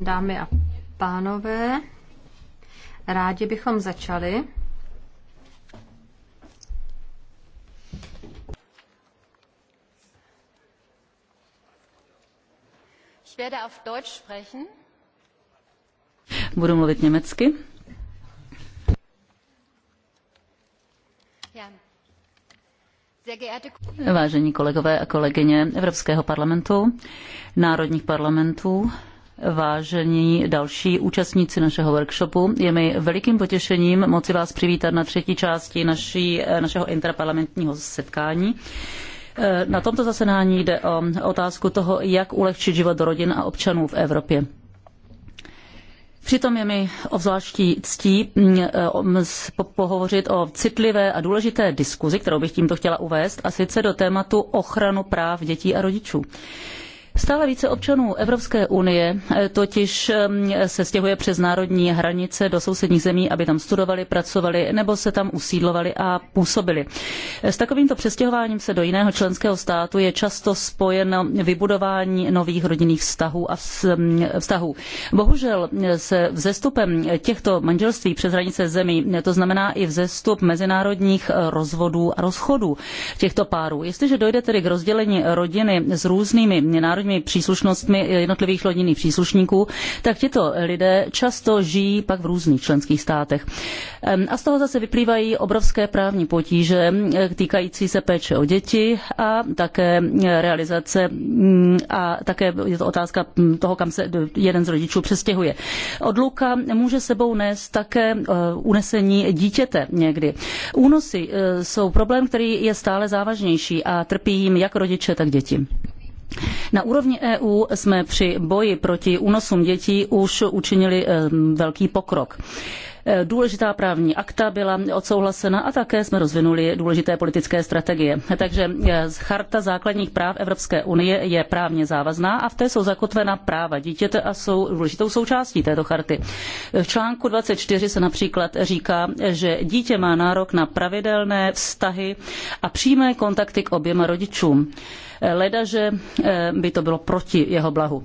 Dámy a pánové, rádi bychom začali. Ich werde auf Deutsch sprechen. Budu mluvit německy. Vážení kolegové a kolegyně Evropského parlamentu, národních parlamentů, vážení další účastníci našeho workshopu. Je mi velikým potěšením moci vás přivítat na třetí části naší, našeho interparlamentního setkání. Na tomto zasedání jde o otázku toho, jak ulehčit život rodin a občanů v Evropě. Přitom je mi obzvláští ctí mm, e, pohovořit o citlivé a důležité diskuzi, kterou bych tímto chtěla uvést, a sice do tématu ochranu práv dětí a rodičů. Stále více občanů Evropské unie eh, totiž ehm, se stěhuje přes národní hranice do sousedních zemí, aby tam studovali, pracovali nebo se tam usídlovali a působili. Eh, s takovýmto přestěhováním se do jiného členského státu je často spojeno vybudování nových rodinných vztahů a ehm, vztahů. Bohužel eh, se vzestupem těchto manželství přes hranice zemí, to znamená i vzestup mezinárodních rozvodů a rozchodů těchto párů. Jestliže dojde tedy k rozdělení rodiny s různými národními státními příslušnostmi jednotlivých rodinných příslušníků, tak tito lidé často žijí pak v různých členských státech. A z toho zase vyplývají obrovské právní potíže týkající se péče o děti a také realizace mm, a také je to otázka mm, toho, kam se jeden z rodičů přestěhuje. Odluka může sebou nést také eh, unesení dítěte někdy. Únosy eh, jsou problém, který je stále závažnější a trpí jim jak rodiče, tak děti. Na úrovni EU jsme při boji proti únosům dětí už učinili eh, velký pokrok. Eh, důležitá právní akta byla odsouhlasena a také jsme rozvinuli důležité politické strategie. Takže eh, Charta základních práv Evropské unie je právně závazná a v té jsou zakotvena práva dítěte a jsou důležitou součástí této charty. V článku 24 se například říká, že dítě má nárok na pravidelné vztahy a přímé kontakty k oběma rodičům. Eh, ledaže by to bylo proti jeho blahu.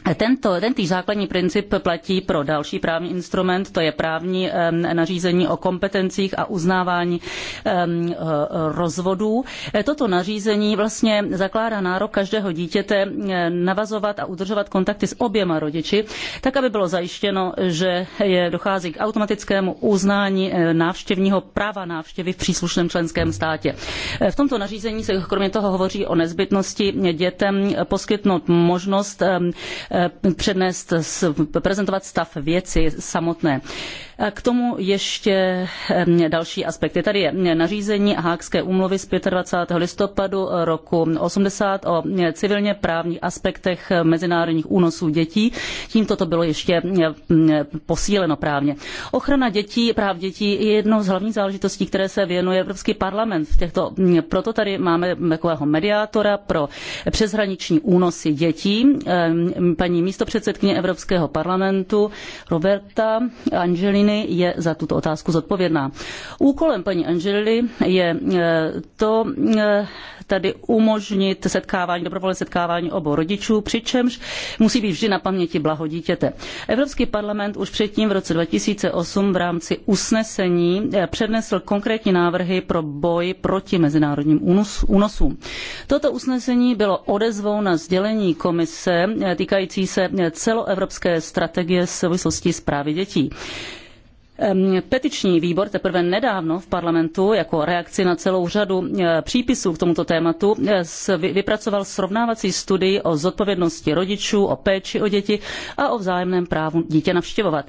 Tento, tentýž základní princip platí pro další právní instrument, to je právní nařízení o kompetencích a uznávání eh, rozvodů. Eh, toto nařízení vlastně zakládá nárok každého dítěte eh, navazovat a udržovat kontakty s oběma rodiči, tak aby bylo zajištěno, že je, dochází k automatickému uznání návštěvního práva návštěvy v příslušném členském státě. V tomto nařízení se kromě toho hovoří o nezbytnosti dětem poskytnout možnost Eh, přednést, prezentovat stav věci samotné. K tomu ještě eh, další aspekty. Tady je nařízení Hákské úmluvy z 25. listopadu roku 80 o eh, civilně právních aspektech mezinárodních únosů dětí. Tímto to bylo ještě mm, posíleno právně. Ochrana dětí, práv dětí je jednou z hlavních záležitostí, které se věnuje Evropský parlament. V těchto, mm, proto tady máme takového mediátora pro přeshraniční únosy dětí paní místopředsedkyně Evropského parlamentu Roberta Angeliny je za tuto otázku zodpovědná. Úkolem paní Angeliny je e, to e, tady umožnit setkávání, dobrovolné setkávání obou rodičů, přičemž musí být vždy na paměti blaho dítěte. Evropský parlament už předtím v roce 2008 v rámci usnesení e, přednesl konkrétní návrhy pro boj proti mezinárodním únosům. Toto usnesení bylo odezvou na sdělení komise týkající týkající se celoevropské strategie v souvislosti s právy dětí petiční výbor teprve nedávno v parlamentu jako reakci na celou řadu e, přípisů k tomuto tématu e, vypracoval srovnávací studii o zodpovědnosti rodičů, o péči o děti a o vzájemném právu dítě navštěvovat.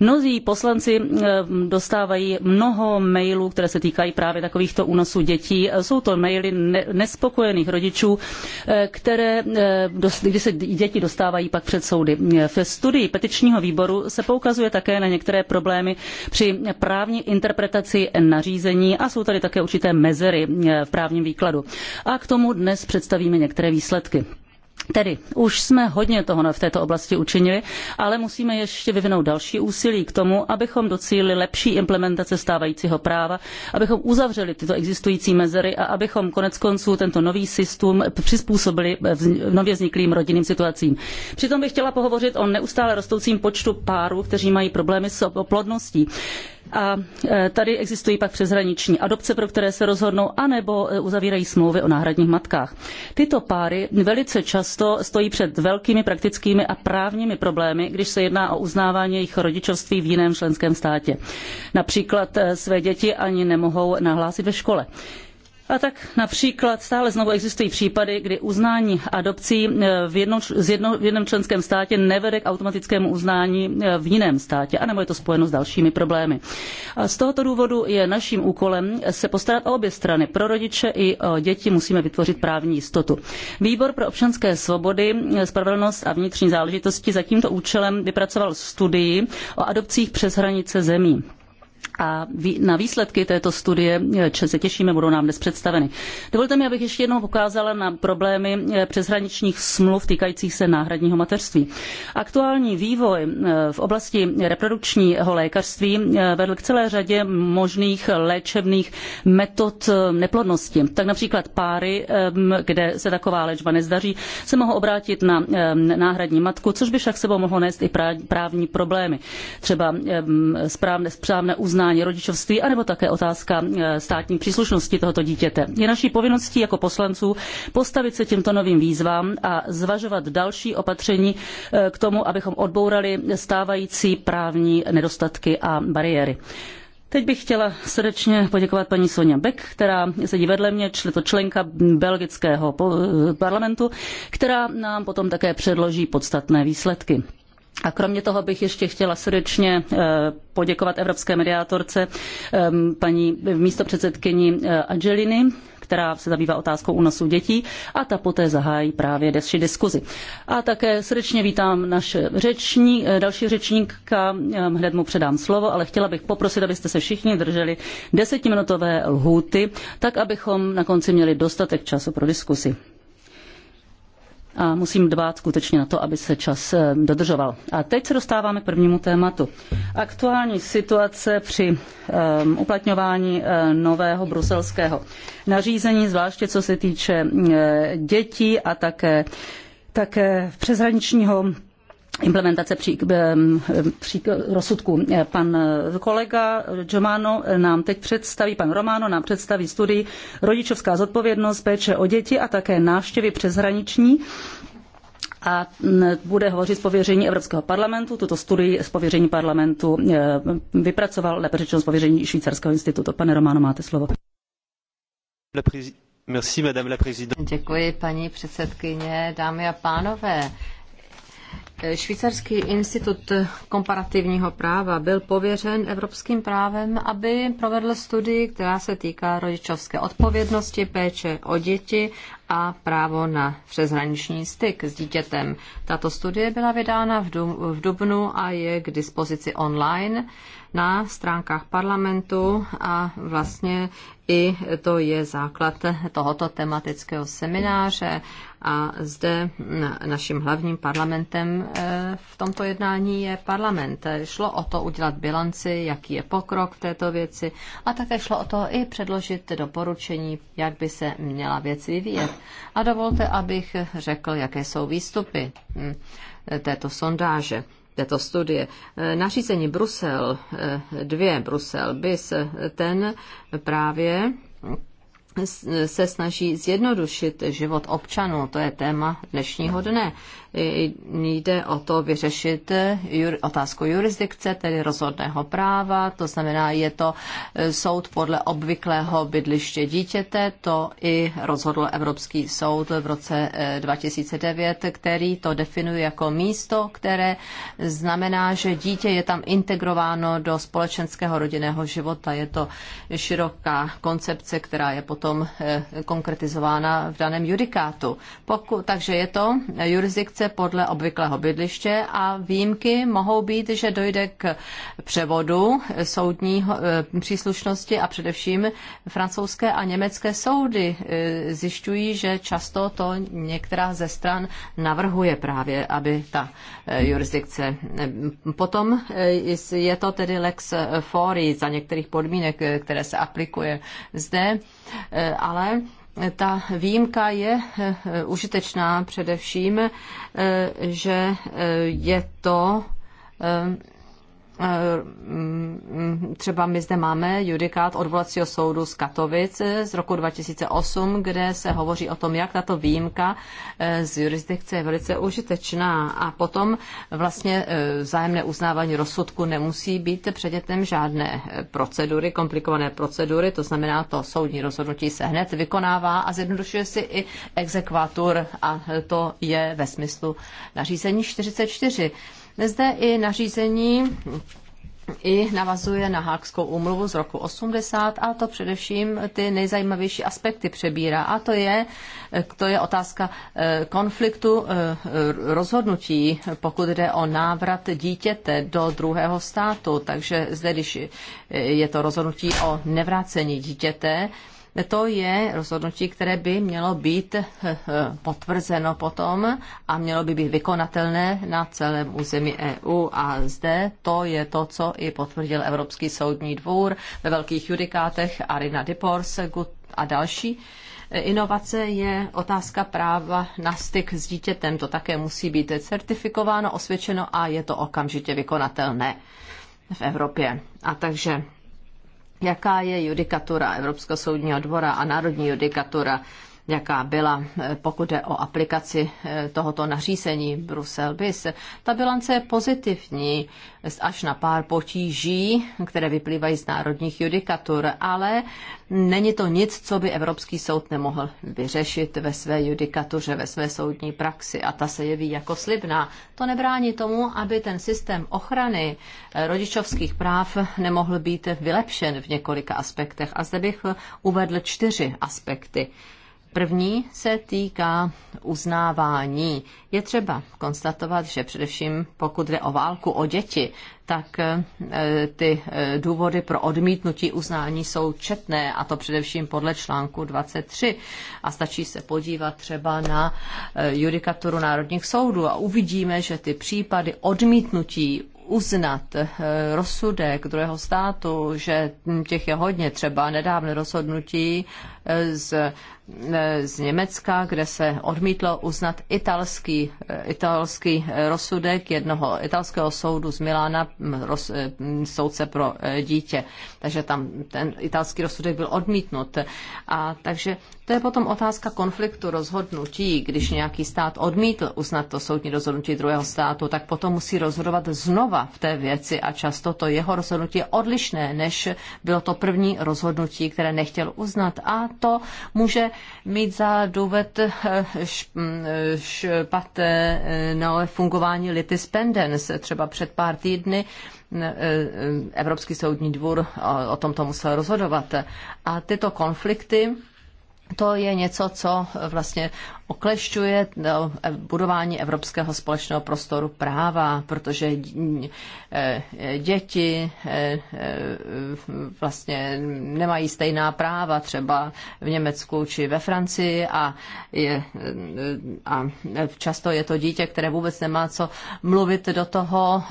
Mnozí poslanci e, dostávají mnoho mailů, které se týkají právě takovýchto únosů dětí. Jsou to maily nespokojených rodičů, které, kdy se děti dostávají pak před soudy. V studii petičního výboru se poukazuje také na některé problémy, při právní interpretaci nařízení a jsou tady také určité mezery v právním výkladu. A k tomu dnes představíme některé výsledky. Tedy už jsme hodně toho v této oblasti učinili, ale musíme ještě vyvinout další úsilí k tomu, abychom docílili lepší implementace stávajícího práva, abychom uzavřeli tyto existující mezery a abychom konec konců tento nový systém přizpůsobili nově vzniklým rodinným situacím. Přitom bych chtěla pohovořit o neustále rostoucím počtu párů, kteří mají problémy s oplodností. A e, tady existují pak přeshraniční adopce, pro které se rozhodnou, anebo e, uzavírají smlouvy o náhradních matkách. Tyto páry velice často stojí před velkými praktickými a právními problémy, když se jedná o uznávání jejich rodičovství v jiném členském státě. Například e, své děti ani nemohou nahlásit ve škole. A tak například stále znovu existují případy, kdy uznání adopcí eh, v, jedno, jedno, v jednom členském státě nevede k automatickému uznání eh, v jiném státě, anebo je to spojeno s dalšími problémy. A z tohoto důvodu je naším úkolem se postarat o obě strany. Pro rodiče i eh, děti musíme vytvořit právní jistotu. Výbor pro občanské svobody, spravedlnost a vnitřní záležitosti za tímto účelem vypracoval studii o adopcích přes hranice zemí. A na výsledky této studie eh, se těšíme, budou nám dnes představeny. Dovolte mi, abych ještě jednou ukázala na problémy eh, přeshraničních smluv týkajících se náhradního mateřství. Aktuální vývoj eh, v oblasti reprodukčního lékařství vedl k celé řadě možných léčebných metod neplodnosti. Tak například páry, ehm, kde se taková léčba nezdaří, se mohou obrátit na ehm, náhradní matku, což by však sebou mohlo nést i právní problémy. Třeba ehm, správné, správné uznání uznání rodičovství, anebo také otázka eh, státní příslušnosti tohoto dítěte. Je naší povinností jako poslanců postavit se těmto novým výzvám a zvažovat další opatření eh, k tomu, abychom odbourali stávající právní nedostatky a bariéry. Teď bych chtěla srdečně poděkovat paní Sonja Beck, která sedí vedle mě, je to členka belgického eh, parlamentu, která nám potom také předloží podstatné výsledky. A kromě toho bych ještě chtěla srdečně eh, poděkovat evropské mediátorce ehm, paní místopředsedkyni eh, Angeliny, která se zabývá otázkou únosu dětí a ta poté zahájí právě další diskuzi. A také srdečně vítám naše řeční, eh, další řečníka, ehm, hned mu předám slovo, ale chtěla bych poprosit, abyste se všichni drželi desetiminutové lhůty, tak abychom na konci měli dostatek času pro diskusi a musím dbát skutečně na to, aby se čas eh, dodržoval. A teď se dostáváme k prvnímu tématu. Aktuální situace při um, uplatňování eh, nového bruselského nařízení, zvláště co se týče eh, dětí a také, také přeshraničního implementace pří, eh, pří, rozsudku. Pan kolega Giomano nám teď představí, pan Romano nám představí studii Rodičovská zodpovědnost, péče o děti a také návštěvy přeshraniční a mm, bude hovořit z pověření Evropského parlamentu. Tuto studii z pověření parlamentu eh, vypracoval, lépe řečeno z pověření Švýcarského institutu. Pane Romano, máte slovo. Děkuji, paní předsedkyně, dámy a pánové. Švýcarský institut komparativního práva byl pověřen evropským právem, aby provedl studii, která se týká rodičovské odpovědnosti, péče o děti a právo na přeshraniční styk s dítětem. Tato studie byla vydána v, v Dubnu a je k dispozici online na stránkách parlamentu a vlastně i to je základ tohoto tematického semináře a zde naším hlavním parlamentem eh, v tomto jednání je parlament. Šlo o to udělat bilanci, jaký je pokrok v této věci a také šlo o to i předložit doporučení, jak by se měla věc vyvíjet. A dovolte, abych řekl, jaké jsou výstupy hm, této sondáže této studie. E, nařízení Brusel 2, e, Brusel BIS, e, ten právě se snaží zjednodušit život občanů. To je téma dnešního dne jde o to vyřešit otázku jurisdikce, tedy rozhodného práva, to znamená, je to eh, soud podle obvyklého bydliště dítěte, to i rozhodl Evropský soud v roce 2009, eh, který to definuje jako místo, které znamená, že dítě je tam integrováno do společenského rodinného života. Je to široká koncepce, která je potom eh, konkretizována v daném judikátu. Poku, takže je to jurisdikce se podle obvyklého bydliště a výjimky mohou být, že dojde k převodu soudní eh, příslušnosti a především francouzské a německé soudy eh, zjišťují, že často to některá ze stran navrhuje právě, aby ta eh, jurisdikce. Potom je to tedy lex fori za některých podmínek, které se aplikuje zde, ale ta výjimka je eh, užitečná především, eh, že eh, je to Eh, třeba my zde máme judikát odvolacího soudu z Katovic z roku 2008, kde se hovoří o tom, jak tato výjimka eh, z jurisdikce je velice užitečná. A potom vlastně eh, vzájemné uznávání rozsudku nemusí být předětem žádné procedury, komplikované procedury, to znamená, to soudní rozhodnutí se hned vykonává a zjednodušuje si i exekvátor a to je ve smyslu nařízení 44. Zde i nařízení i navazuje na Hákskou úmluvu z roku 80 a to především ty nejzajímavější aspekty přebírá. A to je, to je otázka eh, konfliktu eh, rozhodnutí, pokud jde o návrat dítěte do druhého státu. Takže zde, když je to rozhodnutí o nevrácení dítěte, to je rozhodnutí, které by mělo být eh, eh, potvrzeno potom a mělo by být vykonatelné na celém území EU. A zde to je to, co i potvrdil Evropský soudní dvůr ve velkých judikátech Arina Dipors a další. Eh, inovace je otázka práva na styk s dítětem. To také musí být certifikováno, osvědčeno a je to okamžitě vykonatelné v Evropě. A takže jaká je judikatura Evropského soudního dvora a národní judikatura jaká byla, eh, pokud je o aplikaci eh, tohoto nařízení Brusel BIS. Ta bilance je pozitivní, až na pár potíží, které vyplývají z národních judikatur, ale není to nic, co by Evropský soud nemohl vyřešit ve své judikatuře, ve své soudní praxi a ta se jeví jako slibná. To nebrání tomu, aby ten systém ochrany eh, rodičovských práv nemohl být vylepšen v několika aspektech. A zde bych uvedl čtyři aspekty. První se týká uznávání. Je třeba konstatovat, že především pokud jde o válku o děti, tak e, ty e, důvody pro odmítnutí uznání jsou četné, a to především podle článku 23. A stačí se podívat třeba na e, judikaturu národních soudů a uvidíme, že ty případy odmítnutí uznat rozsudek druhého státu, že hm, těch je hodně, třeba nedávné rozhodnutí z, e, z Německa, kde se odmítlo uznat italský, e, italský rozsudek jednoho italského soudu z Milána, roz, e, soudce pro dítě. Takže tam ten italský rozsudek byl odmítnut. A takže to je potom otázka konfliktu rozhodnutí. Když nějaký stát odmítl uznat to soudní rozhodnutí druhého státu, tak potom musí rozhodovat znova v té věci a často to jeho rozhodnutí je odlišné, než bylo to první rozhodnutí, které nechtěl uznat a to může mít za důvod eh, mm, eh, špatné eh, no, fungování litis Třeba před pár týdny Evropský soudní dvůr o tomto musel rozhodovat. A tyto konflikty to je něco, co vlastně oklešťuje no, e, budování evropského společného prostoru práva, protože e, děti e, vlastně nemají stejná práva třeba v Německu či ve Francii a, je, a často je to dítě, které vůbec nemá co mluvit do toho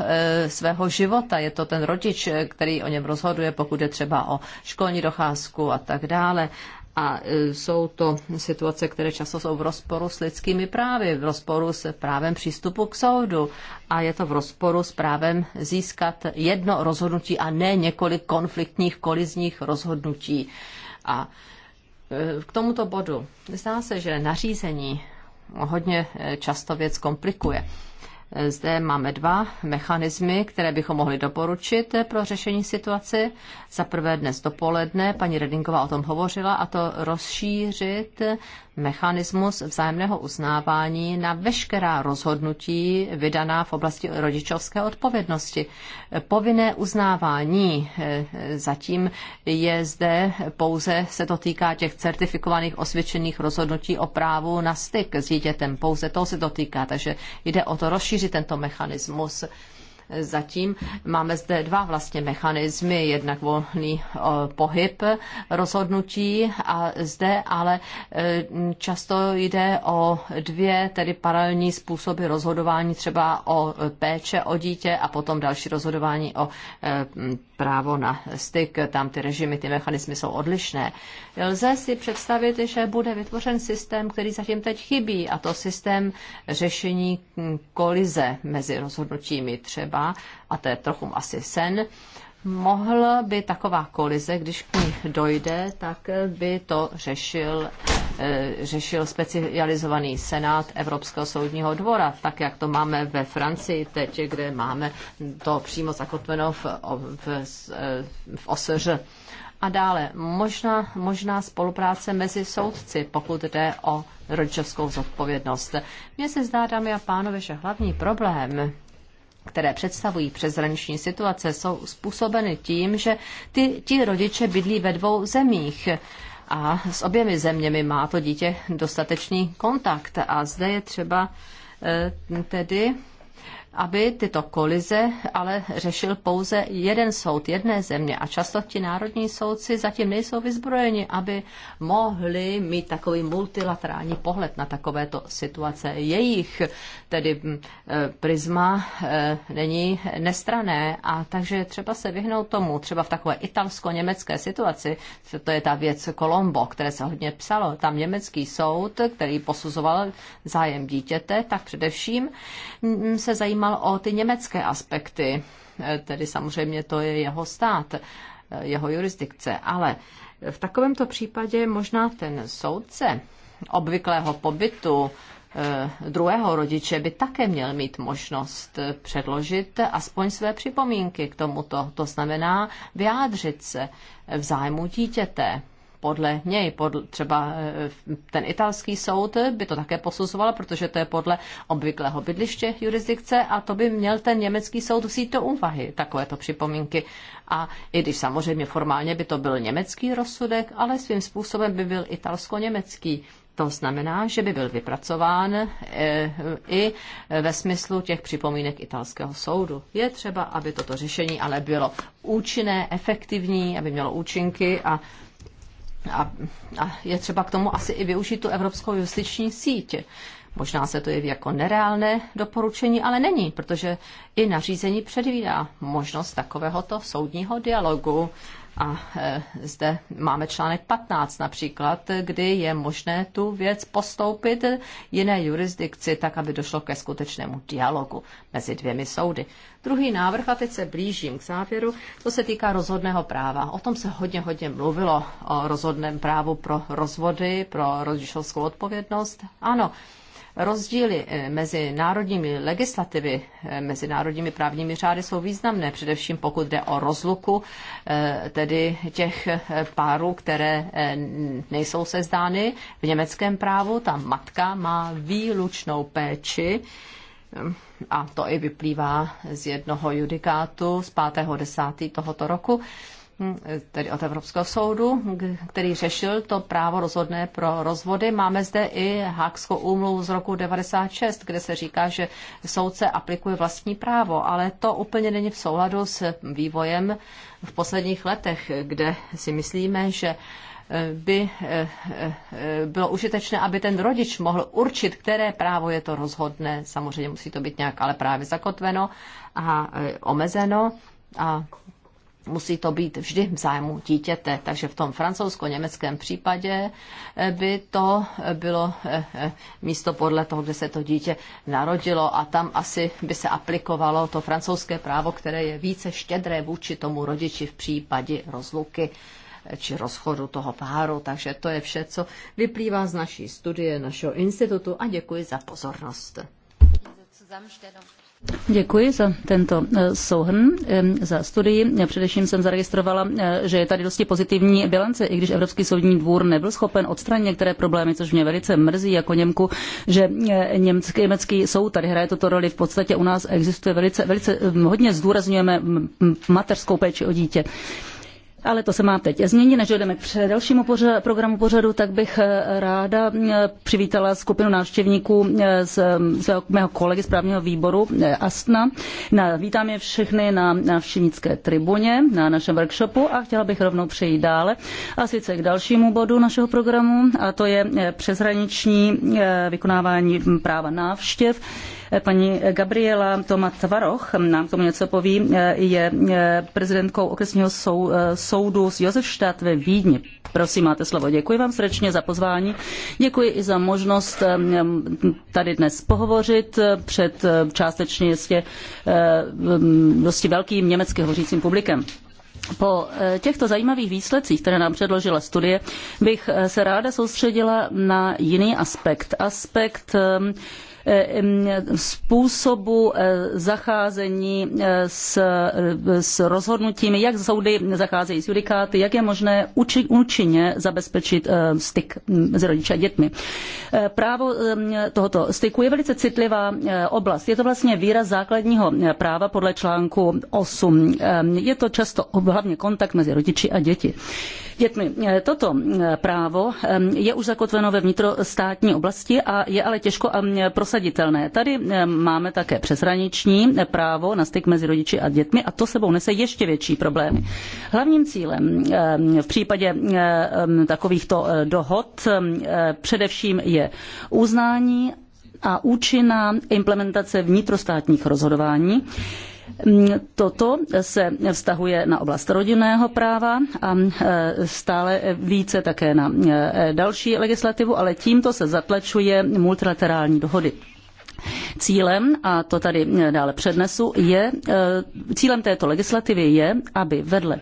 svého života. Je to ten rodič, který o něm rozhoduje, pokud je třeba o školní docházku a tak dále a e, jsou to situace, které často jsou v rozporu s lidskými právy, v rozporu s právem přístupu k soudu a je to v rozporu s právem získat jedno rozhodnutí a ne několik konfliktních, kolizních rozhodnutí. A e, k tomuto bodu. Zdá se, že nařízení hodně e, často věc komplikuje. Zde máme dva mechanismy, které bychom mohli doporučit pro řešení situace. Za prvé dnes dopoledne, paní Redinková o tom hovořila, a to rozšířit mechanismus vzájemného uznávání na veškerá rozhodnutí vydaná v oblasti rodičovské odpovědnosti. Povinné uznávání eh, zatím je zde pouze, se to týká těch certifikovaných osvědčených rozhodnutí o právu na styk s dítětem. Pouze toho se to týká, takže jde o to rozšířit tento mechanismus zatím máme zde dva vlastně mechanismy, jednak volný e, pohyb rozhodnutí a zde ale e, často jde o dvě tedy paralelní způsoby rozhodování, třeba o péče o dítě a potom další rozhodování o e, právo na styk. Tam ty režimy, ty mechanismy jsou odlišné. Lze si představit, že bude vytvořen systém, který zatím teď chybí, a to systém řešení kolize mezi rozhodnutími třeba třeba, a to je trochu asi sen, Mohl by taková kolize, když k ní dojde, tak by to řešil, eh, řešil specializovaný senát Evropského soudního dvora, tak jak to máme ve Francii teď, kde máme to přímo zakotveno v, v, eh, v OSŘ. A dále možná, možná spolupráce mezi soudci, pokud jde o rodičovskou zodpovědnost. Mně se zdá, dámy a pánové, že hlavní problém které představují přeshraniční situace, jsou způsobeny tím, že ty, ti rodiče bydlí ve dvou zemích a s oběmi zeměmi má to dítě dostatečný kontakt. A zde je třeba eh, tedy aby tyto kolize ale řešil pouze jeden soud jedné země. A často ti národní soudci zatím nejsou vyzbrojeni, aby mohli mít takový multilaterální pohled na takovéto situace jejich tedy hm, e, prisma e, není nestrané a takže třeba se vyhnout tomu, třeba v takové italsko-německé situaci, to je ta věc Kolombo, které se hodně psalo, tam německý soud, který posuzoval zájem dítěte, tak především hm, se zajímal o ty německé aspekty, e, tedy samozřejmě to je jeho stát, jeho jurisdikce, ale v takovémto případě možná ten soudce obvyklého pobytu Eh, druhého rodiče by také měl mít možnost předložit aspoň své připomínky k tomuto. To znamená vyjádřit se v zájmu dítěte. Podle něj, podle, třeba eh, ten italský soud by to také posuzoval, protože to je podle obvyklého bydliště jurisdikce a to by měl ten německý soud vzít do úvahy, takovéto připomínky. A i když samozřejmě formálně by to byl německý rozsudek, ale svým způsobem by byl italsko-německý to znamená, že by byl vypracován eh, i ve smyslu těch připomínek italského soudu. Je třeba, aby toto řešení ale bylo účinné, efektivní, aby mělo účinky a a, a je třeba k tomu asi i využít tu Evropskou justiční síť. Možná se to jeví jako nereálné doporučení, ale není, protože i nařízení předvídá možnost takovéhoto soudního dialogu a e, zde máme článek 15 například, kdy je možné tu věc postoupit jiné jurisdikci, tak aby došlo ke skutečnému dialogu mezi dvěmi soudy. Druhý návrh, a teď se blížím k závěru, to se týká rozhodného práva. O tom se hodně, hodně mluvilo, o rozhodném právu pro rozvody, pro rodičovskou odpovědnost. Ano, Rozdíly eh, mezi národními legislativy, eh, mezi národními právními řády jsou významné, především pokud jde o rozluku, eh, tedy těch párů, které nejsou sezdány. V německém právu ta matka má výlučnou péči a to i vyplývá z jednoho judikátu z 5.10. tohoto roku tedy od Evropského soudu, který řešil to právo rozhodné pro rozvody. Máme zde i Hákskou úmluvu z roku 96, kde se říká, že soudce aplikuje vlastní právo, ale to úplně není v souladu s vývojem v posledních letech, kde si myslíme, že eh, by eh, eh, bylo užitečné, aby ten rodič mohl určit, které právo je to rozhodné. Samozřejmě musí to být nějak ale právě zakotveno a omezeno. A musí to být vždy v zájmu dítěte. Takže v tom francouzsko-německém případě eh, by to eh, bylo eh, místo podle toho, kde se to dítě narodilo a tam asi by se aplikovalo to francouzské právo, které je více štědré vůči tomu rodiči v případě rozluky či rozchodu toho páru. Takže to je vše, co vyplývá z naší studie, našeho institutu a děkuji za pozornost. Děkuji za tento eh, souhrn, ehm, za studii. Především jsem zaregistrovala, eh, že je tady dosti pozitivní bilance, i když Evropský soudní dvůr nebyl schopen odstranit některé problémy, což mě velice mrzí jako Němku, že eh, německý, německý soud tady hraje toto roli. V podstatě u nás existuje velice, velice hm, hodně zdůrazňujeme hm, hm, mateřskou péči o dítě ale to se má teď změnit, než jdeme k dalšímu pořadu, programu pořadu, tak bych eh, ráda eh, přivítala skupinu návštěvníků eh, z mého kolegy z právního výboru ASTNA. Na, vítám je všechny na návštěvnické tribuně, na našem workshopu a chtěla bych rovnou přejít dále a sice k dalšímu bodu našeho programu a to je přeshraniční vykonávání práva návštěv. Paní Gabriela Toma Tvaroch nám tomu něco poví, je eh, prezidentkou okresního sou, eh, soudu z Josefstadt ve Vídni. Prosím, máte slovo. Děkuji vám srdečně za pozvání. Děkuji i za možnost eh, tady dnes pohovořit před částečně jistě mm, dosti velkým německy hovořícím publikem. Po těchto zajímavých výsledcích, které nám předložila studie, bych se ráda soustředila na jiný aspekt. Aspekt Eh, způsobu eh, zacházení eh, s, s rozhodnutími, jak soudy zacházejí s judikáty, jak je možné uči, účinně zabezpečit styk mezi mm, rodiči a dětmi. Právo tohoto styku je velice citlivá oblast. Je to vlastně výraz základního práva podle článku 8. Je to často hlavně kontakt mezi rodiči a děti. Dětmi. Toto právo je už zakotveno ve vnitrostátní oblasti a je ale těžko prosadit prosaditelné. Tady eh, máme také přeshraniční eh, právo na styk mezi rodiči a dětmi a to sebou nese ještě větší problémy. Hlavním cílem eh, v případě takovýchto dohod především je uznání a účinná implementace vnitrostátních rozhodování Mm, toto se vztahuje na oblast rodinného práva a e, stále více také na e, další legislativu, ale tímto se zatlačuje multilaterální dohody. Cílem, a to tady dále přednesu, je, e, cílem této legislativy je, aby vedle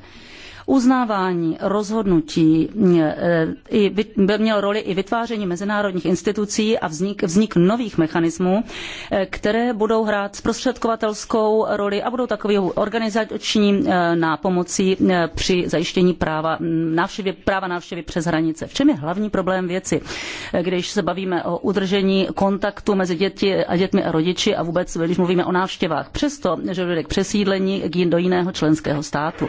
uznávání rozhodnutí eh, by měl roli i vytváření mezinárodních institucí a vznik, vznik nových mechanismů, eh, které budou hrát zprostředkovatelskou roli a budou takovou organizační eh, nápomocí při zajištění práva návštěvy, práva návštěvy přes hranice. V čem je hlavní problém věci, když se bavíme o udržení kontaktu mezi děti a dětmi a rodiči a vůbec, když mluvíme o návštěvách, přesto, že dojde k přesídlení do jiného členského státu.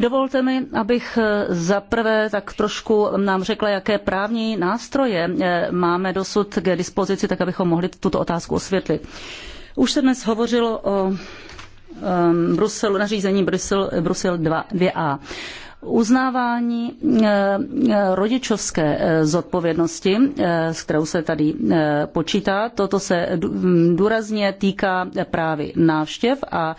Dovolte mi, abych eh, zaprvé tak trošku nám řekla, jaké právní nástroje eh, máme dosud k dispozici, tak abychom mohli tuto otázku osvětlit. Už se dnes hovořilo o um, Bruselu, nařízení Brusel, Brusel 2, 2a uznávání eh, eh, rodičovské eh, zodpovědnosti, s kterou se tady počítá. Toto se mm, důrazně týká právě návštěv a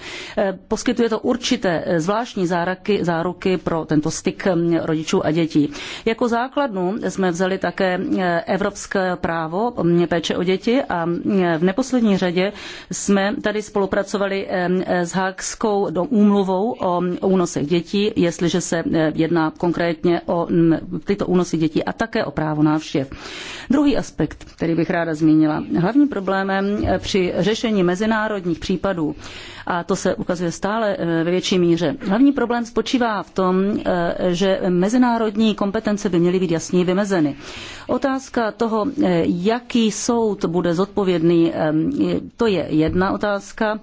poskytuje to určité zvláštní záruky, záruky pro tento styk mm, rodičů a dětí. Jako základnu jsme vzali také evropské právo mm, péče o děti a v neposlední řadě jsme tady spolupracovali s Hákskou úmluvou o únosech dětí, jestliže se Eh, jedná konkrétně o mm, tyto únosy dětí a také o právo návštěv. Druhý aspekt, který bych ráda zmínila. Hlavním problémem eh, při řešení mezinárodních případů, a to se ukazuje stále eh, ve větší míře, hlavní problém spočívá v tom, že mezinárodní kompetence by měly být jasně vymezeny. Otázka toho, jaký soud bude zodpovědný, to je jedna otázka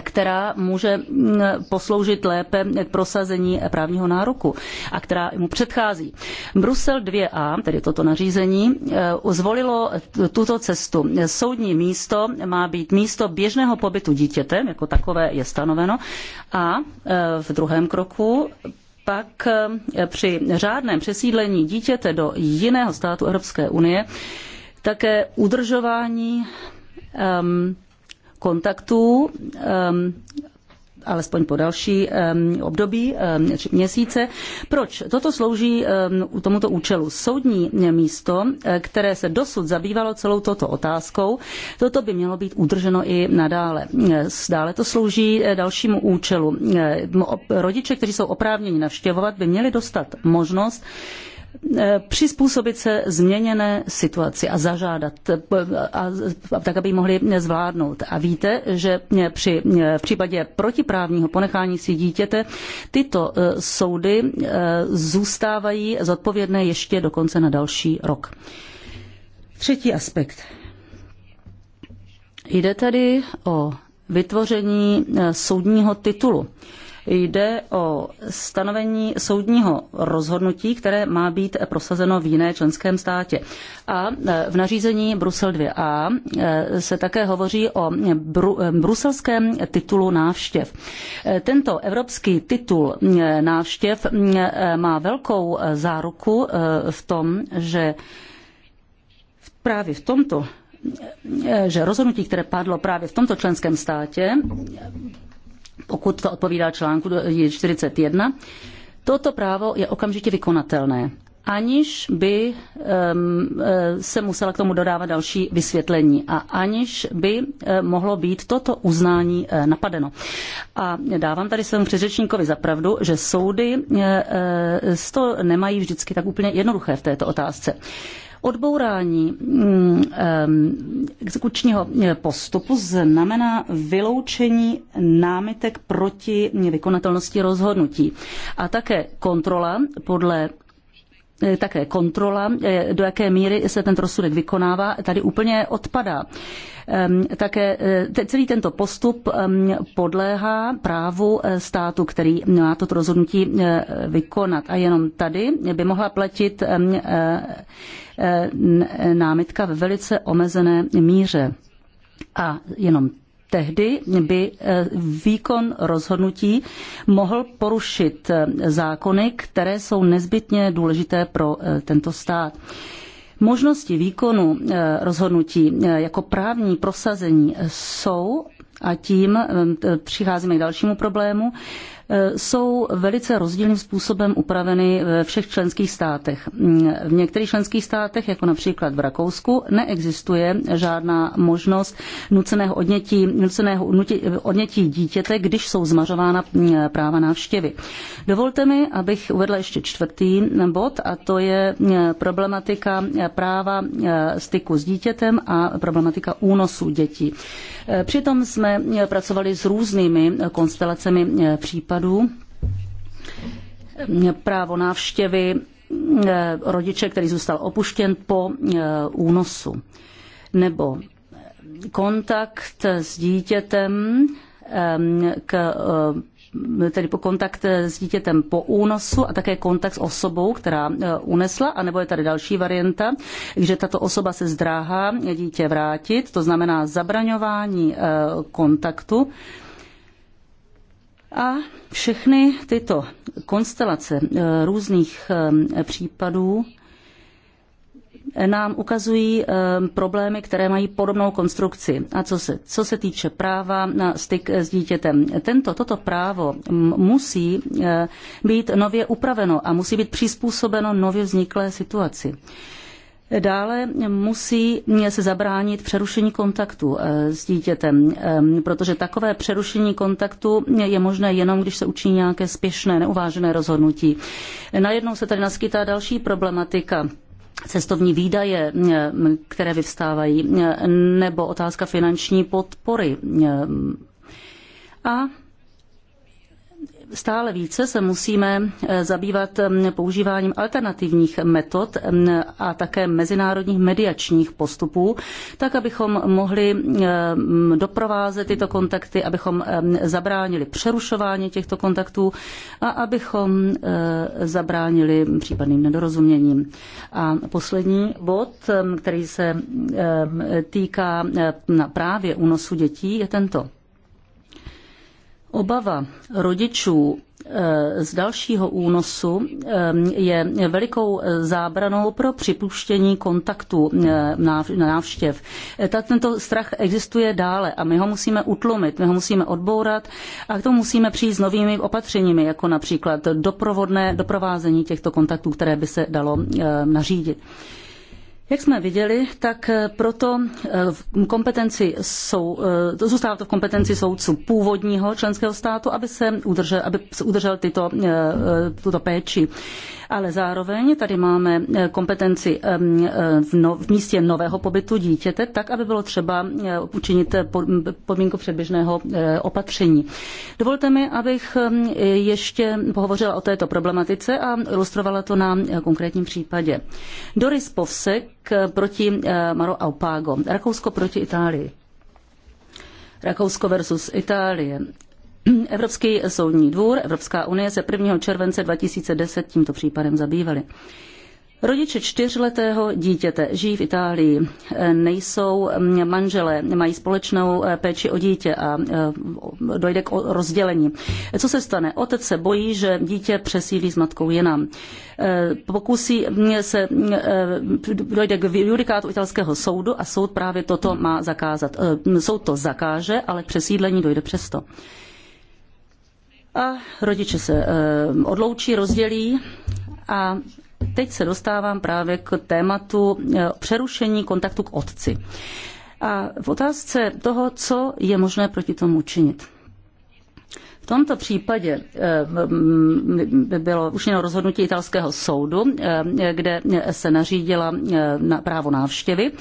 která může mm, posloužit lépe k prosazení právního nároku a která mu předchází. Brusel 2a, tedy toto nařízení, eh, zvolilo tuto cestu. Soudní místo má být místo běžného pobytu dítěte, jako takové je stanoveno, a eh, v druhém kroku pak eh, při řádném přesídlení dítěte do jiného státu Evropské unie také udržování um, kontaktů, ehm, alespoň po další ehm, období, ehm, tři měsíce. Proč? Toto slouží tomuto účelu. Soudní místo, eh, které se dosud zabývalo celou toto otázkou, toto by mělo být udrženo i nadále. Eh, dále to slouží eh, dalšímu účelu. Rodiče, kteří jsou oprávněni navštěvovat, by měli dostat možnost Eh, přizpůsobit se změněné situaci a zažádat, eh, a, a tak, aby ji mohli zvládnout. A víte, že eh, při, v případě protiprávního ponechání si dítěte tyto soudy zůstávají zodpovědné ještě dokonce na další rok. Třetí aspekt. Jde tady o vytvoření soudního titulu. Jde o stanovení soudního rozhodnutí, které má být prosazeno v jiné členském státě. A e, v nařízení Brusel 2a e, se také hovoří o e, bruselském titulu návštěv. Tento evropský titul návštěv má velkou záruku v tom, že právě v tomto že rozhodnutí, které padlo právě v tomto členském státě, pokud to odpovídá článku 41, toto právo je okamžitě vykonatelné aniž by eh, se musela k tomu dodávat další vysvětlení a aniž by eh, mohlo být toto uznání eh, napadeno. A dávám tady svému předřečníkovi za pravdu, že soudy to nemají vždycky tak úplně jednoduché v této otázce. Odbourání mm, exekučního eh, postupu znamená vyloučení námitek proti vykonatelnosti rozhodnutí a také kontrola podle Eh, také kontrola, eh, do jaké míry se ten rozsudek vykonává, tady úplně odpadá. Ehm, také eh, celý tento postup ehm, podléhá právu státu, který má toto rozhodnutí vykonat. A jenom tady by mohla platit ehm, námitka ve velice omezené míře. A jenom tehdy by eh, výkon rozhodnutí mohl porušit eh, zákony, které jsou nezbytně důležité pro eh, tento stát. Možnosti výkonu rozhodnutí jako právní prosazení jsou a tím přicházíme k dalšímu problému, Eh, jsou velice rozdílným způsobem upraveny ve všech členských státech. V některých členských státech, jako například v Rakousku, neexistuje žádná možnost nuceného odnětí, nuceného odnětí dítěte, když jsou zmařována eh, práva návštěvy. Dovolte mi, abych uvedla ještě čtvrtý bod, a to je eh, problematika práva styku s dítětem a problematika únosu dětí. Přitom jsme pracovali s různými konstelacemi případů případů. Právo návštěvy eh, rodiče, který zůstal opuštěn po eh, únosu, nebo eh, kontakt s dítětem k tedy po kontakt s dítětem po únosu a také kontakt s osobou, která unesla, anebo je tady další varianta, že tato osoba se zdráhá dítě vrátit, to znamená zabraňování kontaktu a všechny tyto konstelace eh, různých eh, případů nám ukazují eh, problémy, které mají podobnou konstrukci. A co se, co se týče práva na styk s dítětem, tento, toto právo musí být nově upraveno a musí být přizpůsobeno nově vzniklé situaci. Dále musí se zabránit přerušení kontaktu eh, s dítětem, ehm, protože takové přerušení kontaktu je možné jenom, když se učiní nějaké spěšné, neuvážené rozhodnutí. Najednou se tady naskytá další problematika cestovní výdaje, ehm, které vyvstávají, eh, nebo otázka finanční podpory. Ehm, a stále více se musíme eh, zabývat mm, používáním alternativních metod mm, a také mezinárodních mediačních postupů, tak abychom mohli eh, mm, doprovázet tyto kontakty, abychom eh, zabránili přerušování těchto kontaktů a abychom zabránili případným nedorozuměním. A poslední bod, který se týká právě únosu dětí, je tento. Obava rodičů eh, z dalšího únosu eh, je velikou zábranou pro připuštění kontaktu eh, na návštěv. Tento strach existuje dále a my ho musíme utlumit, my ho musíme odbourat a k tomu musíme přijít s novými opatřeními, jako například doprovodné doprovázení těchto kontaktů, které by se dalo nařídit. Jak jsme viděli, tak eh, proto eh, v kompetenci sou, to eh, zůstává to v kompetenci soudců původního členského státu, aby se udržel, aby se udržel tyto, tuto péči ale zároveň tady máme eh, kompetenci eh, v, no, v místě nového pobytu dítěte, tak, aby bylo třeba eh, učinit podmínku předběžného opatření. Dovolte mi, abych ještě pohovořila o této problematice a ilustrovala to na konkrétním případě. Doris Povsek proti Maro Aupago, Rakousko proti Itálii. Rakousko versus Itálie. Evropský soudní dvůr, Evropská unie se 1. července 2010 tímto případem zabývali. Rodiče čtyřletého dítěte žijí v Itálii, nejsou mm, manželé, mají společnou eh, péči o dítě a eh, dojde k rozdělení. Co se stane? Otec se bojí, že dítě přesídlí s matkou jinam. Eh, pokusí mm, se, mm, dojde k judikátu italského soudu a soud právě toto má zakázat. Soud to zakáže, ale k přesídlení dojde přesto a rodiče se eh, odloučí, rozdělí a teď se dostávám právě k tématu eh, přerušení kontaktu k otci. A v otázce toho, co je možné proti tomu učinit. V tomto případě eh, bylo učiněno rozhodnutí italského soudu, eh, kde se nařídila eh, na právo návštěvy.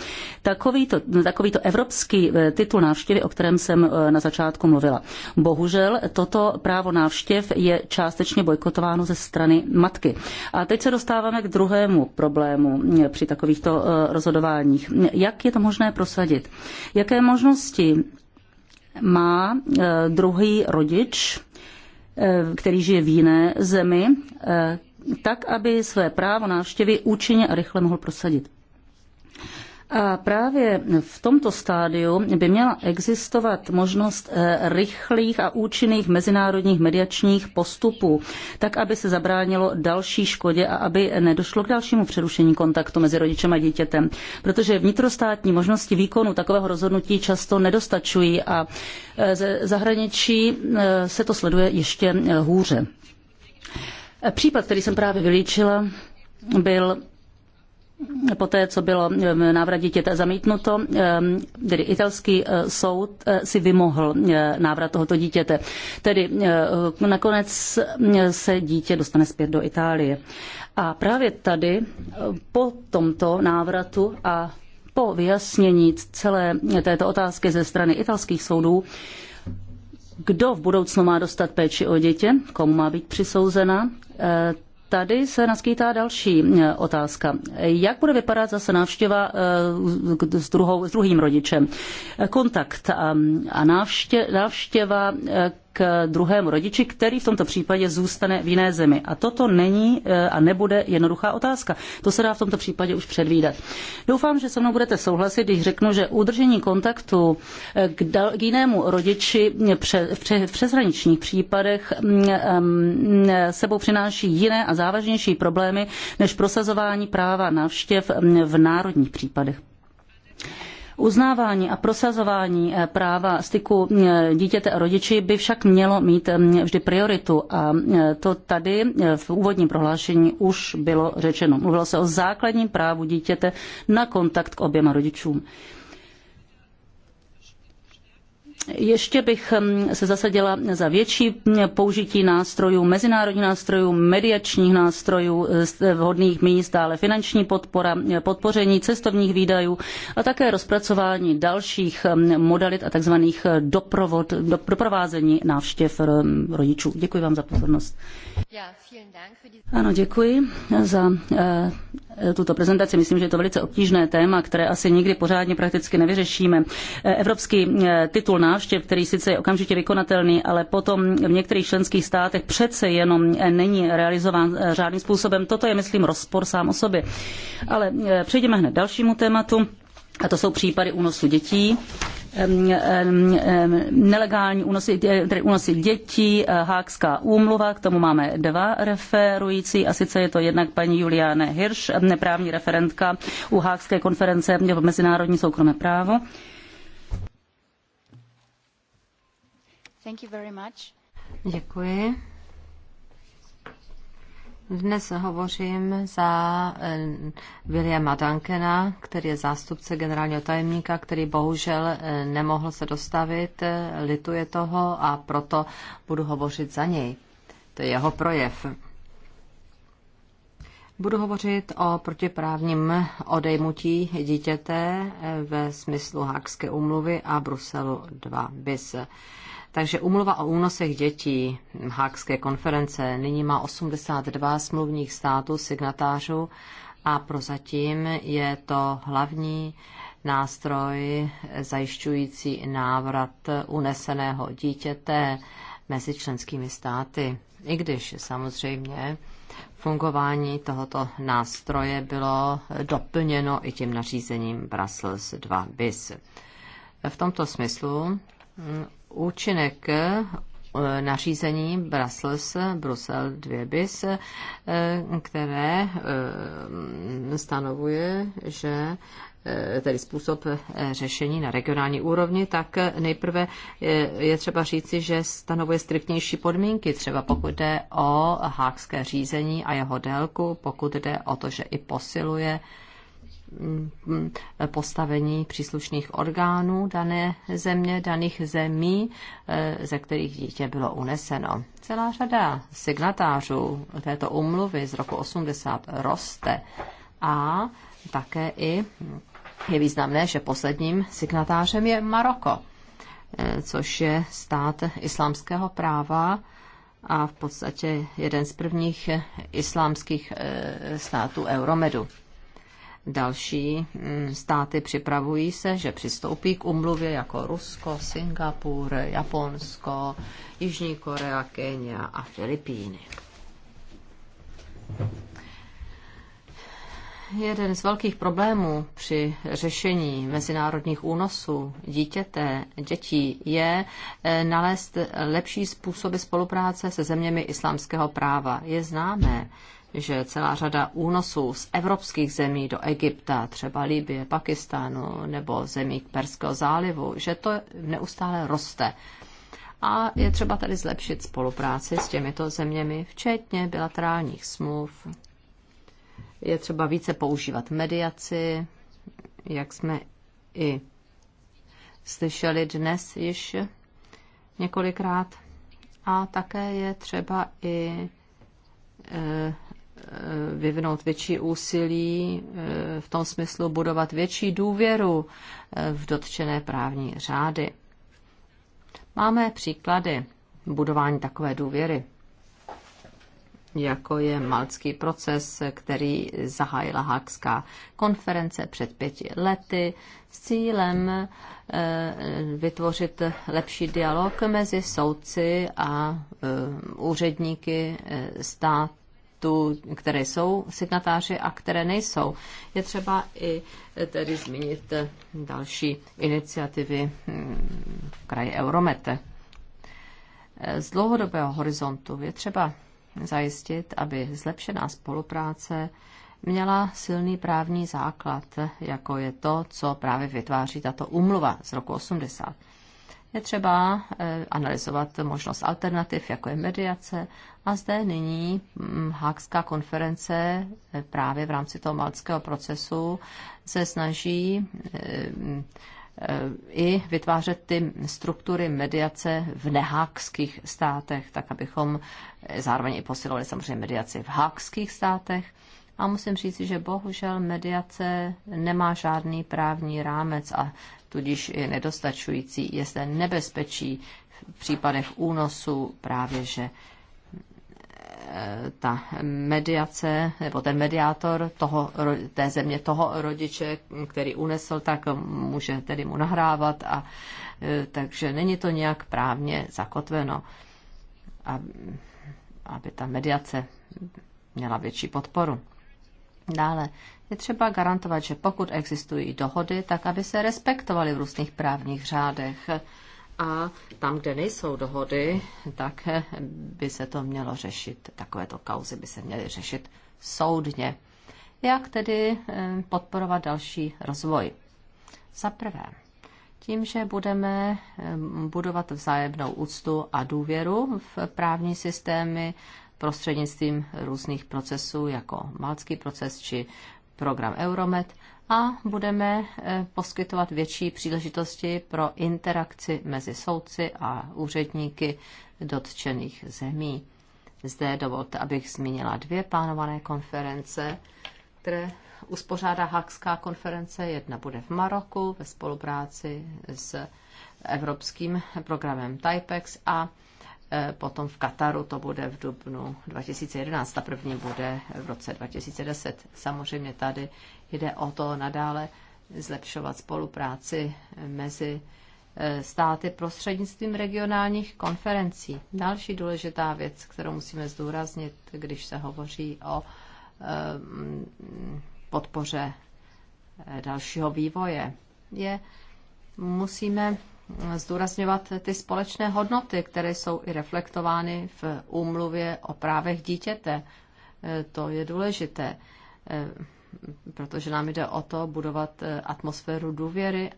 Takovýto, takovýto evropský titul návštěvy, o kterém jsem na začátku mluvila. Bohužel toto právo návštěv je částečně bojkotováno ze strany matky. A teď se dostáváme k druhému problému při takovýchto rozhodováních. Jak je to možné prosadit? Jaké možnosti má eh, druhý rodič, eh, který žije v jiné zemi, eh, tak, aby své právo návštěvy účinně a rychle mohl prosadit. A právě v tomto stádiu by měla existovat možnost eh, rychlých a účinných mezinárodních mediačních postupů, tak aby se zabránilo další škodě a aby nedošlo k dalšímu přerušení kontaktu mezi rodičem a dítětem. Protože vnitrostátní možnosti výkonu takového rozhodnutí často nedostačují a eh, ze zahraničí eh, se to sleduje ještě hůře. Případ, který jsem právě vylíčila, byl po té, co bylo návrat dítěte zamítnuto, tedy italský e, soud e, si vymohl e, návrat tohoto dítěte. Tedy nakonec se dítě dostane zpět do Itálie. A právě tady po tomto návratu a po vyjasnění celé této otázky ze strany italských soudů, kdo v budoucnu má dostat péči o dítě, komu má být přisouzena, tady se naskýtá další e, otázka. Jak bude vypadat zase návštěva e, s, druhou, s druhým rodičem? E, kontakt a návštěva k druhému rodiči, který v tomto případě zůstane v jiné zemi. A toto není eh, a nebude jednoduchá otázka. To se dá v tomto případě už předvídat. Doufám, že se mnou budete souhlasit, když řeknu, že udržení kontaktu eh, k, jinému rodiči v přeshraničních případech mm, mm, sebou přináší jiné a závažnější problémy než prosazování práva návštěv mm, v národních případech. Uznávání a prosazování eh, práva styku eh, dítěte a rodiči by však mělo mít eh, vždy prioritu a to tady v úvodním prohlášení už bylo řečeno. Mluvilo se o základním právu dítěte na kontakt k oběma rodičům. Ještě bych mm, se zasadila za větší mm, použití nástrojů, mezinárodních nástrojů, mediačních nástrojů, e, e, vhodných míst, dále finanční podpora, e, podpoření cestovních výdajů a také rozpracování dalších mm, modalit a tzv. Doprovod, doprovázení návštěv rodičů. Děkuji vám za pozornost. Ano, děkuji za Eh, tuto prezentaci. Myslím, že je to velice obtížné téma, které asi nikdy pořádně prakticky nevyřešíme. Eh, evropský eh, titul návštěv, který sice je okamžitě vykonatelný, ale potom v některých členských státech přece jenom není realizován žádným způsobem. Toto je, myslím, rozpor sám o sobě. Ale přejdeme hned dalšímu tématu. A to jsou případy únosu dětí nelegální únosy, tedy dětí, eh, Hákská úmluva, k tomu máme dva referující, a sice je to jednak paní Juliane Hirsch, neprávní referentka u Hákské konference v Mezinárodní soukromé právo. Děkuji. Dnes hovořím za eh, Williama Duncana, který je zástupce generálního tajemníka, který bohužel eh, nemohl se dostavit, eh, lituje toho a proto budu hovořit za něj. To je jeho projev. Budu hovořit o protiprávním odejmutí dítěte ve smyslu Hákské umluvy a Bruselu 2 bis. Takže umluva o únosech dětí Hákské konference nyní má 82 smluvních států signatářů a prozatím je to hlavní nástroj zajišťující návrat uneseného dítěte mezi členskými státy. I když samozřejmě fungování tohoto nástroje bylo doplněno i tím nařízením Brussels 2 bis. V tomto smyslu účinek eh, nařízení Brussels, Brusel 2 bis, eh, které eh, stanovuje, že tedy způsob řešení na regionální úrovni, tak nejprve je třeba říci, že stanovuje striktnější podmínky, třeba pokud jde o hákské řízení a jeho délku, pokud jde o to, že i posiluje Eh, postavení příslušných orgánů dané země, daných zemí, eh, ze kterých dítě bylo uneseno. Celá řada signatářů této umluvy z roku 80 roste a také i je významné, že posledním signatářem je Maroko, eh, což je stát islámského práva, a v podstatě jeden z prvních islámských států Euromedu. Další mm, státy připravují se, že přistoupí k umluvě jako Rusko, Singapur, Japonsko, Jižní Korea, Kenia a Filipíny. Jeden z velkých problémů při řešení mezinárodních únosů dítěte, dětí je eh, nalézt lepší způsoby spolupráce se zeměmi islámského práva. Je známé, že celá řada únosů z evropských zemí do Egypta, třeba Libie, Pakistánu nebo zemí Perského zálivu, že to neustále roste. A je třeba tady zlepšit spolupráci s těmito zeměmi, včetně bilaterálních smluv. Je třeba více používat mediaci, jak jsme i slyšeli dnes již několikrát. A také je třeba i eh, Eh, vyvinout větší úsilí eh, v tom smyslu budovat větší důvěru eh, v dotčené právní řády. Máme příklady budování takové důvěry, jako je malcký proces, který zahájila Hákská konference před pěti lety s cílem vytvořit lepší dialog mezi soudci a úředníky stát tu, které jsou signatáři a které nejsou. Je třeba i tedy zmínit další iniciativy hm, v kraji Euromete. Z dlouhodobého horizontu je třeba zajistit, aby zlepšená spolupráce měla silný právní základ, jako je to, co právě vytváří tato úmluva z roku 80 je třeba eh, analyzovat možnost alternativ, jako je mediace. A zde nyní mm, Hákská konference eh, právě v rámci toho malckého procesu se snaží eh, i vytvářet ty struktury mediace v nehákských státech, tak abychom zároveň i posilovali samozřejmě mediaci v hákských státech. A musím říct, že bohužel mediace nemá žádný právní rámec a tudíž je nedostačující. Je zde nebezpečí v případech únosu právě, že e, ta mediace nebo ten mediátor toho, té země toho rodiče, který unesl, tak může tedy mu nahrávat a e, takže není to nějak právně zakotveno, aby ta mediace měla větší podporu. Dále je třeba garantovat, že pokud existují dohody, tak aby se respektovaly v různých právních řádech. A tam, kde nejsou dohody, tak by se to mělo řešit, takovéto kauzy by se měly řešit soudně. Jak tedy eh, podporovat další rozvoj? Za prvé, tím, že budeme eh, budovat vzájemnou úctu a důvěru v právní systémy prostřednictvím různých procesů, jako malcký proces či program Euromed a budeme eh, poskytovat větší příležitosti pro interakci mezi soudci a úředníky dotčených zemí. Zde dovolte, abych zmínila dvě plánované konference, které uspořádá Hakská konference. Jedna bude v Maroku ve spolupráci s evropským programem TIPEX a Eh, potom v Kataru to bude v dubnu 2011, ta první bude v roce 2010. Samozřejmě tady jde o to nadále zlepšovat spolupráci mezi eh, státy prostřednictvím regionálních konferencí. Další důležitá věc, kterou musíme zdůraznit, když se hovoří o eh, podpoře dalšího vývoje, je musíme zdůrazňovat ty společné hodnoty, které jsou i reflektovány v úmluvě o právech dítěte. E, to je důležité, e, protože nám jde o to budovat e, atmosféru důvěry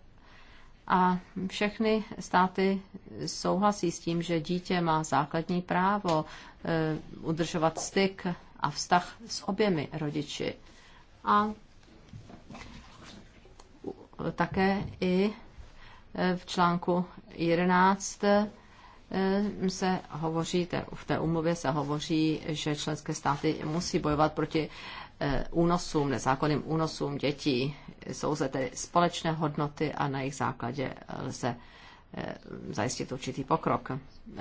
a všechny státy souhlasí s tím, že dítě má základní právo udržovat styk a vztah s oběmi rodiči. A také i v článku 11 eh, se hovoří, v té umluvě se hovoří, že členské státy musí bojovat proti eh, únosům, nezákonným únosům dětí. Jsou zde tedy společné hodnoty a na jejich základě lze eh, zajistit určitý pokrok.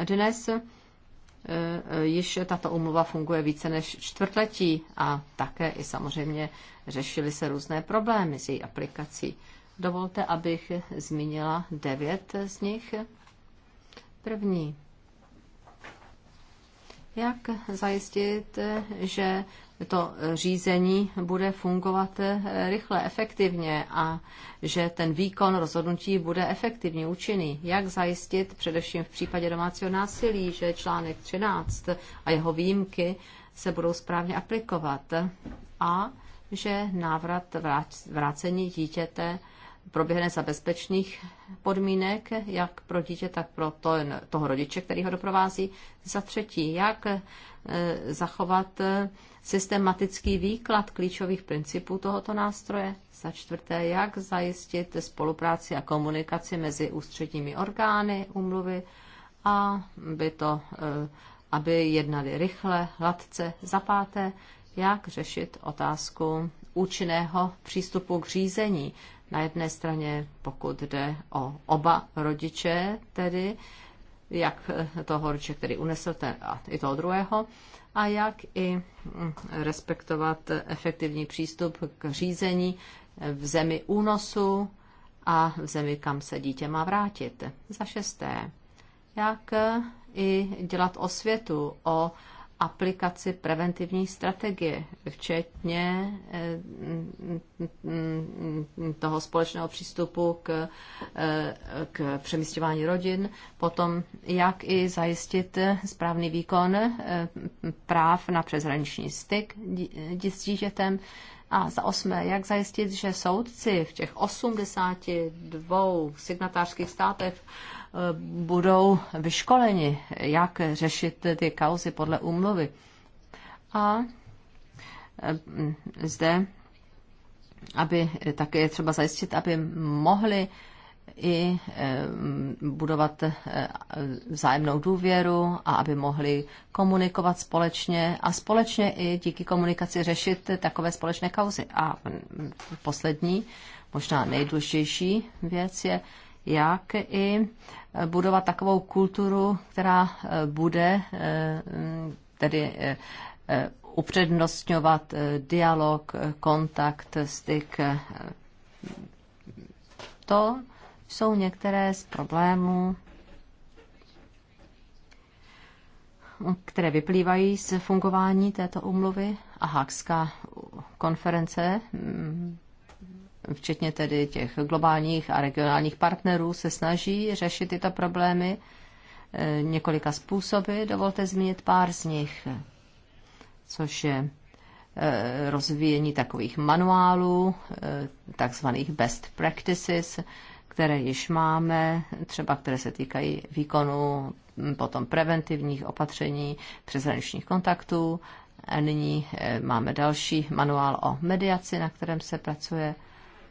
Dnes již tato umluva funguje více než čtvrtletí a také i samozřejmě řešily se různé problémy s její aplikací. Dovolte, abych zmínila devět z nich. První. Jak zajistit, že to řízení bude fungovat rychle, efektivně a že ten výkon rozhodnutí bude efektivně účinný. Jak zajistit především v případě domácího násilí, že článek 13 a jeho výjimky se budou správně aplikovat a že návrat vrácení dítěte proběhne za bezpečných podmínek, jak pro dítě, tak pro to, toho rodiče, který ho doprovází. Za třetí, jak e, zachovat e, systematický výklad klíčových principů tohoto nástroje. Za čtvrté, jak zajistit spolupráci a komunikaci mezi ústředními orgány umluvy a by to, e, aby jednali rychle, hladce. Za páté, jak řešit otázku účinného přístupu k řízení na jedné straně, pokud jde o oba rodiče, tedy jak toho rodiče, který unesl ten, a i toho druhého, a jak i mm, respektovat efektivní přístup k řízení v zemi únosu a v zemi, kam se dítě má vrátit. Za šesté, jak i dělat osvětu o aplikaci preventivní strategie, včetně eh, mm, mm, toho společného přístupu k, eh, k přemysťování rodin, potom jak i zajistit správný výkon eh, práv na přeshraniční styk s dítětem, a za osmé, jak zajistit, že soudci v těch 82 signatářských státech budou vyškoleni, jak řešit ty kauzy podle úmluvy. A mm, zde, aby také třeba zajistit, aby mohli i mm, budovat e, vzájemnou důvěru a aby mohli komunikovat společně a společně i díky komunikaci řešit takové společné kauzy. A mm, poslední, možná nejdůležitější věc je, jak i eh, budovat takovou kulturu, která eh, bude eh, tedy upřednostňovat dialog, kontakt, styk. To jsou některé z problémů, které vyplývají z fungování této umluvy a Hákská konference mm, včetně tedy těch globálních a regionálních partnerů, se snaží řešit tyto problémy e, několika způsoby. Dovolte zmínit pár z nich, což je e, rozvíjení takových manuálů, e, takzvaných best practices, které již máme, třeba které se týkají výkonu potom preventivních opatření přeshraničních kontaktů. A nyní máme další manuál o mediaci, na kterém se pracuje.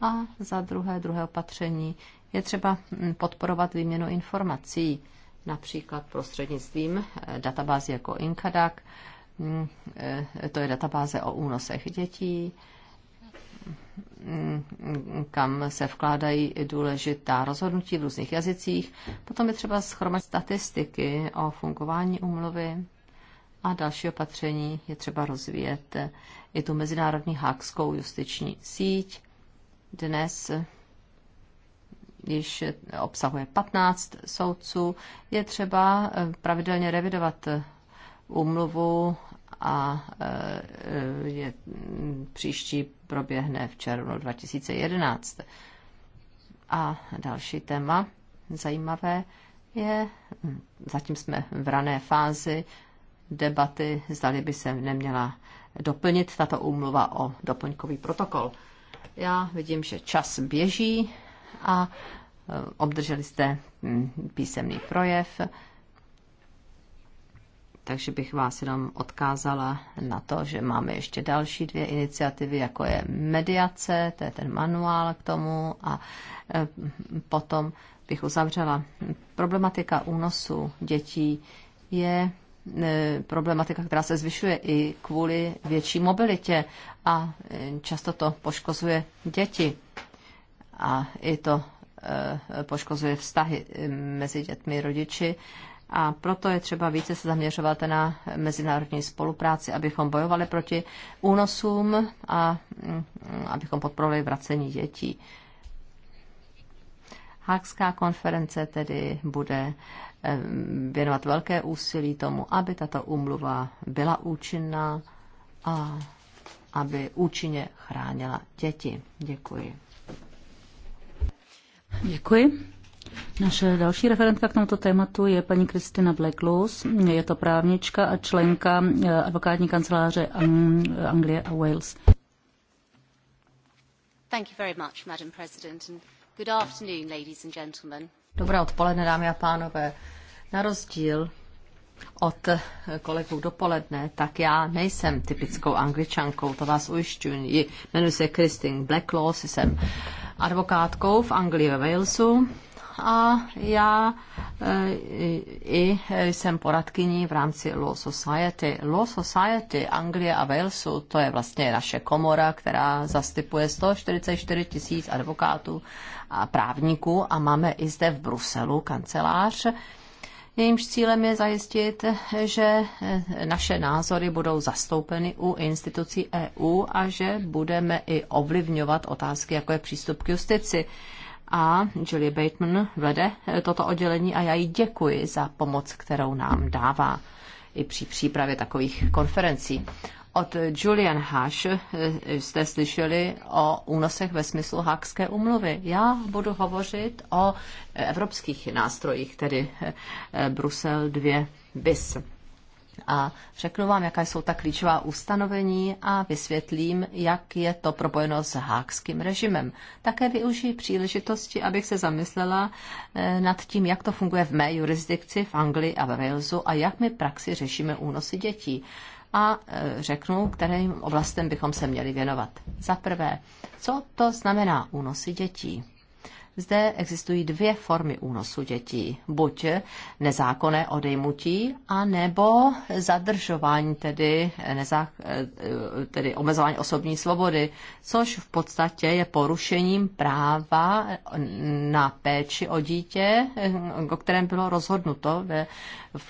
A za druhé, druhé opatření je třeba mm, podporovat výměnu informací, například prostřednictvím eh, databázy jako Inkadak, mm, eh, to je databáze o únosech dětí, mm, kam se vkládají důležitá rozhodnutí v různých jazycích. Potom je třeba schromat statistiky o fungování umluvy a další opatření je třeba rozvíjet i tu mezinárodní hákskou justiční síť dnes již obsahuje 15 soudců. Je třeba eh, pravidelně revidovat eh, úmluvu a eh, je, příští proběhne v červnu 2011. A další téma zajímavé je, hm, zatím jsme v rané fázi debaty, zdali by se neměla doplnit tato úmluva o doplňkový protokol. Já vidím, že čas běží a e, obdrželi jste mm, písemný projev, takže bych vás jenom odkázala na to, že máme ještě další dvě iniciativy, jako je mediace, to je ten manuál k tomu a e, potom bych uzavřela. Problematika únosu dětí je E, problematika, která se zvyšuje i kvůli větší mobilitě a e, často to poškozuje děti. A i to e, poškozuje vztahy mezi dětmi a rodiči. A proto je třeba více se zaměřovat na mezinárodní spolupráci, abychom bojovali proti únosům a mm, abychom podporovali vracení dětí. Hákská konference tedy bude věnovat velké úsilí tomu, aby tato umluva byla účinná a aby účinně chránila děti. Děkuji. Děkuji. Naše další referentka k tomuto tématu je paní Kristina Blacklose. Je to právnička a členka eh, advokátní kanceláře Anglie a Wales. Thank you very much, Madam President, and good afternoon, ladies and gentlemen. Dobré odpoledne, dámy a pánové. Na rozdíl od kolegů dopoledne, tak já nejsem typickou angličankou, to vás ujišťuji. Jmenuji se Christine Blacklaw, jsem advokátkou v Anglii ve Walesu a já eh, i eh, jsem poradkyní v rámci Law Society. Law Society Anglie a Walesu, to je vlastně naše komora, která zastupuje 144 tisíc advokátů a právníků a máme i zde v Bruselu kancelář, jejímž cílem je zajistit, že naše názory budou zastoupeny u institucí EU a že budeme i ovlivňovat otázky, jako je přístup k justici. A Julie Bateman vede toto oddělení a já jí děkuji za pomoc, kterou nám dává i při přípravě takových konferencí. Od Julian Haš eh, jste slyšeli o únosech ve smyslu Hákské umluvy. Já budu hovořit o evropských nástrojích, tedy eh, Brusel 2 bis. A řeknu vám, jaká jsou ta klíčová ustanovení a vysvětlím, jak je to propojeno s hákským režimem. Také využiji příležitosti, abych se zamyslela eh, nad tím, jak to funguje v mé jurisdikci v Anglii a ve Walesu a jak my praxi řešíme únosy dětí a e, řeknu, kterým oblastem bychom se měli věnovat. Za prvé, co to znamená únosy dětí? Zde existují dvě formy únosu dětí. Buď nezákonné odejmutí, anebo zadržování, tedy, nezá, eh, tedy omezování osobní svobody, což v podstatě je porušením práva na péči o dítě, eh, o kterém bylo rozhodnuto ve,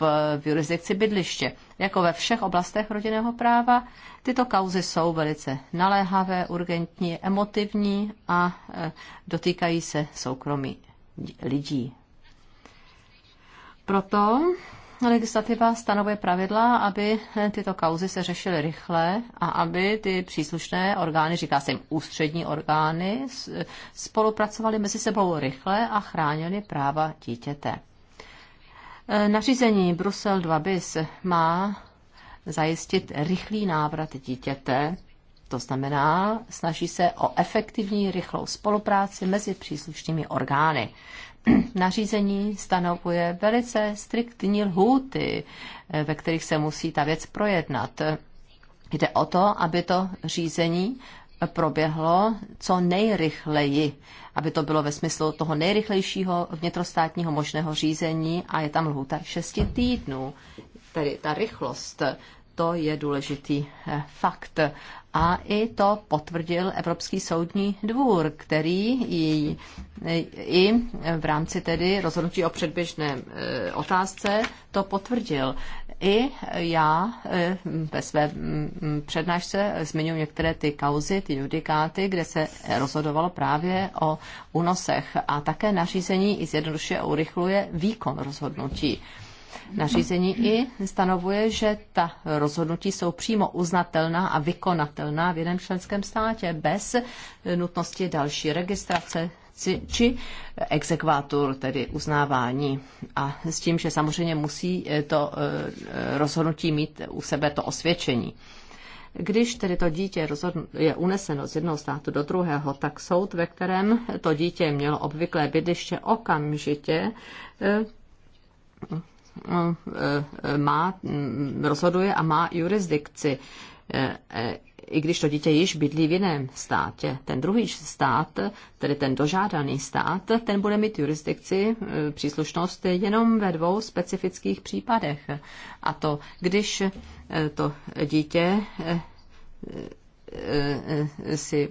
v jurisdikci bydliště. Jako ve všech oblastech rodinného práva, Tyto kauzy jsou velice naléhavé, urgentní, emotivní a e, dotýkají se soukromí lidí. Proto legislativa stanovuje pravidla, aby e, tyto kauzy se řešily rychle a aby ty příslušné orgány, říká se jim ústřední orgány, e, spolupracovaly mezi sebou rychle a chránily práva dítěte. Nařízení Brusel 2 bis má zajistit rychlý návrat dítěte, to znamená, snaží se o efektivní, rychlou spolupráci mezi příslušnými orgány. Nařízení stanovuje velice striktní lhůty, eh, ve kterých se musí ta věc projednat. Jde o to, aby to řízení proběhlo co nejrychleji, aby to bylo ve smyslu toho nejrychlejšího vnitrostátního možného řízení a je tam lhůta 6 týdnů. Tedy ta rychlost to je důležitý eh, fakt. A i to potvrdil Evropský soudní dvůr, který i, i v rámci tedy rozhodnutí o předběžné eh, otázce to potvrdil. I já eh, ve své mm, přednášce zmiňuji některé ty kauzy, ty judikáty, kde se rozhodovalo právě o únosech a také nařízení i zjednodušuje urychluje výkon rozhodnutí. Nařízení i stanovuje, že ta rozhodnutí jsou přímo uznatelná a vykonatelná v jednom členském státě bez nutnosti další registrace či exekvátor, tedy uznávání. A s tím, že samozřejmě musí to eh, rozhodnutí mít u sebe to osvědčení. Když tedy to dítě je uneseno z jednoho státu do druhého, tak soud, ve kterém to dítě mělo obvyklé bydliště, okamžitě eh, Eh, eh, má, rozhoduje a má jurisdikci, eh, i když to dítě již bydlí v jiném státě. Ten druhý stát, tedy ten dožádaný stát, ten bude mít jurisdikci, příslušnost jenom ve dvou specifických případech. A to, když to dítě si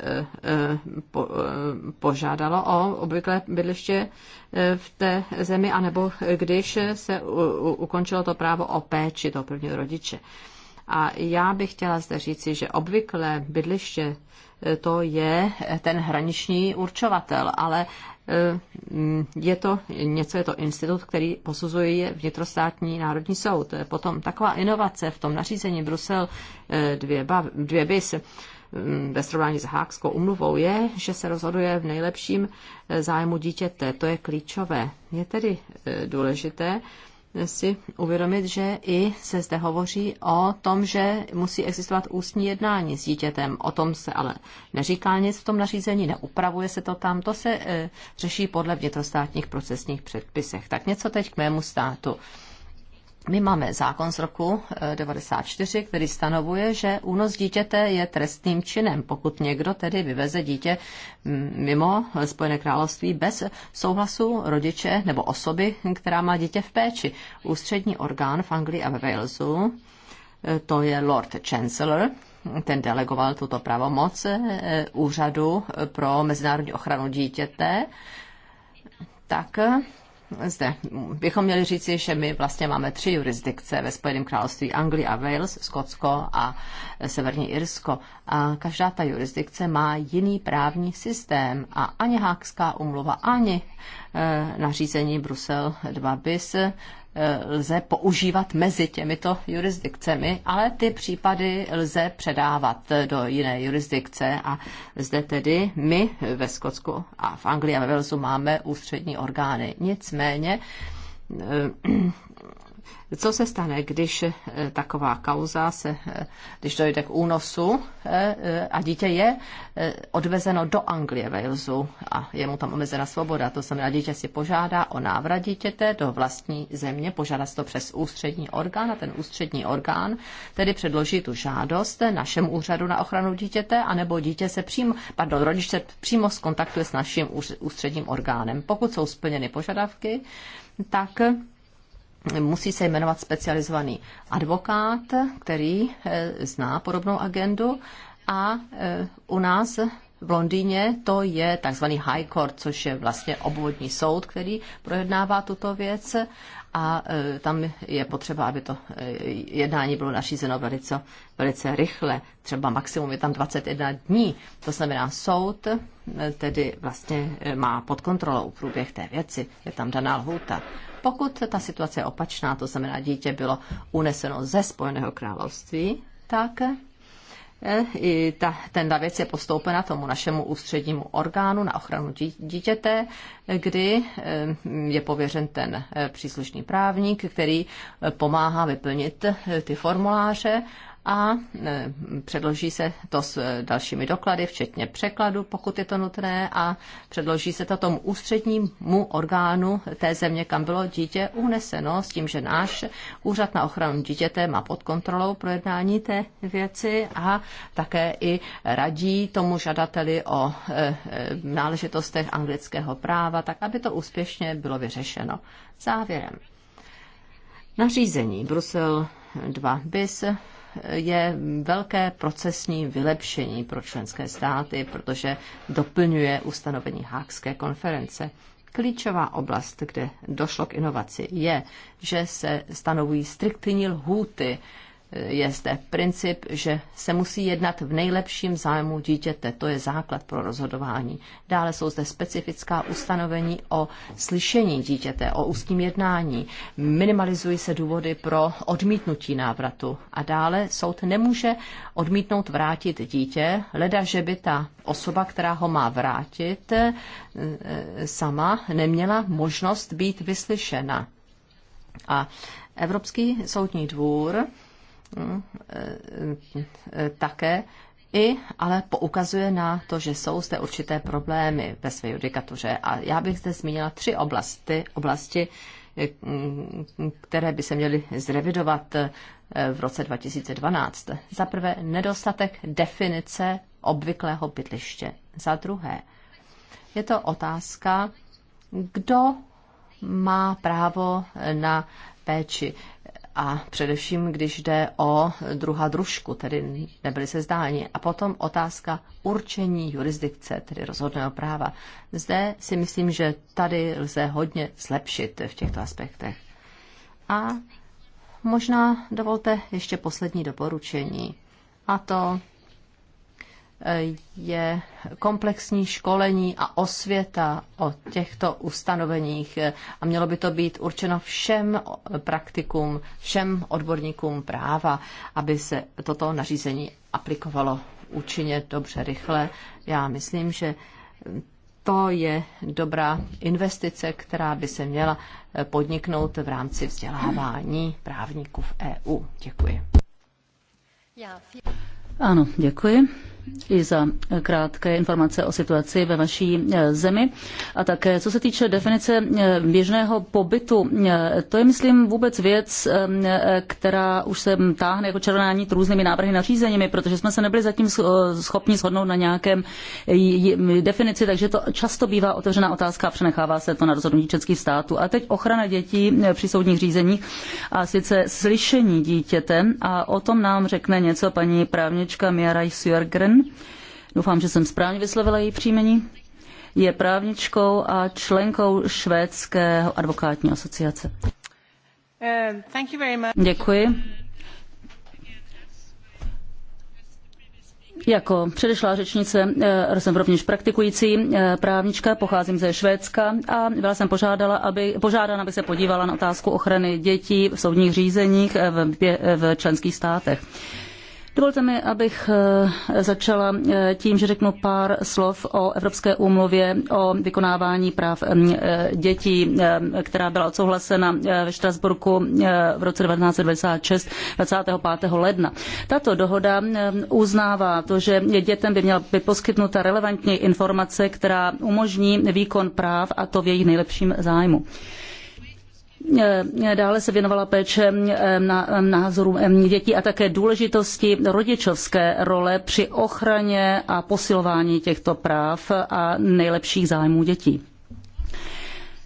Eh, eh, po, eh, požádalo o obvyklé bydliště v té zemi, anebo když se u, u, ukončilo to právo o péči toho prvního rodiče. A já bych chtěla zde říci, že obvyklé bydliště to je ten hraniční určovatel, ale mm, je to něco, je to institut, který posuzuje vnitrostátní národní soud. Potom taková inovace v tom nařízení Brusel 2 bis, Mm, ve srovnání s Hákskou umluvou je, že se rozhoduje v nejlepším eh, zájmu dítěte. To je klíčové. Je tedy eh, důležité si uvědomit, že i se zde hovoří o tom, že musí existovat ústní jednání s dítětem. O tom se ale neříká nic v tom nařízení, neupravuje se to tam, to se eh, řeší podle vnitrostátních procesních předpisech. Tak něco teď k mému státu. My máme zákon z roku 1994, eh, který stanovuje, že únos dítěte je trestným činem, pokud někdo tedy vyveze dítě mm, mimo Spojené království bez souhlasu rodiče nebo osoby, která má dítě v péči. Ústřední orgán v Anglii a ve Walesu, eh, to je Lord Chancellor, ten delegoval tuto pravomoc eh, úřadu pro mezinárodní ochranu dítěte, tak zde bychom měli říci, že my vlastně máme tři jurisdikce ve Spojeném království Anglii a Wales, Skotsko a Severní Irsko. A každá ta jurisdikce má jiný právní systém a ani Hákská umluva, ani eh, nařízení Brusel 2 bis Eh, lze používat mezi těmito jurisdikcemi, ale ty případy lze předávat do jiné jurisdikce a zde tedy my ve Skotsku a v Anglii a ve Velsu máme ústřední orgány. Nicméně eh, co se stane, když eh, taková kauza se, eh, když dojde k únosu eh, a dítě je odvezeno do Anglie, Walesu a je mu tam omezena svoboda, to znamená, dítě si požádá o návrat dítěte do vlastní země, požádá se to přes ústřední orgán a ten ústřední orgán tedy předloží tu žádost našemu úřadu na ochranu dítěte, anebo dítě se přímo, pardon, rodič se přímo skontaktuje s naším ústředním orgánem. Pokud jsou splněny požadavky, tak musí se jmenovat specializovaný advokát, který eh, zná podobnou agendu a eh, u nás v Londýně to je takzvaný High Court, což je vlastně obvodní soud, který projednává tuto věc a eh, tam je potřeba, aby to jednání bylo nařízeno velice, velice rychle. Třeba maximum je tam 21 dní. To znamená, soud tedy vlastně má pod kontrolou průběh té věci. Je tam daná lhůta. Pokud ta situace je opačná, to znamená, dítě bylo uneseno ze Spojeného království, tak eh, i ta, ten ta věc je postoupena tomu našemu ústřednímu orgánu na ochranu dítěte, kdy eh, je pověřen ten eh, příslušný právník, který pomáhá vyplnit ty formuláře a e, předloží se to s e, dalšími doklady, včetně překladu, pokud je to nutné, a předloží se to tomu ústřednímu orgánu té země, kam bylo dítě uneseno, s tím, že náš úřad na ochranu dítěte má pod kontrolou projednání té věci a také i radí tomu žadateli o e, náležitostech anglického práva, tak aby to úspěšně bylo vyřešeno. Závěrem. Nařízení Brusel 2 bis je velké procesní vylepšení pro členské státy, protože doplňuje ustanovení Hákské konference. Klíčová oblast, kde došlo k inovaci, je, že se stanovují striktní lhůty je zde princip, že se musí jednat v nejlepším zájmu dítěte. To je základ pro rozhodování. Dále jsou zde specifická ustanovení o slyšení dítěte, o ústním jednání. Minimalizují se důvody pro odmítnutí návratu. A dále soud nemůže odmítnout vrátit dítě, leda, že by ta osoba, která ho má vrátit, e, e, sama neměla možnost být vyslyšena. A Evropský soudní dvůr Eh, eh, také i ale poukazuje na to, že jsou zde určité problémy ve své judikatuře. A já bych zde zmínila tři oblasti, oblasti eh, které by se měly zrevidovat v roce 2012. Za prvé nedostatek definice obvyklého bydliště. Za druhé je to otázka, kdo má právo na péči a především, když jde o druhá družku, tedy nebyly se zdáni. A potom otázka určení jurisdikce, tedy rozhodného práva. Zde si myslím, že tady lze hodně zlepšit v těchto aspektech. A možná dovolte ještě poslední doporučení. A to je komplexní školení a osvěta o těchto ustanoveních a mělo by to být určeno všem praktikům, všem odborníkům práva, aby se toto nařízení aplikovalo účinně, dobře, rychle. Já myslím, že to je dobrá investice, která by se měla podniknout v rámci vzdělávání právníků v EU. Děkuji. Ano, děkuji i za krátké informace o situaci ve vaší eh, zemi. A také, eh, co se týče definice eh, běžného pobytu, to je, myslím, vůbec věc, která už se táhne jako červená nit různými návrhy na řízeními, protože jsme se nebyli zatím schopni shodnout na nějakém definici, takže to často bývá otevřená otázka a přenechává se to na rozhodnutí českých států. A teď ochrana dětí při soudních řízeních a sice slyšení dítěte a o tom nám řekne něco paní právnička Miara Sjörgren, Doufám, že jsem správně vyslovila její příjmení. Je právničkou a členkou švédského advokátní asociace. Uh, Děkuji. Jako předešlá řečnice eh, jsem rovněž praktikující eh, právnička, pocházím ze Švédska a byla jsem požádala, aby, požádána, aby se podívala na otázku ochrany dětí v soudních řízeních eh, v, v členských státech. Dovolte mi, abych eh, začala eh, tím, že řeknu pár slov o Evropské úmluvě o vykonávání práv eh, dětí, která byla odsouhlasena ve Štrasburku v roce 1996 25. ledna. Tato dohoda uznává to, že dětem by měla být poskytnuta relevantní informace, která umožní výkon práv a to v jejich nejlepším zájmu. Eh, dále se věnovala péče eh, na eh, názorům dětí a také důležitosti rodičovské role při ochraně a posilování těchto práv a nejlepších zájmů dětí.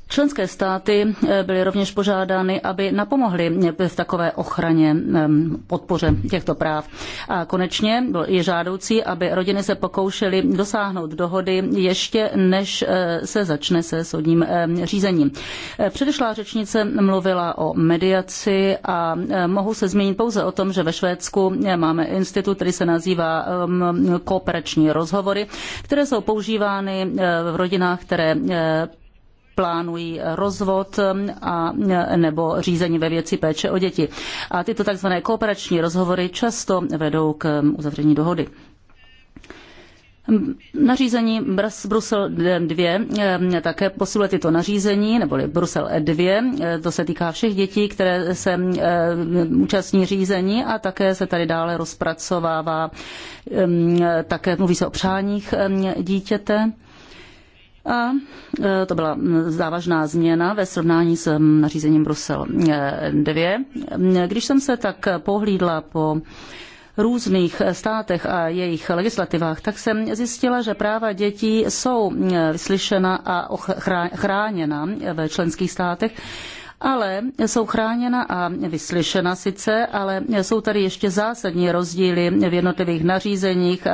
Členské státy eh, byly rovněž požádány, aby napomohly v takové ochraně ehm, podpoře těchto práv. A konečně je žádoucí, aby rodiny se pokoušely dosáhnout dohody ještě než eh, se začne se soudním ehm, řízením. Eh, předešlá řečnice mluvila o mediaci a mohu se zmínit pouze o tom, že ve Švédsku máme institut, který se nazývá ehm, kooperační rozhovory, které jsou používány v rodinách, které plánují rozvod um, a, e, nebo řízení ve věci péče o děti. A tyto tzv. kooperační rozhovory často vedou k um, uzavření dohody. Nařízení Brusel 2 um, také posiluje tyto nařízení, neboli Brusel 2, e, to se týká všech dětí, které se účastní řízení a také se tady dále rozpracovává, e, také mluví se o přáních dítěte a e, to byla závažná změna ve srovnání s mm, nařízením Brusel 2. E, e, když jsem se tak pohlídla po různých státech a jejich legislativách, tak jsem zjistila, že práva dětí jsou vyslyšena a chráněna ve členských státech ale jsou chráněna a vyslyšena sice, ale jsou tady ještě zásadní rozdíly v jednotlivých nařízeních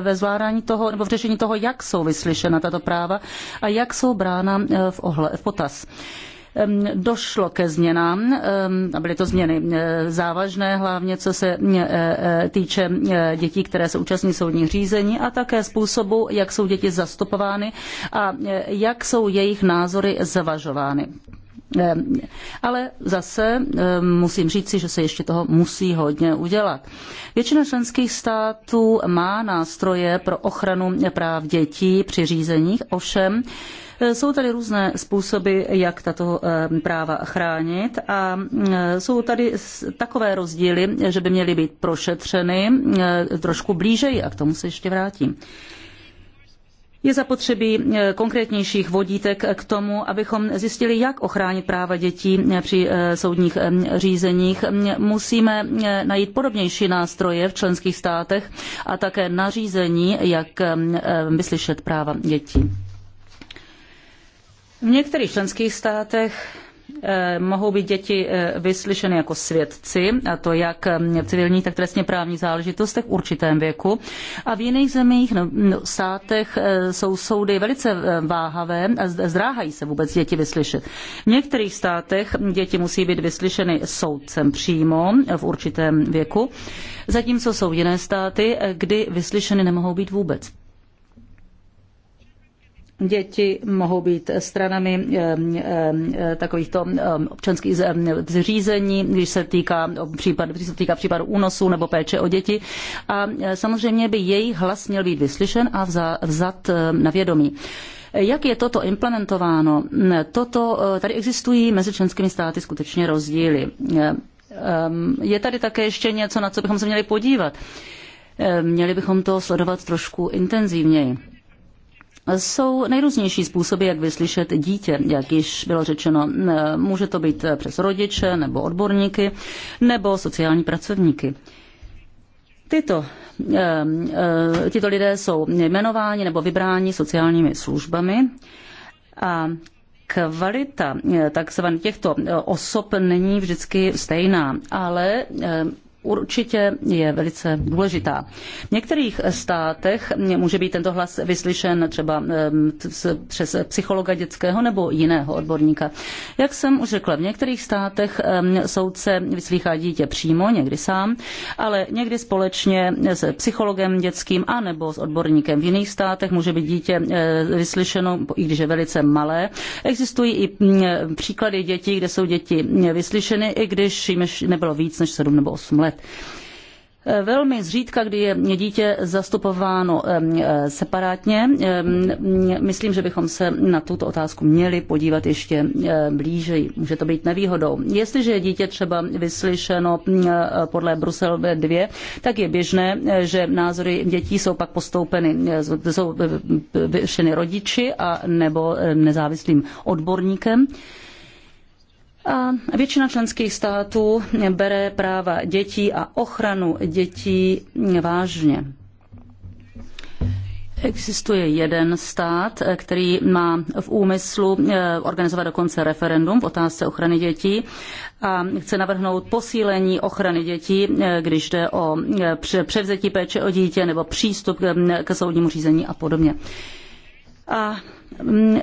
ve zvládání toho, nebo v řešení toho, jak jsou vyslyšena tato práva a jak jsou brána eh, v, ohle, v potaz došlo ke změnám a byly to změny eh, závažné, hlavně co se eh, týče dětí, které se účastní soudních řízení a také způsobu, jak jsou děti zastupovány a jak jsou jejich názory zvažovány. Ehm, ale zase ehm, musím říci, že se ještě toho musí hodně udělat. Většina členských států má nástroje pro ochranu práv dětí při řízeních, ovšem e, jsou tady různé způsoby, jak tato ehm, práva chránit a e, jsou tady takové rozdíly, že by měly být prošetřeny e, trošku blíže a k tomu se ještě vrátím. Je zapotřebí eh, konkrétnějších vodítek k tomu, abychom zjistili, jak ochránit práva dětí eh, při eh, soudních řízeních. Mm, musíme najít podobnější nástroje v členských státech a také nařízení, jak vyslyšet práva dětí. V některých členských státech Eh, mohou být děti eh, vyslyšeny jako svědci, a to jak v eh, civilních, tak trestně právních záležitostech v určitém věku. A v jiných zemích, no, no státech jsou soudy velice váhavé a zdráhají se vůbec děti vyslyšet. V některých státech děti musí být vyslyšeny soudcem přímo v určitém věku, zatímco jsou jiné státy, kdy vyslyšeny nemohou být vůbec. Děti mohou být stranami eh, eh, eh, takovýchto občanských zřízení, když se týká, případ, když se týká případu únosu nebo péče o děti. A samozřejmě by jejich hlas měl být vyslyšen a vzat na vědomí. Jak je toto implementováno? Toto, tady existují mezi členskými státy skutečně rozdíly. Je tady také ještě něco, na co bychom se měli podívat. Měli bychom to sledovat trošku intenzivněji jsou nejrůznější způsoby, jak vyslyšet dítě, jak již bylo řečeno. Může to být přes rodiče nebo odborníky nebo sociální pracovníky. Tyto, e, tyto lidé jsou jmenováni nebo vybráni sociálními službami a kvalita e, takzvaných těchto osob není vždycky stejná, ale určitě je velice důležitá. V některých státech může být tento hlas vyslyšen třeba přes psychologa dětského nebo jiného odborníka. Jak jsem už řekla, v některých státech soudce vyslýchá dítě přímo, někdy sám, ale někdy společně s psychologem dětským a nebo s odborníkem. V jiných státech může být dítě e, vyslyšeno, i když je velice malé. Existují i příklady dětí, kde jsou děti vyslyšeny, i když jim nebylo víc než 7 nebo 8 let let. Eh, velmi zřídka, kdy je dítě zastupováno ehm, eh, separátně. Ehm, myslím, že bychom se na tuto otázku měli podívat ještě eh, blíže. Může to být nevýhodou. Jestliže je dítě třeba vyslyšeno mm, podle Brusel 2, tak je běžné, že názory dětí jsou pak postoupeny, jsou vyšeny rodiči a nebo nezávislým odborníkem. A většina členských států bere práva dětí a ochranu dětí vážně. Existuje jeden stát, který má v úmyslu eh, organizovat dokonce referendum v otázce ochrany dětí a chce navrhnout posílení ochrany dětí, eh, když jde o eh, převzetí péče o dítě nebo přístup k soudnímu řízení a podobně. A Mm,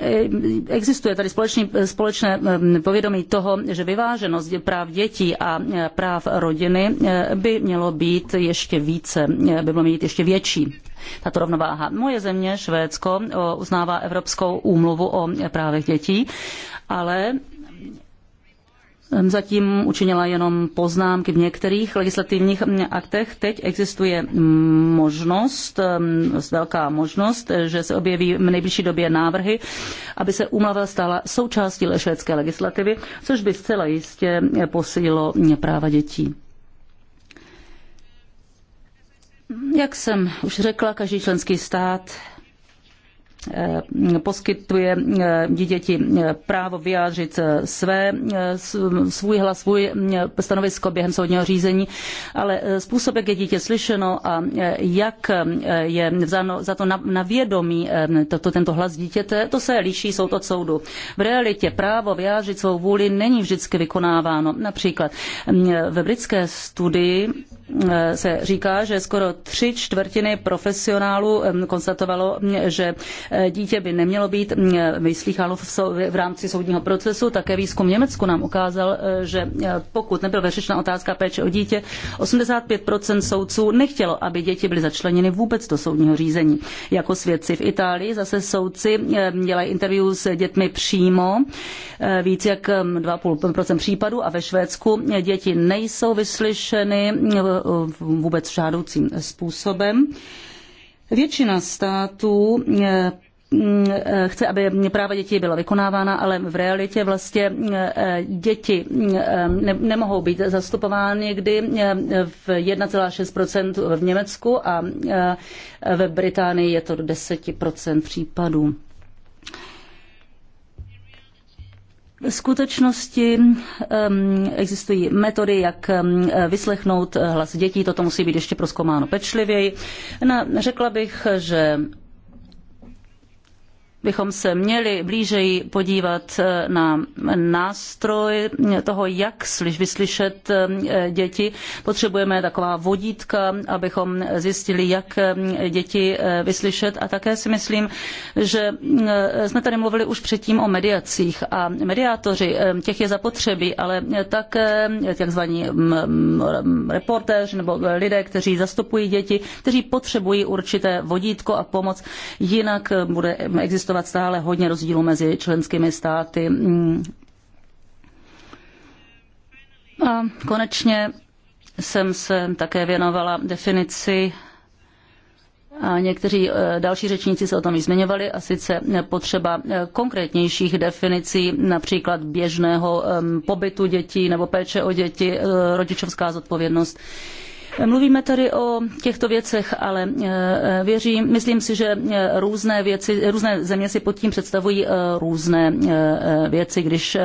existuje tady společný, společné mm, povědomí toho, že vyváženost práv dětí a e, práv rodiny e, by mělo být ještě více, e, by mělo být ještě větší tato rovnováha. Moje země, Švédsko, uznává Evropskou úmluvu o právech dětí, ale Ehm, zatím učinila jenom poznámky v některých legislativních ehm, aktech. Teď existuje ehm, možnost, velká možnost, eh, že se objeví v nejbližší době návrhy, aby se umlava stala součástí švédské legislativy, což by zcela jistě eh, posílilo eh, práva dětí. Jak jsem už řekla, každý členský stát Eh, poskytuje eh, dítěti eh, právo vyjádřit své, svůj hlas, svůj stanovisko během soudního řízení, ale způsob, jak je dítě slyšeno a jak je vzáno za to na, na vědomí to, to, tento hlas dítěte, to se liší soud od soudu. V realitě právo vyjádřit svou vůli není vždycky vykonáváno. Například mm, ve britské studii Eh, se říká, že skoro tři čtvrtiny profesionálů konstatovalo, mm, že eh, dítě by nemělo být mm, vyslýcháno v rámci soudního procesu. Také výzkum v Německu nám ukázal, eh, že pokud nebyla vyřešena otázka péče o dítě, 85% soudců nechtělo, aby děti byly začleněny vůbec do soudního řízení. Jako svědci v Itálii zase soudci dělají interview s dětmi přímo, víc jak 2,5% případů a ve Švédsku děti nejsou vyslyšeny Eh, vůbec žádoucím způsobem. Většina států eh, chce, aby práva dětí byla vykonávána, ale v realitě vlastně eh, děti nemohou být zastupovány někdy v 1,6% v Německu a ve Británii je to do 10% případů. V skutečnosti existují metody, jak vyslechnout hlas dětí, toto musí být ještě proskománo pečlivěji. Na, řekla bych, že bychom se měli blížeji podívat eh, na nástroj toho, jak vyslyšet eh, děti. Potřebujeme taková vodítka, abychom zjistili, jak eh, děti vyslyšet. A také si myslím, že jsme tady mluvili už předtím o mediacích a mediátoři, těch je zapotřebí, ale také takzvaní mm, mm, reportéři nebo lidé, kteří zastupují děti, kteří potřebují určité vodítko a pomoc, jinak bude existovat existovat stále hodně rozdílů mezi členskými státy. A konečně jsem se také věnovala definici a někteří eh, další řečníci se o tom již zmiňovali, a sice potřeba eh, konkrétnějších definicí, například běžného eh, pobytu dětí nebo péče o děti, rodičovská zodpovědnost. Mluvíme tady o těchto věcech, ale e, e, věřím, myslím si, že e, různé, věci, různé země si pod tím představují různé věci, když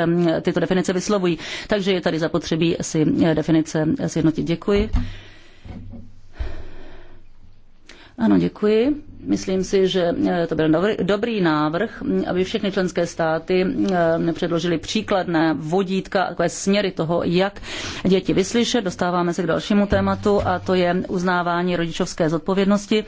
tyto definice vyslovují. Takže je tady zapotřebí si definice sjednotit. Děkuji. Ano, děkuji. Myslím si, že eh, to byl dobrý návrh, hm, aby všechny členské státy eh, předložili příkladné vodítka, takové směry toho, jak děti vyslyšet. Dostáváme se k dalšímu tématu a to je uznávání rodičovské zodpovědnosti,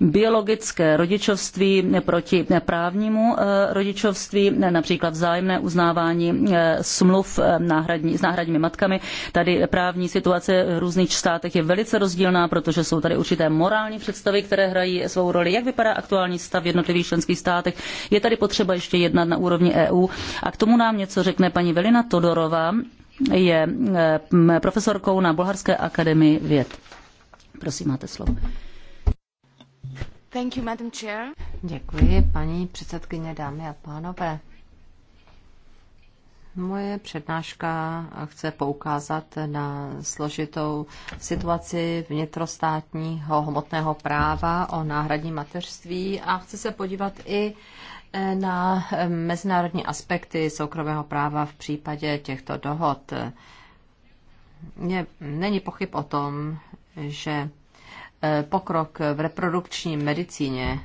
biologické rodičovství proti právnímu eh, rodičovství, například vzájemné uznávání smluv náhradní, s náhradními matkami. Tady právní situace v různých státech je velice rozdílná, protože jsou tady určité morální představy, které hrají svou roli jak jak vypadá aktuální stav v jednotlivých členských státech. Je tady potřeba ještě jednat na úrovni EU. A k tomu nám něco řekne paní Velina Todorová, je mm, profesorkou na Bulharské akademii věd. Prosím, máte slovo. Thank you, Madam Chair. Děkuji, paní předsedkyně, dámy a pánové. Moje přednáška chce poukázat na složitou situaci vnitrostátního hmotného práva o náhradní mateřství a chce se podívat i eh, na eh, mezinárodní aspekty soukromého práva v případě těchto dohod. Mě není pochyb o tom, že eh, pokrok v reprodukční medicíně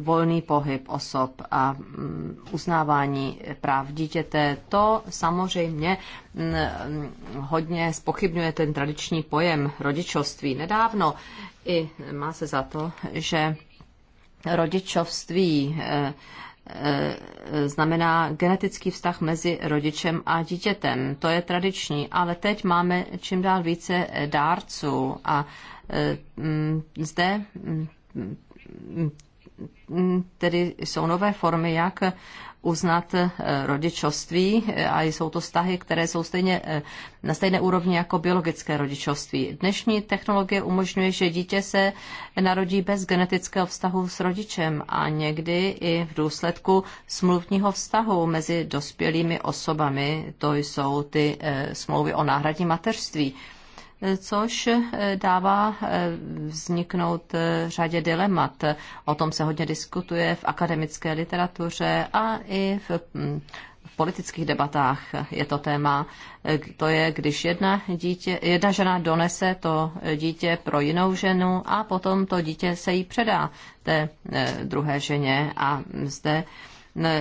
volný pohyb osob a mm, uznávání práv dítěte, to samozřejmě mm, mm, hodně spochybňuje ten tradiční pojem rodičovství. Nedávno i má se za to, že rodičovství eh, eh, znamená genetický vztah mezi rodičem a dítětem. To je tradiční, ale teď máme čím dál více dárců a eh, zde Mm, tedy jsou nové formy, jak uznat eh, rodičovství eh, a jsou to vztahy, které jsou stejně, eh, na stejné úrovni jako biologické rodičovství. Dnešní technologie umožňuje, že dítě se narodí bez genetického vztahu s rodičem a někdy i v důsledku smluvního vztahu mezi dospělými osobami, to jsou ty smlouvy o náhradní mateřství což eh, dává eh, vzniknout eh, řadě dilemat. O tom se hodně diskutuje v akademické literatuře a i v hm, v politických debatách je to téma. To je, když jedna, dítě, jedna žena donese to dítě pro jinou ženu a potom to dítě se jí předá té druhé ženě. A zde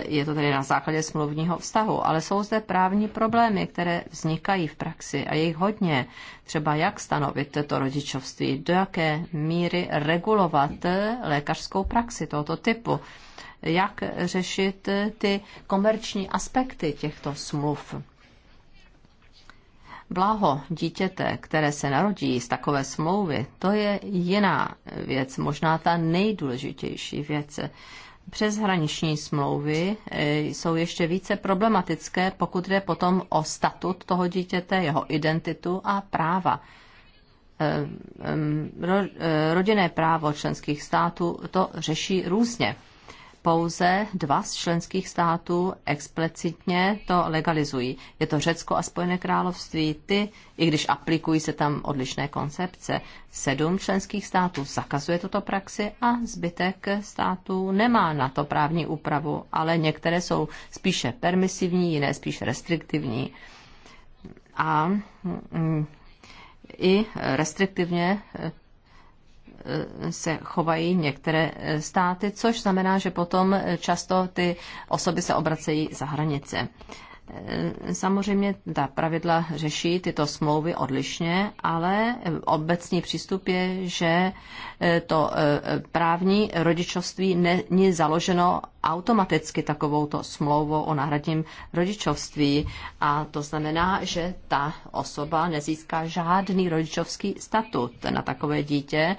je to tedy na základě smluvního vztahu, ale jsou zde právní problémy, které vznikají v praxi a je jich hodně. Třeba jak stanovit to rodičovství, do jaké míry regulovat lékařskou praxi tohoto typu, jak řešit ty komerční aspekty těchto smluv. Blaho dítěte, které se narodí z takové smlouvy, to je jiná věc, možná ta nejdůležitější věc přeshraniční smlouvy e, jsou ještě více problematické, pokud jde potom o statut toho dítěte, jeho identitu a práva. E, e, rodinné právo členských států to řeší různě pouze dva z členských států explicitně to legalizují. Je to Řecko a Spojené království. Ty, i když aplikují se tam odlišné koncepce, sedm členských států zakazuje tuto praxi a zbytek států nemá na to právní úpravu, ale některé jsou spíše permisivní, jiné spíše restriktivní. A mm, i restriktivně se chovají některé státy, což znamená, že potom často ty osoby se obracejí za hranice. Samozřejmě ta pravidla řeší tyto smlouvy odlišně, ale obecný přístup je, že to e, právní rodičovství není založeno automaticky takovouto smlouvou o náhradním rodičovství. A to znamená, že ta osoba nezíská žádný rodičovský statut na takové dítě,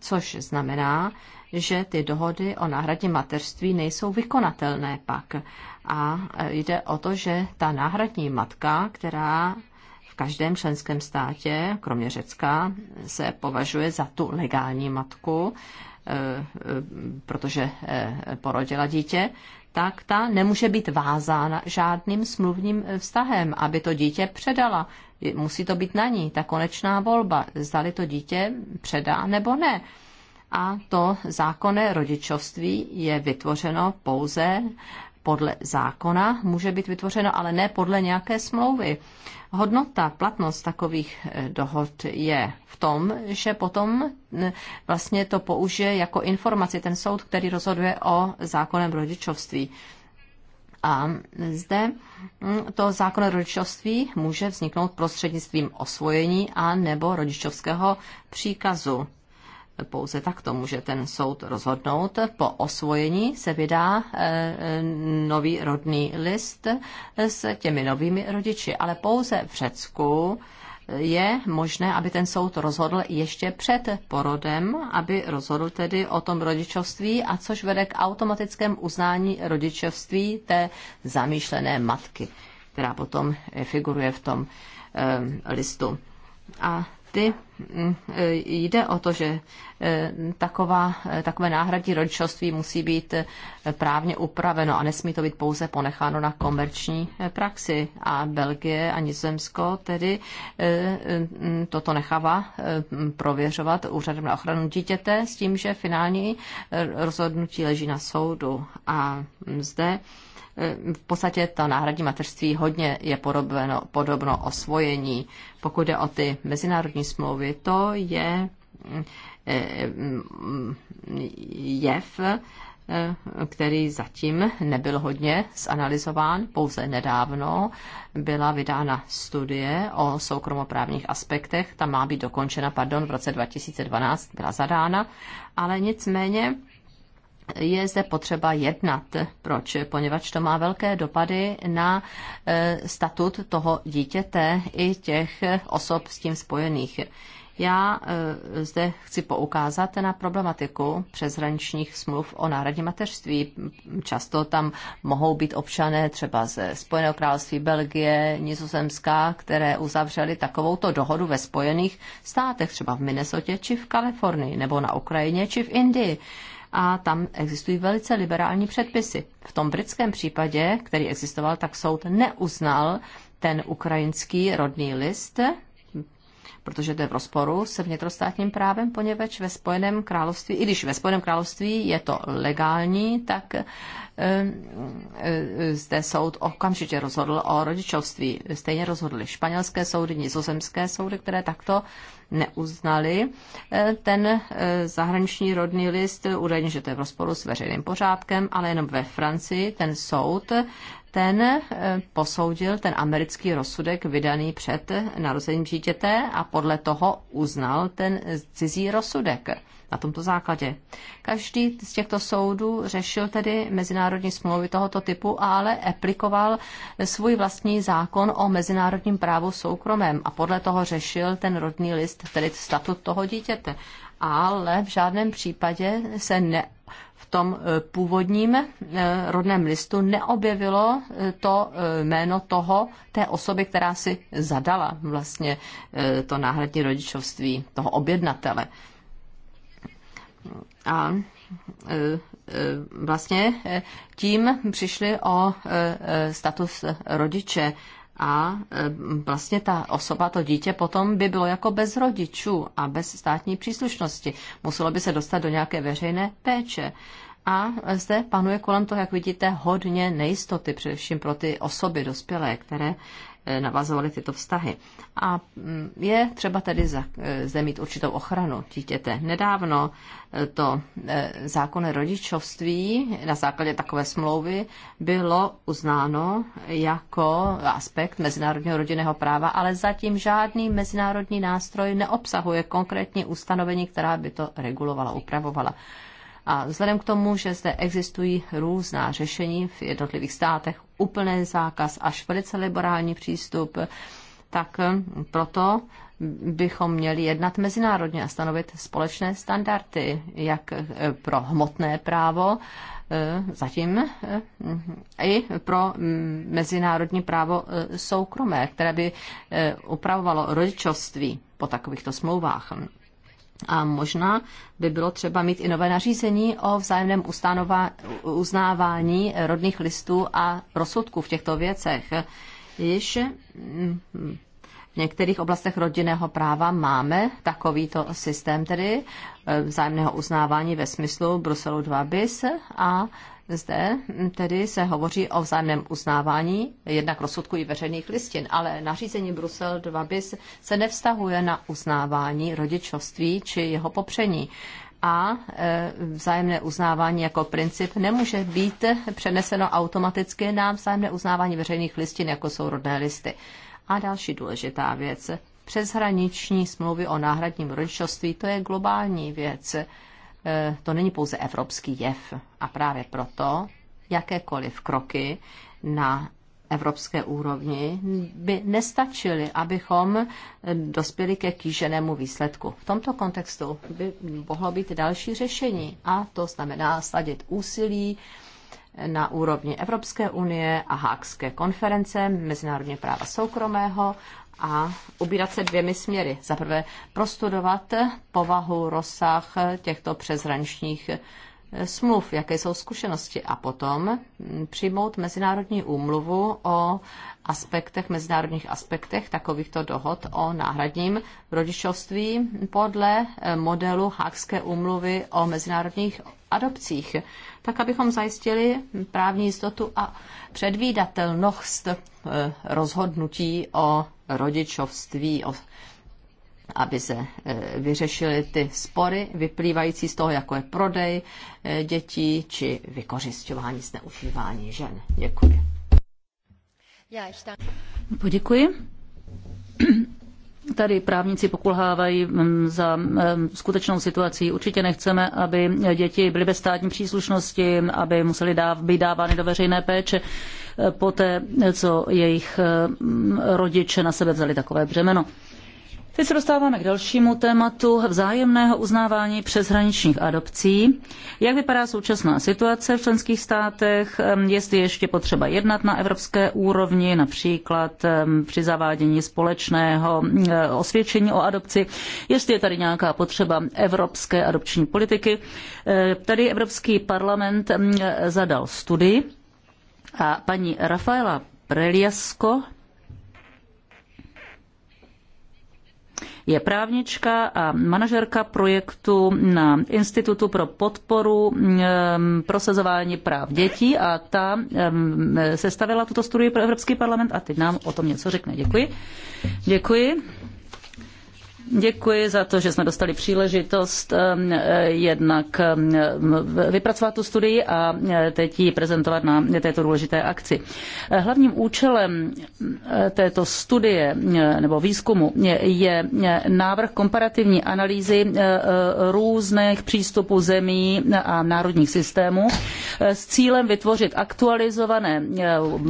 což znamená, že ty dohody o náhradě mateřství nejsou vykonatelné pak. A e, jde o to, že ta náhradní matka, která v každém členském státě, kromě Řecka, se považuje za tu legální matku, e, e, protože porodila dítě, tak ta nemůže být vázána žádným smluvním vztahem, aby to dítě předala. Musí to být na ní, ta konečná volba, zdali to dítě předá nebo ne. A to zákonné rodičovství je vytvořeno pouze podle zákona může být vytvořeno, ale ne podle nějaké smlouvy. Hodnota, platnost takových eh, dohod je v tom, že potom vlastně to použije jako informaci ten soud, který rozhoduje o zákonem rodičovství. A zde hm, to zákon rodičovství může vzniknout prostřednictvím osvojení a nebo rodičovského příkazu pouze takto může ten soud rozhodnout. Po osvojení se vydá eh, eh, nový rodný list eh, s těmi novými rodiči, ale pouze v Řecku je možné, aby ten soud rozhodl ještě před porodem, aby rozhodl tedy o tom rodičovství, a což vede k automatickém uznání rodičovství té zamýšlené matky, která potom figuruje v tom listu. A ty jde o to, že eh, taková, eh, takové náhradní rodičovství musí být eh, právně upraveno a nesmí to být pouze ponecháno na komerční praxi. A Belgie a Nizozemsko tedy mm, toto nechává prověřovat úřadem na ochranu dítěte s tím, že finální rozhodnutí leží na soudu. A zde v podstatě to náhradní mateřství hodně je podobno, podobno osvojení. Pokud jde o ty mezinárodní smlouvy, to je eh, jev, eh, který zatím nebyl hodně zanalizován, pouze nedávno byla vydána studie o soukromoprávních aspektech, ta má být dokončena, pardon, v roce 2012 byla zadána, ale nicméně je zde potřeba jednat. Proč? Poněvadž to má velké dopady na e, statut toho dítěte i těch osob s tím spojených. Já e, zde chci poukázat na problematiku přeshraničních smluv o náhradě mateřství. Často tam mohou být občané třeba ze Spojeného království Belgie, Nizozemská, které uzavřely takovouto dohodu ve Spojených státech, třeba v Minnesotě či v Kalifornii, nebo na Ukrajině či v Indii a tam existují velice liberální předpisy. V tom britském případě, který existoval, tak soud neuznal ten ukrajinský rodný list, protože to je v rozporu se vnitrostátním právem, poněvadž ve Spojeném království, i když ve Spojeném království je to legální, tak eh, eh, zde soud okamžitě rozhodl o rodičovství. Stejně rozhodli španělské soudy, nizozemské soudy, které takto neuznali eh, ten eh, zahraniční rodný list, údajně, že to je v rozporu s veřejným pořádkem, ale jenom ve Francii ten soud ten eh, posoudil ten americký rozsudek vydaný před narozením dítěte a podle toho uznal ten cizí rozsudek na tomto základě. Každý z těchto soudů řešil tedy mezinárodní smlouvy tohoto typu, ale aplikoval svůj vlastní zákon o mezinárodním právu soukromém a podle toho řešil ten rodný list, tedy statut toho dítěte. Ale v žádném případě se ne, v tom eh, původním eh, rodném listu neobjevilo eh, to jméno toho, té osoby, která si zadala vlastně to náhradní rodičovství, toho objednatele a e, e, vlastně e, tím přišli o status rodiče a vlastně ta osoba, to dítě potom by bylo jako bez rodičů a bez státní příslušnosti. Muselo by se dostat do nějaké veřejné péče. A zde panuje kolem toho, jak vidíte, hodně nejistoty, především pro ty osoby dospělé, které Eh, navazovaly tyto vztahy. A mm, je třeba tedy eh, zde mít určitou ochranu dítěte. Nedávno eh, to zákonné rodičovství na základě takové smlouvy bylo uznáno jako aspekt mezinárodního rodinného práva, ale zatím žádný mezinárodní nástroj neobsahuje konkrétní ustanovení, která by to regulovala, upravovala. A vzhledem k tomu, že zde existují různá řešení v jednotlivých státech, úplný zákaz až velice liberální přístup, tak hm, proto bychom měli jednat mezinárodně a stanovit společné standardy, jak eh, pro hmotné právo, eh, zatím eh, i pro hm, mezinárodní právo soukromé, které by upravovalo rodičovství po takovýchto smlouvách. A možná by bylo třeba mít i nové nařízení o vzájemném uznávání rodných listů a rozsudků v těchto věcech. Již mm, v některých oblastech rodinného práva máme takovýto systém tedy e, vzájemného uznávání ve smyslu Bruselu 2 bis a zde tedy se hovoří o vzájemném uznávání jednak rozsudku i veřejných listin, ale nařízení Brusel 2 bis se nevztahuje na uznávání rodičovství či jeho popření a e, vzájemné uznávání jako princip nemůže být přeneseno automaticky na vzájemné uznávání veřejných listin, jako jsou rodné listy. A další důležitá věc. Přeshraniční smlouvy o náhradním rodičovství, to je globální věc E, to není pouze evropský jev a právě proto jakékoliv kroky na evropské úrovni by nestačily, abychom dospěli ke kýženému výsledku. V tomto kontextu by mohlo být další řešení a to znamená sladit úsilí na úrovni Evropské unie a Hákské konference mezinárodně práva soukromého a ubírat se dvěmi směry. Za prvé prostudovat povahu, rozsah těchto přeshraničních eh, smluv, jaké jsou zkušenosti a potom hm, přijmout mezinárodní úmluvu o aspektech, mezinárodních aspektech takovýchto dohod o náhradním rodičovství podle eh, modelu Hákské úmluvy o mezinárodních adopcích, tak abychom zajistili právní jistotu a předvídatelnost eh, rozhodnutí o rodičovství, aby se e, vyřešily ty spory vyplývající z toho, jako je prodej e, dětí či vykořišťování, zneužívání žen. Děkuji. Poděkuji. Tady právníci pokulhávají mm, za mm, skutečnou situací. Určitě nechceme, aby děti byly bez státní příslušnosti, aby museli dáv, být dávány do veřejné péče poté, co jejich mm, rodiče na sebe vzali takové břemeno. Teď se dostáváme k dalšímu tématu vzájemného uznávání přeshraničních adopcí. Jak vypadá současná situace v členských státech, jestli ještě potřeba jednat na evropské úrovni, například při zavádění společného eh, osvědčení o adopci, jestli je tady nějaká potřeba evropské adopční politiky. Eh, tady Evropský parlament zadal studii a paní Rafaela Preliasko je právnička a manažerka projektu na Institutu pro podporu mm, prosazování práv dětí a ta sestavila tuto studii pro Evropský parlament a teď nám o tom něco řekne. Děkuji. Děkuji. Děkuji za to, že jsme dostali příležitost um, eh, jednak um, eh, vypracovat tu studii a eh, teď ji prezentovat na této důležité akci. Hlavním účelem této studie nebo výzkumu je návrh komparativní analýzy různých přístupů zemí a národních systémů s cílem vytvořit aktualizované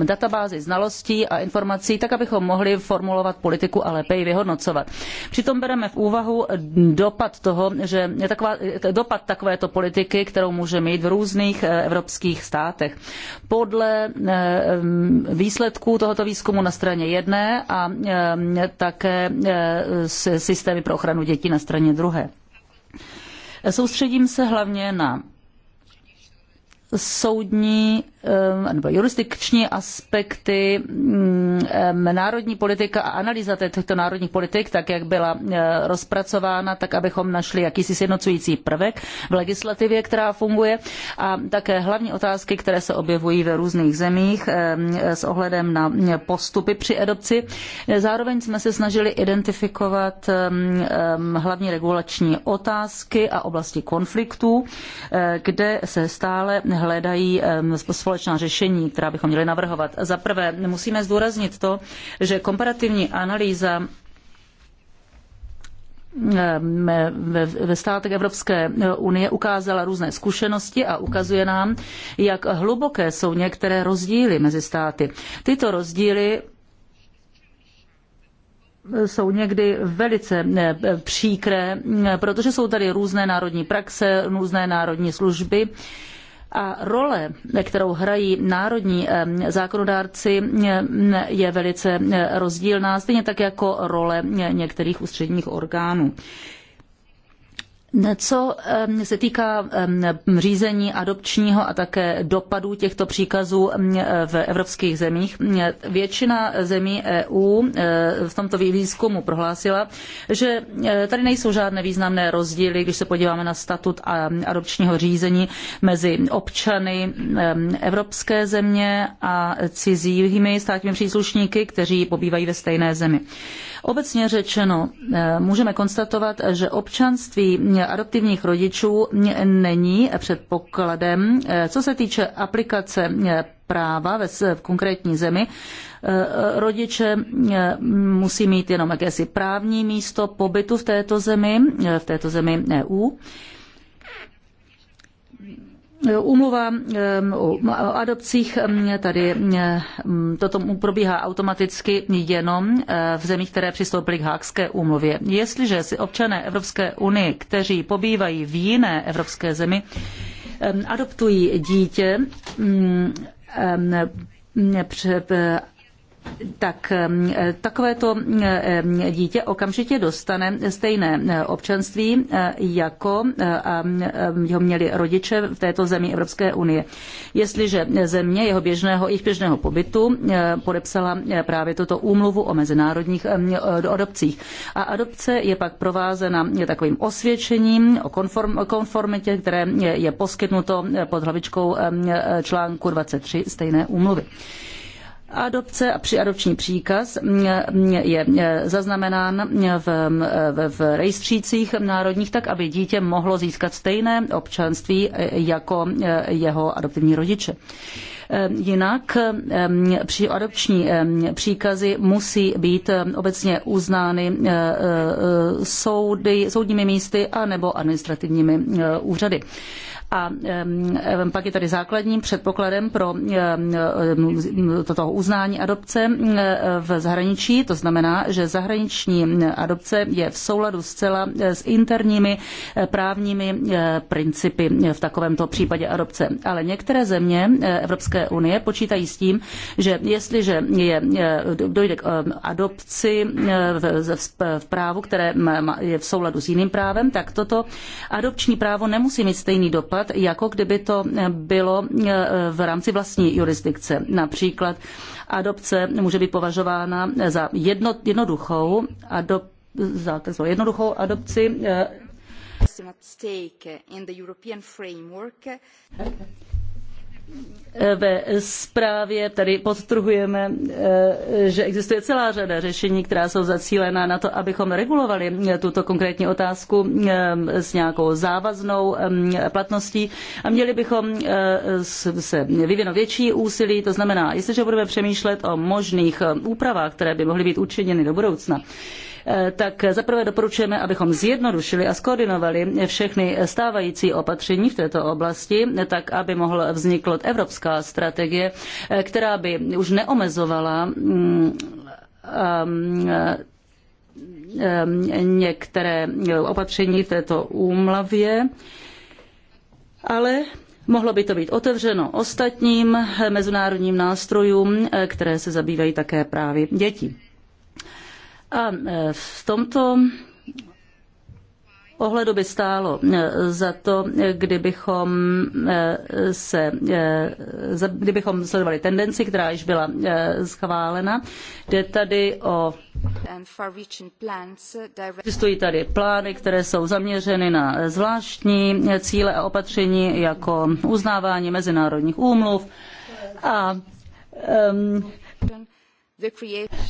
databázy znalostí a informací, tak abychom mohli formulovat politiku a lépe ji vyhodnocovat. Přitom bereme v úvahu dopad toho, že taková, dopad takovéto politiky, kterou může mít v různých eh, evropských státech. Podle eh, výsledků tohoto výzkumu na straně jedné a eh, také systémy pro ochranu dětí na straně druhé. Soustředím se hlavně na soudní Um, nebo jurisdikční aspekty, um, um, národní politika a analýza těchto národních politik, tak jak byla uh, rozpracována, tak abychom našli jakýsi sjednocující prvek v legislativě, která funguje a také hlavní otázky, které se objevují ve různých zemích s ohledem na postupy při adopci. Zároveň jsme se snažili identifikovat hlavní regulační otázky a oblasti konfliktů, uh, kde se stále hledají společnosti společná řešení, která bychom měli navrhovat. Za prvé, musíme zdůraznit to, že komparativní analýza ehm, ve státech Evropské unie ukázala různé zkušenosti a ukazuje nám, jak hluboké jsou některé rozdíly mezi státy. Tyto rozdíly jsou někdy velice eh, příkré, protože jsou tady různé národní praxe, různé národní služby a role, kterou hrají národní zákonodárci, je velice rozdílná, stejně tak jako role některých ústředních orgánů. Co se týká řízení adopčního a také dopadů těchto příkazů v evropských zemích, většina zemí EU e, v tomto výzkumu prohlásila, že e, tady nejsou žádné významné rozdíly, když se podíváme na statut adopčního řízení mezi občany evropské země a cizími státními příslušníky, kteří pobývají ve stejné zemi. Obecně řečeno, eh, můžeme konstatovat, že občanství adoptivních rodičů není předpokladem, eh, co se týče aplikace eh, práva ve v konkrétní zemi. Rodiče musí mít jenom jakési právní místo pobytu v této zemi, v této zemi EU. Umluva o adopcích tady toto probíhá automaticky jenom eh, v zemích, které přistoupily k Hákské úmluvě. Jestliže si občané Evropské unie, kteří pobývají v jiné evropské zemi, adoptují dítě, tak e, takovéto dítě okamžitě dostane stejné e, občanství, e, jako ho měli rodiče v této zemi Evropské unie. Jestliže země jeho běžného, jejich běžného pobytu podepsala právě toto úmluvu o mezinárodních adopcích. A adopce je pak provázena takovým osvědčením o konformitě, které je poskytnuto pod hlavičkou článku 23 stejné úmluvy. Adopce a přiadopční příkaz je zaznamenán v, v, v rejstřících národních tak, aby dítě mohlo získat stejné občanství jako jeho adoptivní rodiče. Ehm, jinak ehm, při adopční ehm, příkazy musí být obecně uznány eh, eh, soudy, soudními místy a nebo administrativními eh, úřady. A pak je tady základním předpokladem pro toto uznání adopce v zahraničí. To znamená, že zahraniční adopce je v souladu zcela s interními právními principy v takovémto případě adopce. Ale některé země Evropské Evropské unie počítají s tím, že jestliže je, dojde k um, adopci eh, v, v právu, které je v souladu s jiným právem, tak toto adopční právo nemusí mít stejný dopad, jako kdyby to bylo eh, v rámci vlastní jurisdikce. Například adopce může být považována za jedno, jednoduchou, adop, za jednoduchou adopci. Eh, ve zprávě tady podtrhujeme, eh, že existuje celá řada řešení, která jsou zacílená na to, abychom regulovali eh, tuto konkrétní otázku eh, s nějakou závaznou platností a měli bychom se vyvinout větší úsilí, to znamená, jestliže budeme přemýšlet o možných úpravách, které by mohly být učiněny do budoucna, Eh, tak zaprvé doporučujeme, abychom zjednodušili a skoordinovali všechny stávající opatření v této oblasti, tak aby mohla vzniknout evropská strategie, eh, která by už neomezovala mm, eh, mm, některé opatření v této úmlavě, ale mohlo by to být otevřeno ostatním mezinárodním nástrojům, které se zabývají také právě dětí. A e, v tomto ohledu by stálo e, za to, kdybychom, e, se, kdybychom sledovali tendenci, která již byla schválena. Jde tady o uh, Existují tady plány, které jsou zaměřeny na zvláštní cíle a opatření jako uznávání mezinárodních úmluv a um,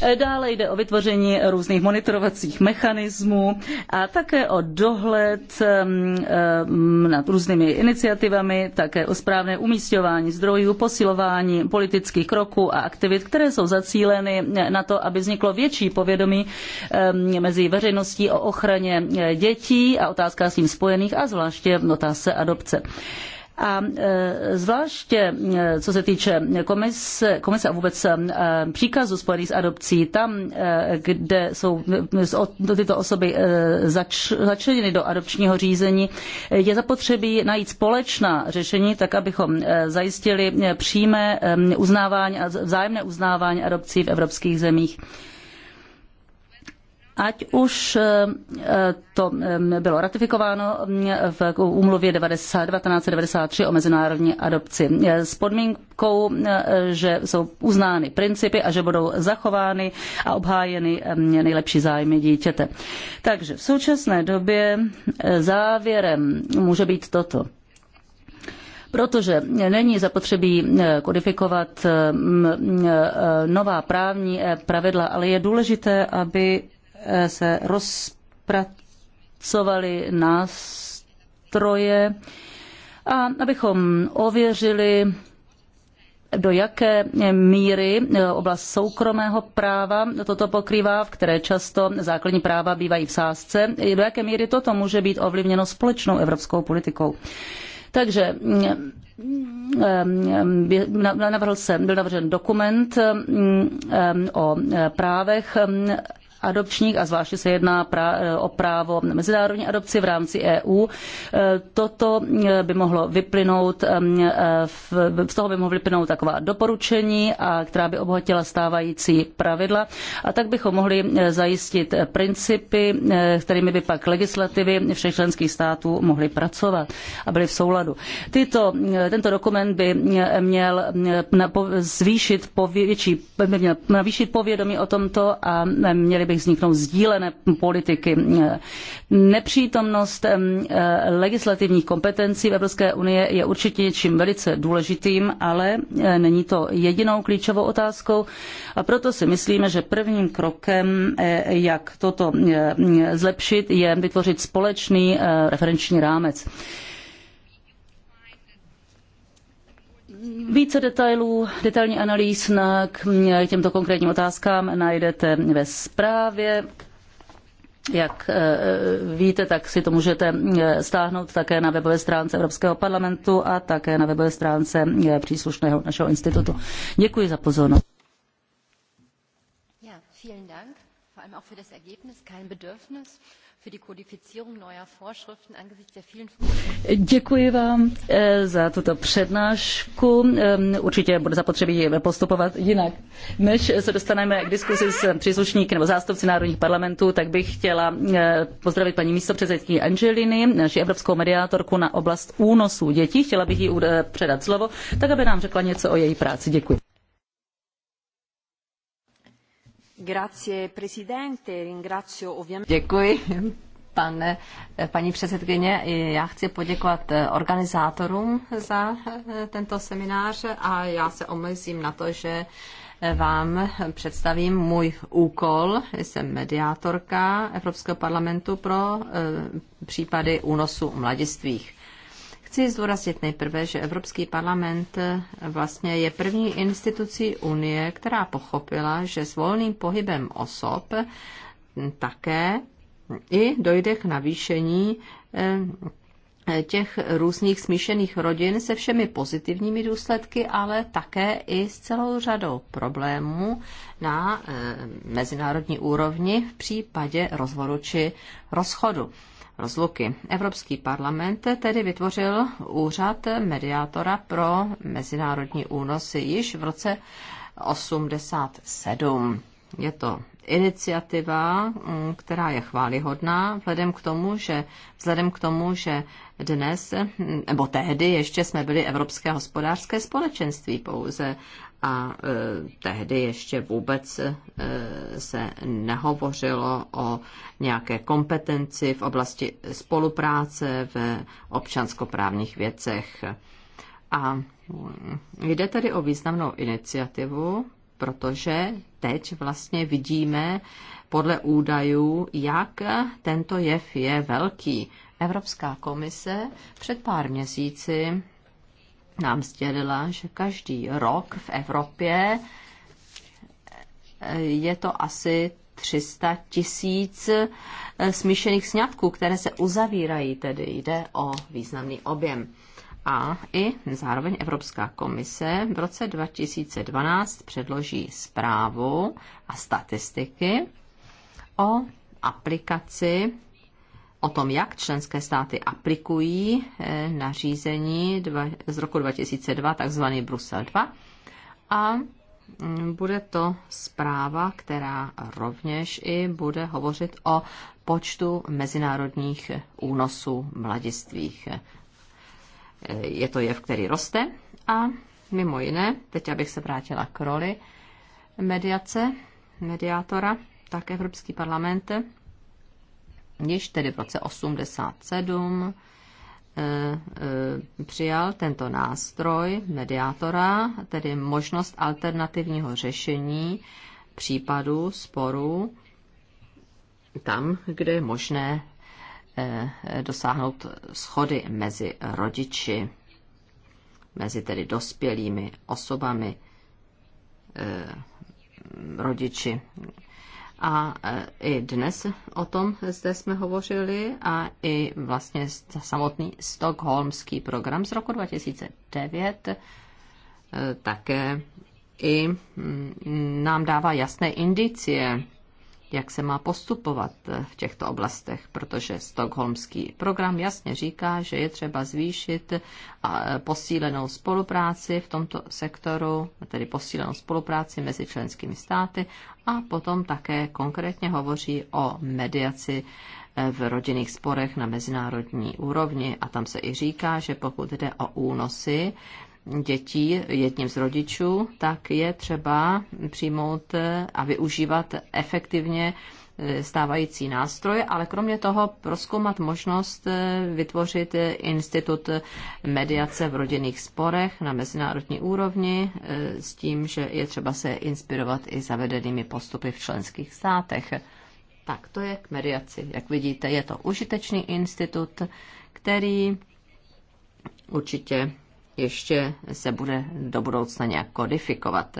Eh, dále jde o vytvoření různých monitorovacích mechanismů a také o dohled nad různými iniciativami, také o správné umístěvání zdrojů, posilování politických kroků a aktivit, které jsou zacíleny na to, aby vzniklo větší povědomí mezi veřejností o ochraně eh, dětí a otázkách s tím spojených a zvláště otázce adopce. A e, zvláště e, co se týče komise, komise a vůbec e, příkazu spojených s adopcí, tam, kde jsou tyto osoby zač, začleněny do adopčního řízení, je zapotřebí najít společná řešení, tak abychom zajistili přímé uznávání a vzájemné uznávání adopcí v evropských zemích ať už eh, eh, to bylo ratifikováno v úmluvě 1993 o mezinárodní adopci s podmínkou, eh, že jsou uznány principy a že budou zachovány a obhájeny nejlepší zájmy dítěte. Takže v současné době závěrem může být toto protože není zapotřebí kodifikovat nová právní pravidla, ale je důležité, aby se rozpracovaly nástroje a abychom ověřili, do jaké míry e, oblast soukromého práva toto pokrývá, v které často základní práva bývají v sázce, do jaké míry toto může být ovlivněno společnou evropskou politikou. Takže e, e, navrhl jsem, byl navržen dokument o právech adopčních a zvláště se jedná eh, o právo mezinárodní adopci v rámci EU. Eh, toto eh, by mohlo vyplynout, ehm, z toho by mohlo vyplynout taková doporučení, a která by obohatila stávající pravidla a tak bychom mohli zajistit principy, kterými by pak legislativy všech členských států mohly pracovat a byly v souladu. Tyto, tento dokument by měl zvýšit, by měl povědomí o tomto a měli by mohly vzniknout sdílené politiky. Nepřítomnost eh, legislativních kompetencí v Evropské unie je určitě něčím velice důležitým, ale eh, není to jedinou klíčovou otázkou a proto si myslíme, že prvním krokem, eh, jak toto zlepšit, je vytvořit společný referenční rámec. Více detailů, detailní analýz na k těmto konkrétním otázkám najdete ve zprávě. Jak e, víte, tak si to můžete e, stáhnout také na webové stránce Evropského parlamentu a také na webové stránce e, příslušného našeho institutu. Děkuji za pozornost. Ja, Děkuji vám eh, za tuto přednášku. Ehm, určitě bude zapotřebí postupovat jinak. Než se dostaneme k diskusi s příslušníky nebo zástupci národních parlamentů, tak bych chtěla eh, pozdravit paní místopředsedkyni Angeliny, naši evropskou mediátorku na oblast únosů dětí. Chtěla bych jí eh, předat slovo, tak aby nám řekla něco o její práci. Děkuji. Děkuji, pane, paní předsedkyně. Já chci poděkovat eh, organizátorům za eh, tento seminář a já se omezím na to, že eh, vám představím můj úkol. Jsem mediátorka Evropského parlamentu pro případy únosu mladistvých. Chci zdůraznit nejprve, že Evropský parlament eh, vlastně je první institucí Unie, která pochopila, že s volným pohybem osob hm, také i dojde k navýšení eh, těch různých smíšených rodin se všemi pozitivními důsledky, ale také i s celou řadou problémů na eh, mezinárodní úrovni v případě rozvodu či rozchodu rozluky. Evropský parlament tedy vytvořil úřad mediátora pro mezinárodní únosy již v roce 87. Je to iniciativa, mm, která je chválihodná, vzhledem k tomu, že, vzhledem k tomu, že dnes, mm, nebo tehdy ještě jsme byli Evropské hospodářské společenství pouze a e, tehdy ještě vůbec e, se nehovořilo o nějaké kompetenci v oblasti spolupráce v občanskoprávních věcech. A mm, jde tedy o významnou iniciativu, protože teď vlastně vidíme podle údajů, jak tento jev je velký. Evropská komise před pár měsíci nám sdělila, že každý rok v Evropě eh, je to asi 300 tisíc eh, smíšených sňatků, které se uzavírají, tedy jde o významný objem. A i zároveň Evropská komise v roce 2012 předloží zprávu a statistiky o aplikaci o tom, jak členské státy aplikují eh, nařízení z roku 2002, takzvaný Brusel 2. A mm, bude to zpráva, která rovněž i bude hovořit o počtu mezinárodních únosů mladistvých. Eh, je to jev, který roste a mimo jiné, teď abych se vrátila k roli mediace, mediátora, tak Evropský parlament již tedy v roce 87 eh, eh, přijal tento nástroj mediátora, tedy možnost alternativního řešení případů, sporů, tam, kde je možné eh, dosáhnout schody mezi rodiči, mezi tedy dospělými osobami, rodiči, a e, i dnes o tom zde jsme hovořili a i vlastně samotný stokholmský program z roku 2009 e, také i nám dává jasné indicie jak se má postupovat eh, v těchto oblastech, protože stokholmský program jasně říká, že je třeba zvýšit eh, posílenou spolupráci v tomto sektoru, tedy posílenou spolupráci mezi členskými státy a potom také konkrétně hovoří o mediaci eh, v rodinných sporech na mezinárodní úrovni a tam se i říká, že pokud jde o únosy, dětí jedním z rodičů, tak je třeba přijmout a využívat efektivně eh, stávající nástroje, ale kromě toho proskoumat možnost eh, vytvořit eh, institut mediace v rodinných sporech na mezinárodní úrovni s tím, že je třeba se inspirovat i zavedenými postupy v členských státech. Tak to je k mediaci. Jak vidíte, je to užitečný institut, který určitě ještě se bude do budoucna nějak kodifikovat.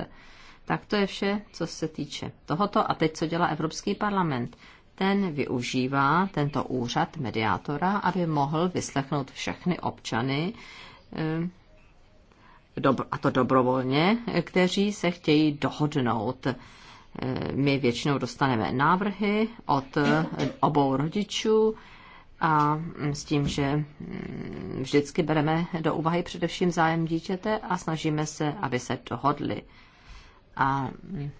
Tak to je vše, co se týče tohoto. A teď, co dělá Evropský parlament? Ten využívá tento úřad mediátora, aby mohl vyslechnout všechny občany, eh, a to dobrovolně, kteří se chtějí dohodnout. Eh, my většinou dostaneme návrhy od eh, obou rodičů, a s tím, že mm, vždycky bereme do úvahy především zájem dítěte a snažíme se, aby se dohodli. A mm,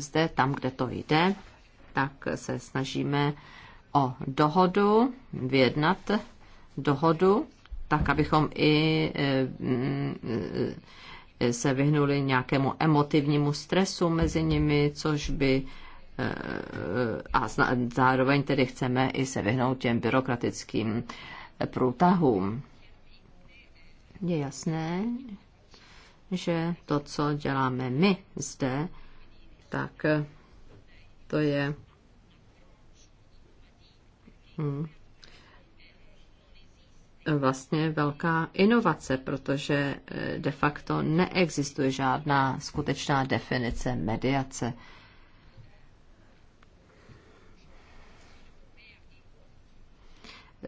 zde, tam, kde to jde, tak se snažíme o dohodu, vyjednat dohodu, tak abychom i e, mm, e, se vyhnuli nějakému emotivnímu stresu mezi nimi, což by a zároveň tedy chceme i se vyhnout těm byrokratickým průtahům. Je jasné, že to, co děláme my zde, tak to je hm, vlastně velká inovace, protože eh, de facto neexistuje žádná skutečná definice mediace.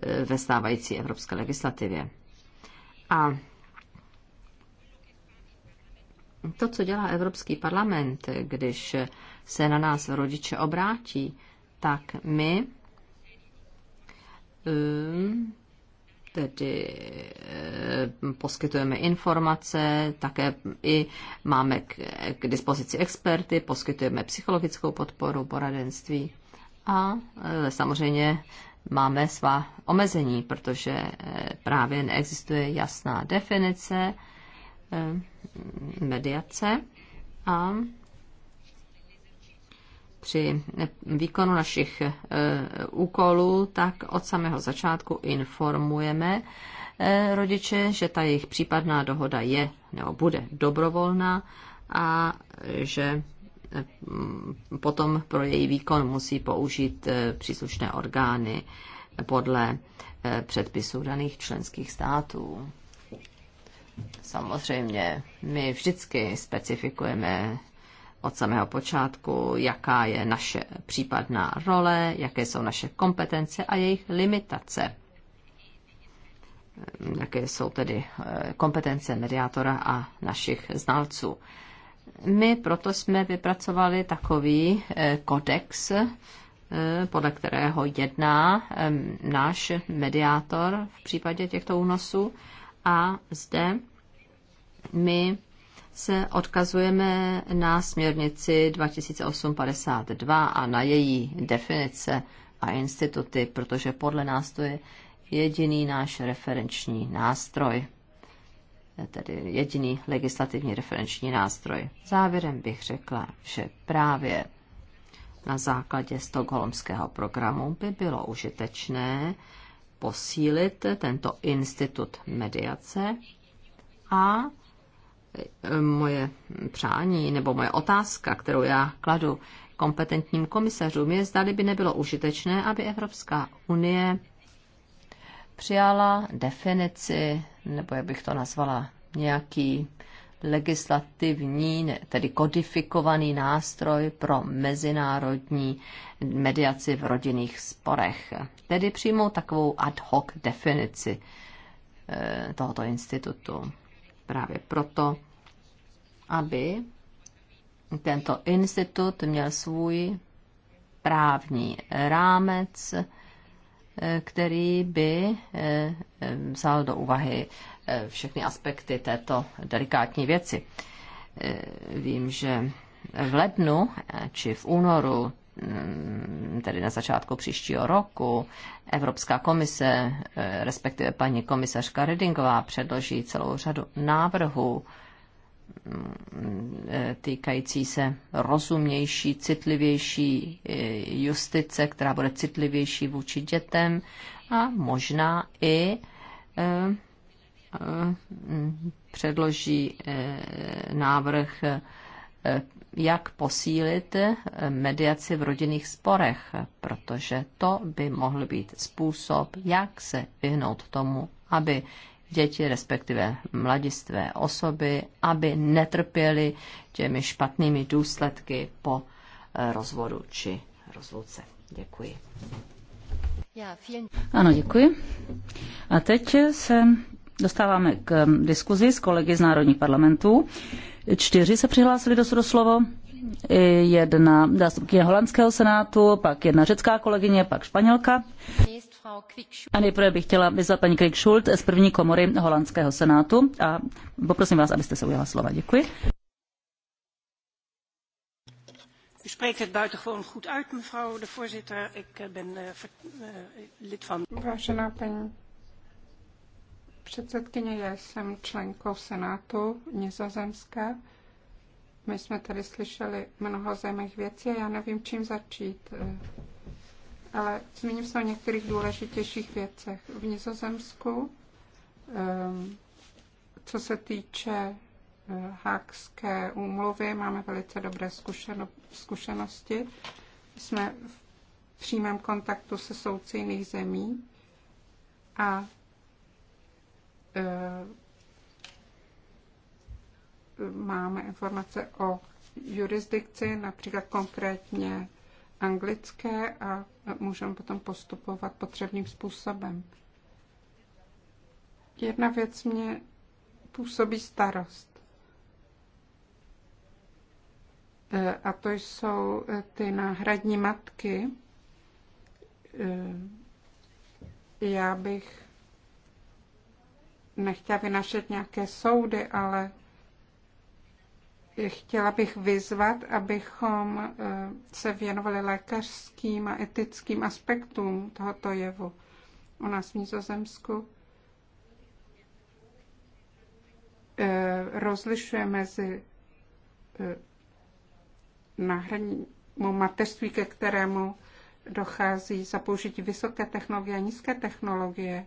Eh, ve stávající evropské legislativě. A to, co dělá Evropský parlament, když se na nás rodiče obrátí, tak my eh, tedy eh, poskytujeme informace, také i máme k, k dispozici experty, poskytujeme psychologickou podporu, poradenství a samozřejmě máme svá omezení, protože eh, právě neexistuje jasná definice eh, mediace a při výkonu našich eh, úkolů, tak od samého začátku informujeme rodiče, že ta jejich případná dohoda je nebo bude dobrovolná a že Eh, potom pro její výkon musí použít eh, příslušné orgány podle eh, předpisů daných členských států. Samozřejmě, my vždycky specifikujeme od samého počátku, jaká je naše případná role, jaké jsou naše kompetence a jejich limitace. Jaké jsou tedy kompetence mediátora a našich znalců my proto jsme vypracovali takový eh, kodex, eh, podle kterého jedná náš mediátor v případě těchto únosů. A zde my se odkazujeme na směrnici 2852 a na její definice a instituty, protože podle nás to je jediný náš referenční nástroj tedy jediný legislativní referenční nástroj. Závěrem bych řekla, že právě na základě stokholmského programu by bylo užitečné posílit tento institut mediace a e, moje přání nebo moje otázka, kterou já kladu kompetentním komisařům, je, zdali by nebylo užitečné, aby Evropská unie přijala definici, nebo jak bych to nazvala, nějaký legislativní, tedy kodifikovaný nástroj pro mezinárodní mediaci v rodinných sporech. Tedy přijmou takovou ad hoc definici e, tohoto institutu. Právě proto, aby tento institut měl svůj právní rámec, který by eh, vzal do úvahy eh, všechny aspekty této delikátní věci. Eh, vím, že v lednu či v únoru, mm, tedy na začátku příštího roku, Evropská komise, respektive paní komisařka Redingová, předloží celou řadu návrhů týkající se rozumnější, citlivější eh, justice, která bude citlivější vůči dětem a možná i eh, eh, předloží návrh, jak posílit mediaci v rodinných sporech, protože to by mohl být způsob, jak se vyhnout tomu, aby děti, respektive mladistvé osoby, aby netrpěli těmi špatnými důsledky po eh, rozvodu či rozvodce. Děkuji. Ano, děkuji. A teď se dostáváme k eh, diskuzi s kolegy z Národních parlamentů. Čtyři se přihlásili do slovo jedna zástupkyně holandského senátu, pak jedna řecká kolegyně, pak španělka. A nejprve bych chtěla vyzvat paní Krik Schult z první komory holandského senátu a poprosím vás, abyste se ujala slova. Děkuji. Eh, eh, eh, Vážená paní předsedkyně, já jsem členkou Senátu Nizozemské. My jsme tady slyšeli mnoho zajímavých věcí a já nevím, čím začít ale zmíním se o některých důležitějších věcech. V Nizozemsku, ehm, co se týče eh, hákské úmluvy, máme velice dobré zkušeno, zkušenosti. Jsme v přímém kontaktu se soudci jiných zemí a eh, máme informace o jurisdikci, například konkrétně anglické a můžeme potom postupovat potřebným způsobem. Jedna věc mě působí starost. E, a to jsou e, ty náhradní matky. E, já bych nechtěla vynašet nějaké soudy, ale chtěla bych vyzvat, abychom eh, se věnovali lékařským a etickým aspektům tohoto jevu. U nás v Nizozemsku eh, rozlišuje mezi eh, náhradnímu mateřství, ke kterému dochází za použití vysoké technologie a nízké technologie.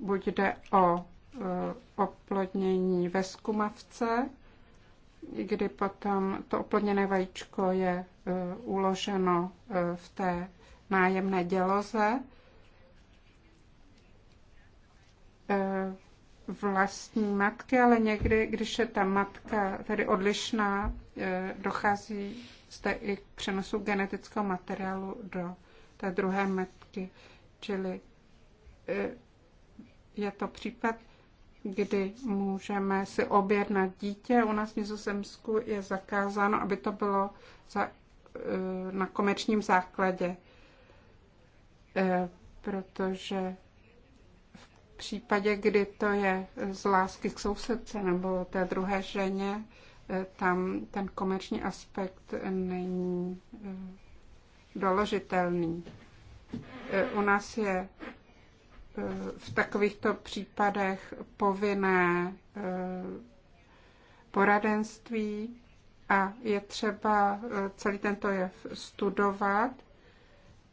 Buď jde o oplodnění ve skumavce, kdy potom to oplodněné vajíčko je e, uloženo e, v té nájemné děloze. E, vlastní matky, ale někdy, když je ta matka tedy odlišná, dochází zde i k přenosu genetického materiálu do té druhé matky. Čili je to případ kdy můžeme si objednat dítě. U nás v Nizozemsku je zakázáno, aby to bylo za, e, na komerčním základě, e, protože v případě, kdy to je z lásky k sousedce nebo té druhé ženě, e, tam ten komerční aspekt není doložitelný. U nás je Eh, v takovýchto případech povinné eh, poradenství a je třeba eh, celý tento jev studovat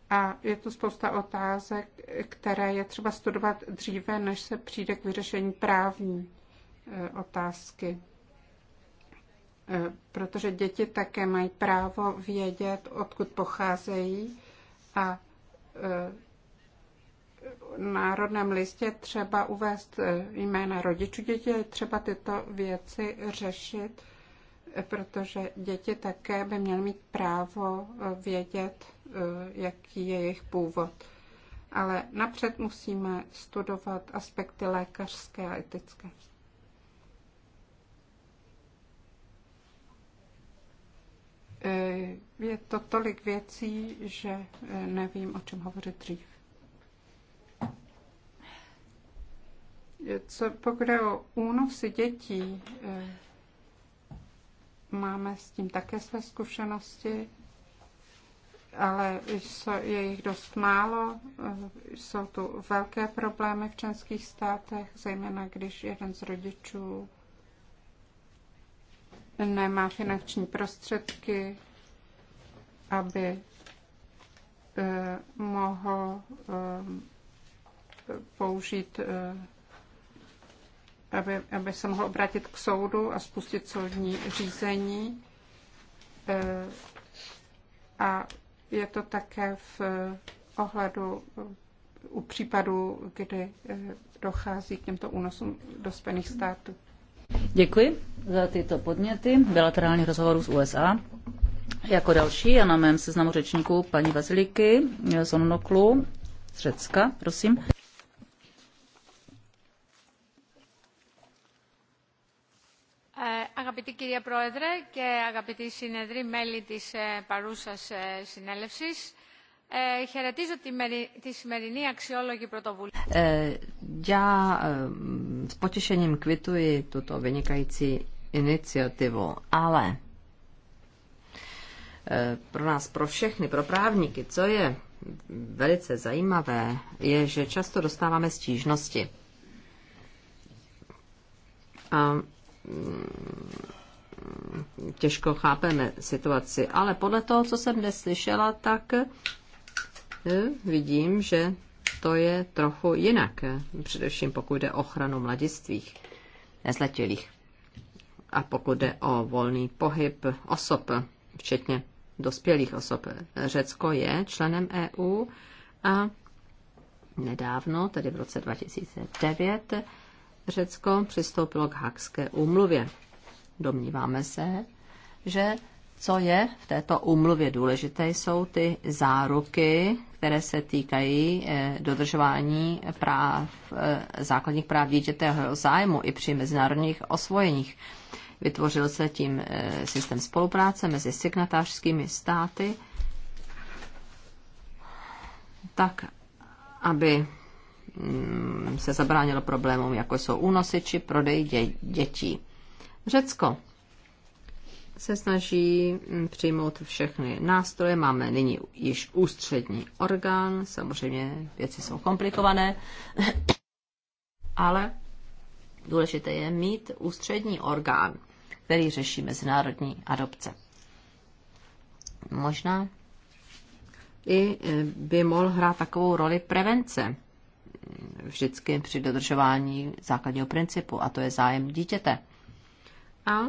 a je tu spousta otázek, které je třeba studovat dříve, než se přijde k vyřešení právní otázky. Protože děti také mají právo vědět, odkud pocházejí a národném listě třeba uvést eh, jména rodičů dětí, třeba tyto věci řešit, eh, protože děti také by měly mít právo eh, vědět, jaký je jejich původ. Ale napřed musíme studovat aspekty lékařské a etické. Je to tolik věcí, že nevím, o čem hovořit dřív. co, pokud je o únosy dětí, eh, máme s tím také své zkušenosti, ale je jich dost málo. Eh, jsou tu velké problémy v členských státech, zejména když jeden z rodičů nemá finanční prostředky, aby eh, mohl použít aby, aby se mohl obrátit k soudu a spustit soudní řízení. Eh, a je to také v eh, ohledu eh, u případů, kdy dochází k těmto únosům do Spojených států. Děkuji za tyto podněty Bilaterální rozhovorů z USA. Jako další je na mém seznamu řečníků paní Vasiliky Sononoklu z Řecka, prosím. Αγαπητή κυρία Πρόεδρε και αγαπητοί συνεδροί μέλη της παρούσας συνέλευσης, Χαιρετίζω τη σημερινή αξιόλογη πρωτοβουλία. Já s potěšením kvituji tuto vynikající iniciativu, ale e, pro nás, pro všechny, pro právníky, co je velice zajímavé, je, že často dostáváme stížnosti. A Mm, těžko chápeme situaci. Ale podle toho, co jsem dnes slyšela, tak eh, vidím, že to je trochu jinak, eh, především pokud jde o ochranu mladistvých, nezletilých a pokud jde o volný pohyb osob, včetně dospělých osob. Řecko je členem EU a nedávno, tedy v roce 2009, Řecko přistoupilo k Hakské úmluvě. Domníváme se, že co je v této úmluvě důležité, jsou ty záruky, které se týkají eh, dodržování práv, eh, základních práv dítěte jeho zájmu i při mezinárodních osvojeních. Vytvořil se tím eh, systém spolupráce mezi signatářskými státy, tak aby Mm, se zabránilo problémům, jako jsou únosy či prodej dě- dětí. Řecko se snaží mm, přijmout všechny nástroje. Máme nyní již ústřední orgán, samozřejmě věci jsou komplikované, ale důležité je mít ústřední orgán, který řeší mezinárodní adopce. Možná i eh, by mohl hrát takovou roli prevence vždycky při dodržování základního principu, a to je zájem dítěte. A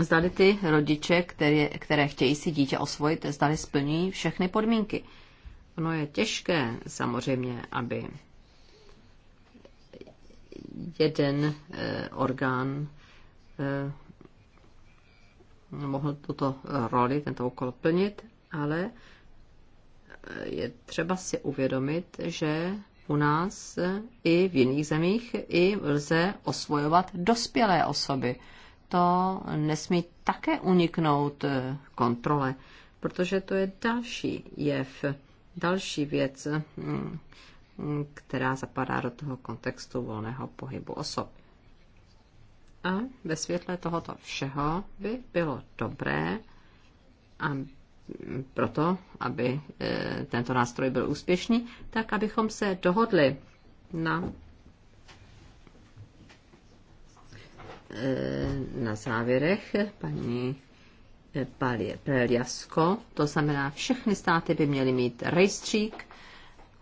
zdali ty rodiče, které, které chtějí si dítě osvojit, zdali splní všechny podmínky. Ono je těžké samozřejmě, aby jeden eh, orgán eh, mohl tuto roli, tento úkol plnit, ale eh, je třeba si uvědomit, že u nás i v jiných zemích i lze osvojovat dospělé osoby. To nesmí také uniknout eh, kontrole, protože to je další jev, další věc, mm, která zapadá do toho kontextu volného pohybu osob. A ve světle tohoto všeho by bylo dobré, aby proto, aby e, tento nástroj byl úspěšný, tak abychom se dohodli na, e, na závěrech paní e, Peliasko. To znamená, všechny státy by měly mít rejstřík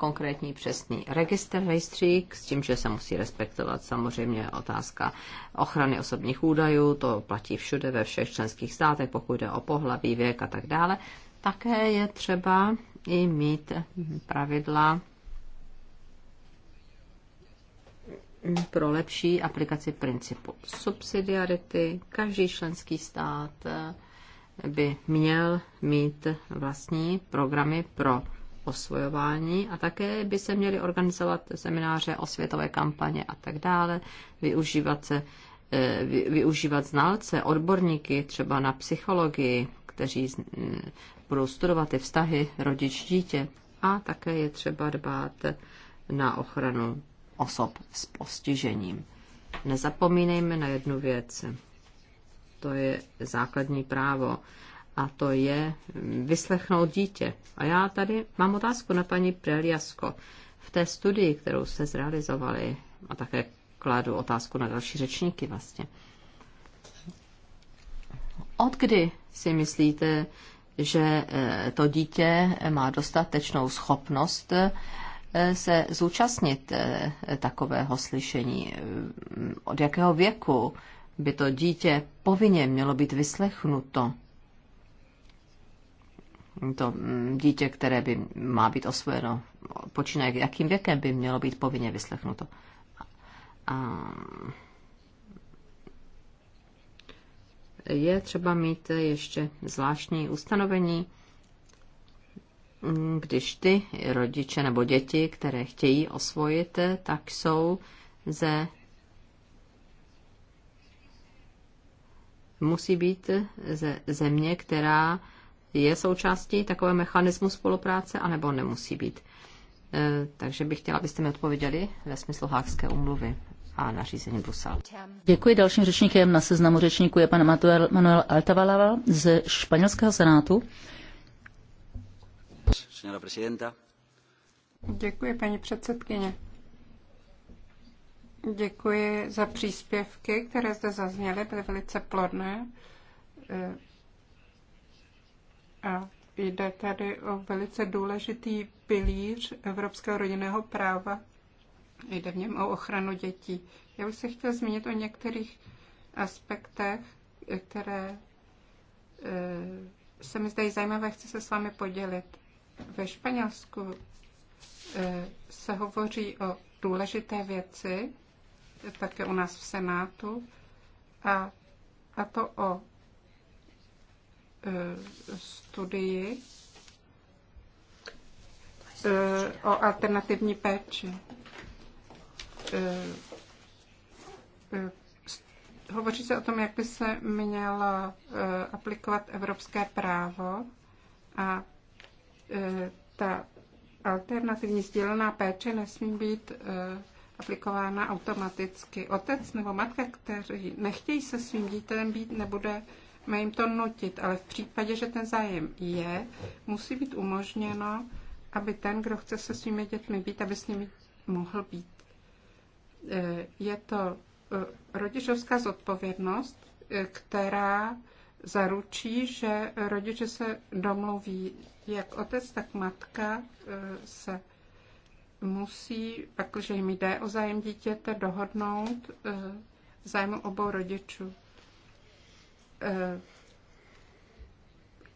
konkrétní přesný registr, rejstřík, s tím, že se musí respektovat samozřejmě otázka ochrany osobních údajů, to platí všude ve všech členských státech, pokud jde o pohlaví, věk a tak dále. Také je třeba i mít pravidla pro lepší aplikaci principu subsidiarity. Každý členský stát by měl mít vlastní programy pro osvojování a také by se měly organizovat semináře, osvětové kampaně a tak dále, využívat, se, eh, využívat znalce, odborníky třeba na psychologii, kteří mm, budou studovat ty vztahy rodič-dítě a také je třeba dbát na ochranu osob s postižením. Nezapomínejme na jednu věc. To je základní právo a to je vyslechnout dítě. A já tady mám otázku na paní Preliasko. V té studii, kterou jste zrealizovali, a také kladu otázku na další řečníky vlastně. Od kdy si myslíte, že eh, to dítě má dostatečnou schopnost eh, se zúčastnit eh, takového slyšení? Od jakého věku by to dítě povinně mělo být vyslechnuto? to mm, dítě, které by má být osvojeno, počínaje jakým věkem by mělo být povinně vyslechnuto. A je třeba mít ještě zvláštní ustanovení, když ty rodiče nebo děti, které chtějí osvojit, tak jsou ze musí být ze země, která je součástí takového mechanismu spolupráce, anebo nemusí být. E, takže bych chtěla, abyste mi odpověděli ve smyslu Hákské umluvy a nařízení Brusel. Děkuji. Dalším řečníkem na seznamu řečníků je pan Manuel Altavalava ze španělského senátu. Děkuji, paní předsedkyně. Děkuji za příspěvky, které zde zazněly, byly velice plodné. E, a jde tady o velice důležitý pilíř evropského rodinného práva. Jde v něm o ochranu dětí. Já bych se chtěla zmínit o některých aspektech, které eh, se mi zdají zajímavé, chci se s vámi podělit. Ve Španělsku eh, se hovoří o důležité věci, také u nás v Senátu, a, a to o Eh, studii eh, o alternativní péči. Eh, hovoří se o tom, jak by se mělo aplikovat evropské právo a ta alternativní sdílená péče nesmí být aplikována automaticky. Otec nebo matka, kteří nechtějí se svým dítem být, nebude má jim to nutit, ale v případě, že ten zájem je, musí být umožněno, aby ten, kdo chce se svými dětmi být, aby s nimi mohl být. Eh, je to eh, rodičovská zodpovědnost, eh, která zaručí, že rodiče se domluví, jak otec, tak matka se musí, že jim jde o zájem dítěte, dohodnout zájmu obou rodičů. Eh,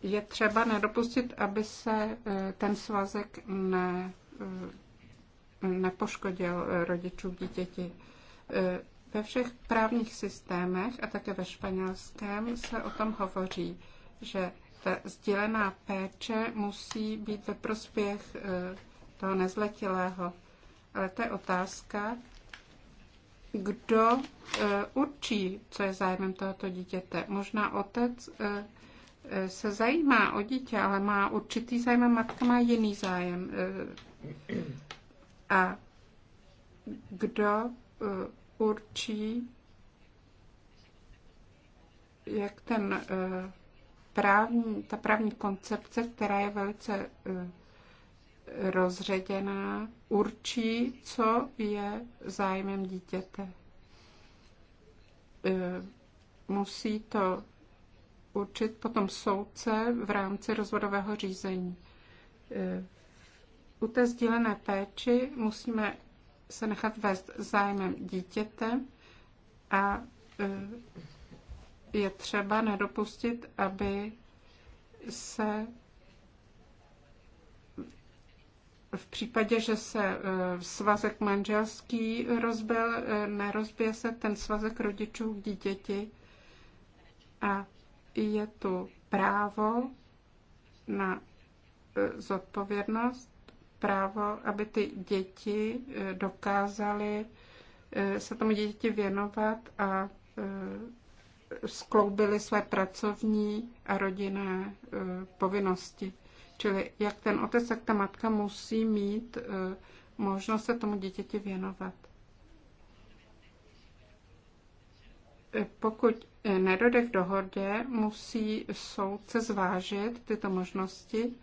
je třeba nedopustit, aby se eh, ten svazek ne, eh, nepoškodil rodičů dítěti. Ve všech právních systémech a také ve španělském se o tom hovoří, že ta sdílená péče musí být ve prospěch toho nezletilého. Ale to je otázka, kdo eh, určí, co je zájmem tohoto dítěte. Možná otec eh, eh, se zajímá o dítě, ale má určitý zájem a matka má jiný zájem. A kdo určí, jak ten právní, ta právní koncepce, která je velice rozředěná, určí, co je zájmem dítěte. E, musí to určit potom soudce v rámci rozvodového řízení. E, u té sdílené péči musíme se nechat vést zájmem dítěte a e, je třeba nedopustit, aby se v případě, že se eh, svazek manželský rozbil, eh, nerozbije se ten svazek rodičů k dítěti a je tu právo na eh, zodpovědnost, právo, aby ty děti dokázaly se tomu dítěti věnovat a skloubily své pracovní a rodinné povinnosti. Čili jak ten otec, tak ta matka musí mít e, možnost se tomu dítěti věnovat. E, pokud e, nedojde k dohodě, musí soudce zvážit tyto možnosti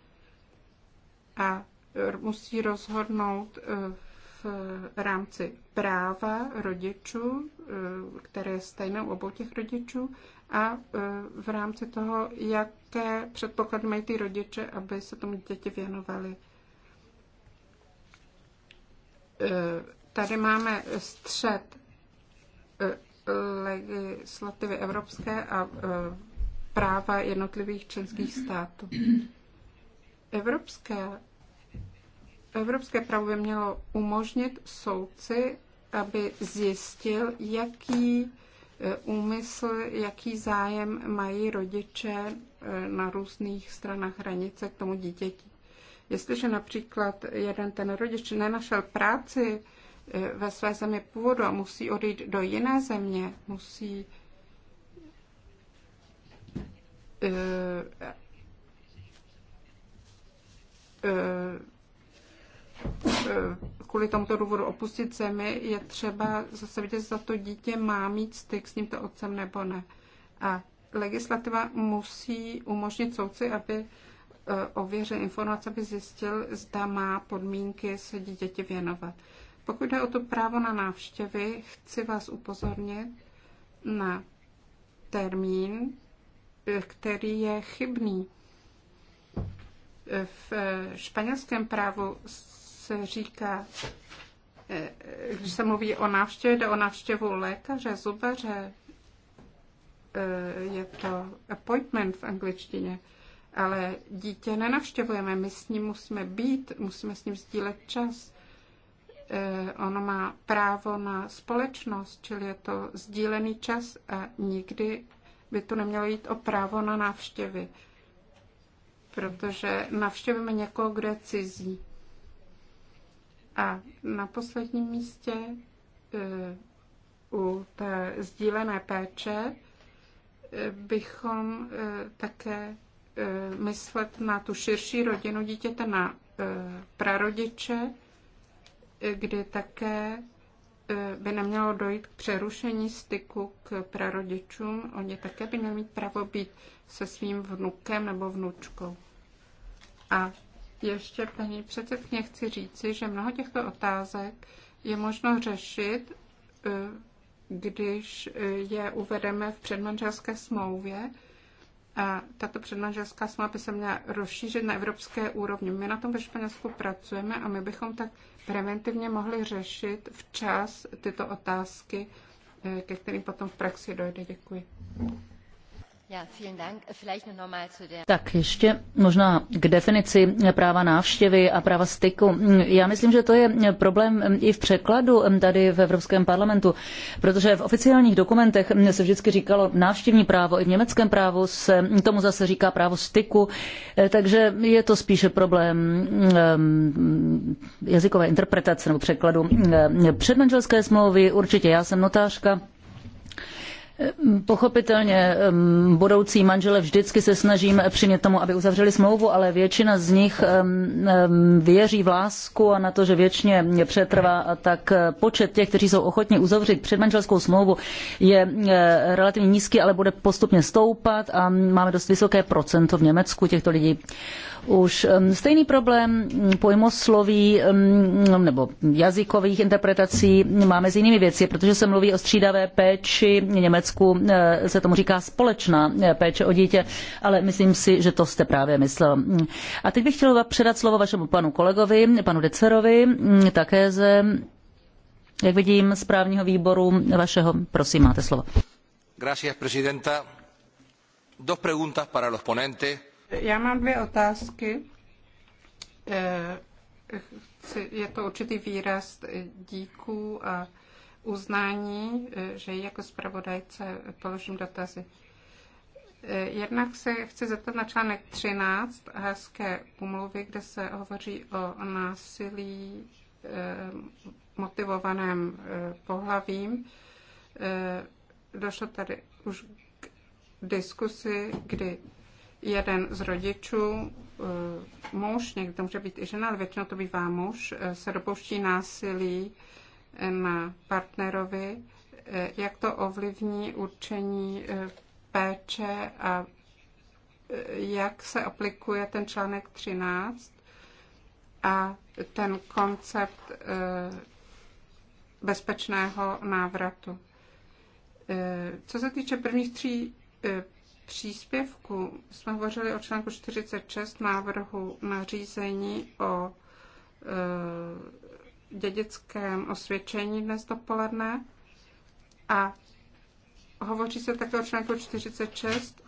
a musí rozhodnout v rámci práva rodičů, které je stejné u obou těch rodičů, a e, v rámci toho, jaké předpoklady mají ty rodiče, aby se tomu děti věnovali. E, tady máme střed e, legislativy evropské a práva jednotlivých členských států. Evropské, evropské právo by mělo umožnit soudci, aby zjistil, jaký E, úmysl, jaký zájem mají rodiče e, na různých stranách hranice k tomu dítěti. Jestliže například jeden ten rodič nenašel práci e, ve své zemi původu a musí odejít do jiné země, musí uh, uh, Eh, kvůli tomuto důvodu opustit zemi, je třeba zase vidět, za to dítě má mít styk s tímto otcem nebo ne. A legislativa musí umožnit soudci, aby eh, ověřil informace, aby zjistil, zda má podmínky se dítěti věnovat. Pokud jde o to právo na návštěvy, chci vás upozornit na termín, eh, který je chybný. V španělském právu se říká, eh, když se mluví o návštěvě, jde o návštěvu lékaře, zubaře, eh, je to appointment v angličtině, ale dítě nenavštěvujeme, my s ním musíme být, musíme s ním sdílet čas. Eh, ono má právo na společnost, čili je to sdílený čas a nikdy by tu nemělo jít o právo na návštěvy, protože navštěvujeme někoho, kde je cizí. A na posledním místě e, u té sdílené péče e, bychom e, také myslet na tu širší rodinu dítěte, na prarodiče, kdy také by nemělo dojít k přerušení styku k prarodičům. Oni také by neměli mít právo být se svým vnukem nebo vnučkou. A ještě, paní předsedkyně, chci říci, že mnoho těchto otázek je možno řešit, eh, když eh, je uvedeme v předmanželské smlouvě. A tato předmanželská smlouva by se měla rozšířit na evropské úrovni. My na tom ve Španělsku pracujeme a my bychom tak preventivně mohli řešit včas tyto otázky, eh, ke kterým potom v praxi dojde. Děkuji. Tak ještě možná k definici práva návštěvy a práva styku. Já myslím, že to je problém i v překladu tady v Evropském parlamentu, protože v oficiálních dokumentech se vždycky říkalo návštěvní právo, i v německém právu se tomu zase říká právo styku, takže je to spíše problém ehm, jazykové interpretace nebo překladu. Předmanželské smlouvy určitě, já jsem notářka, Ehm, pochopitelně ehm, budoucí manžele vždycky se snažíme přimět tomu, aby uzavřeli smlouvu, ale většina z nich ehm, věří v lásku a na to, že věčně přetrvá, a tak eh, počet těch, kteří jsou ochotni uzavřít předmanželskou smlouvu, je eh, relativně nízký, ale bude postupně stoupat a máme dost vysoké procento v Německu těchto lidí už stejný problém pojmosloví nebo jazykových interpretací máme s jinými věci, protože se mluví o střídavé péči, v Německu eh, se tomu říká společná eh, péče o dítě, ale myslím si, že to jste právě myslel. A teď bych chtěla předat slovo vašemu panu kolegovi, panu Decerovi, mm, také ze, jak vidím, správního výboru vašeho. Prosím, máte slovo. Gracias, presidenta. Dos preguntas para los ponentes. Já mám dvě otázky. Eh, je to určitý výraz díků a uznání, eh, že jako zpravodajce položím dotazy. Eh, jednak se chci zeptat na článek 13 Hezké umluvy, kde se hovoří o násilí motivovaném pohlavím. Došlo tady už k diskusi, kdy jeden z rodičů, eh, muž, někdy to může být i žena, ale většinou to bývá muž, eh, se dopouští násilí eh, na partnerovi, jak to ovlivní určení péče a jak se aplikuje ten článek 13 a ten koncept bezpečného návratu. Co se týče prvních tří příspěvku jsme hovořili o článku 46 návrhu na řízení o e, dědickém osvědčení dnes dopoledne a hovoří se také o článku 46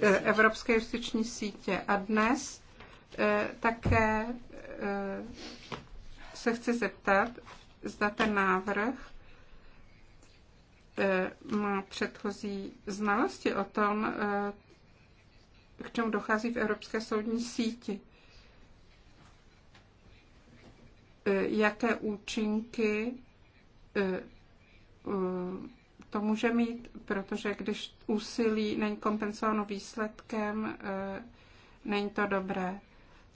eh, Evropské justiční sítě. A dnes e, také e, se chci zeptat, zda ten návrh E, má předchozí znalosti o tom, e, k čemu dochází v Evropské soudní síti. E, jaké účinky to může mít, protože když úsilí není kompenzováno výsledkem, není to dobré.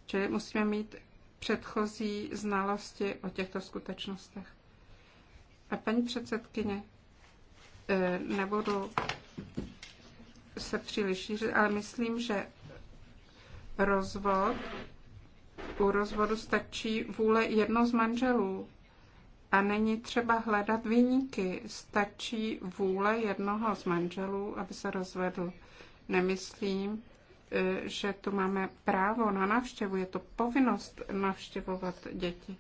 Čili musíme mít předchozí znalosti o těchto skutečnostech. A paní předsedkyně, Eh, nebudu se příliš šířit, ale myslím, že rozvod, u rozvodu stačí vůle jedno z manželů a není třeba hledat vyníky. Stačí vůle jednoho z manželů, aby se rozvedl. Nemyslím, eh, že tu máme právo na navštěvu, je to povinnost navštěvovat děti.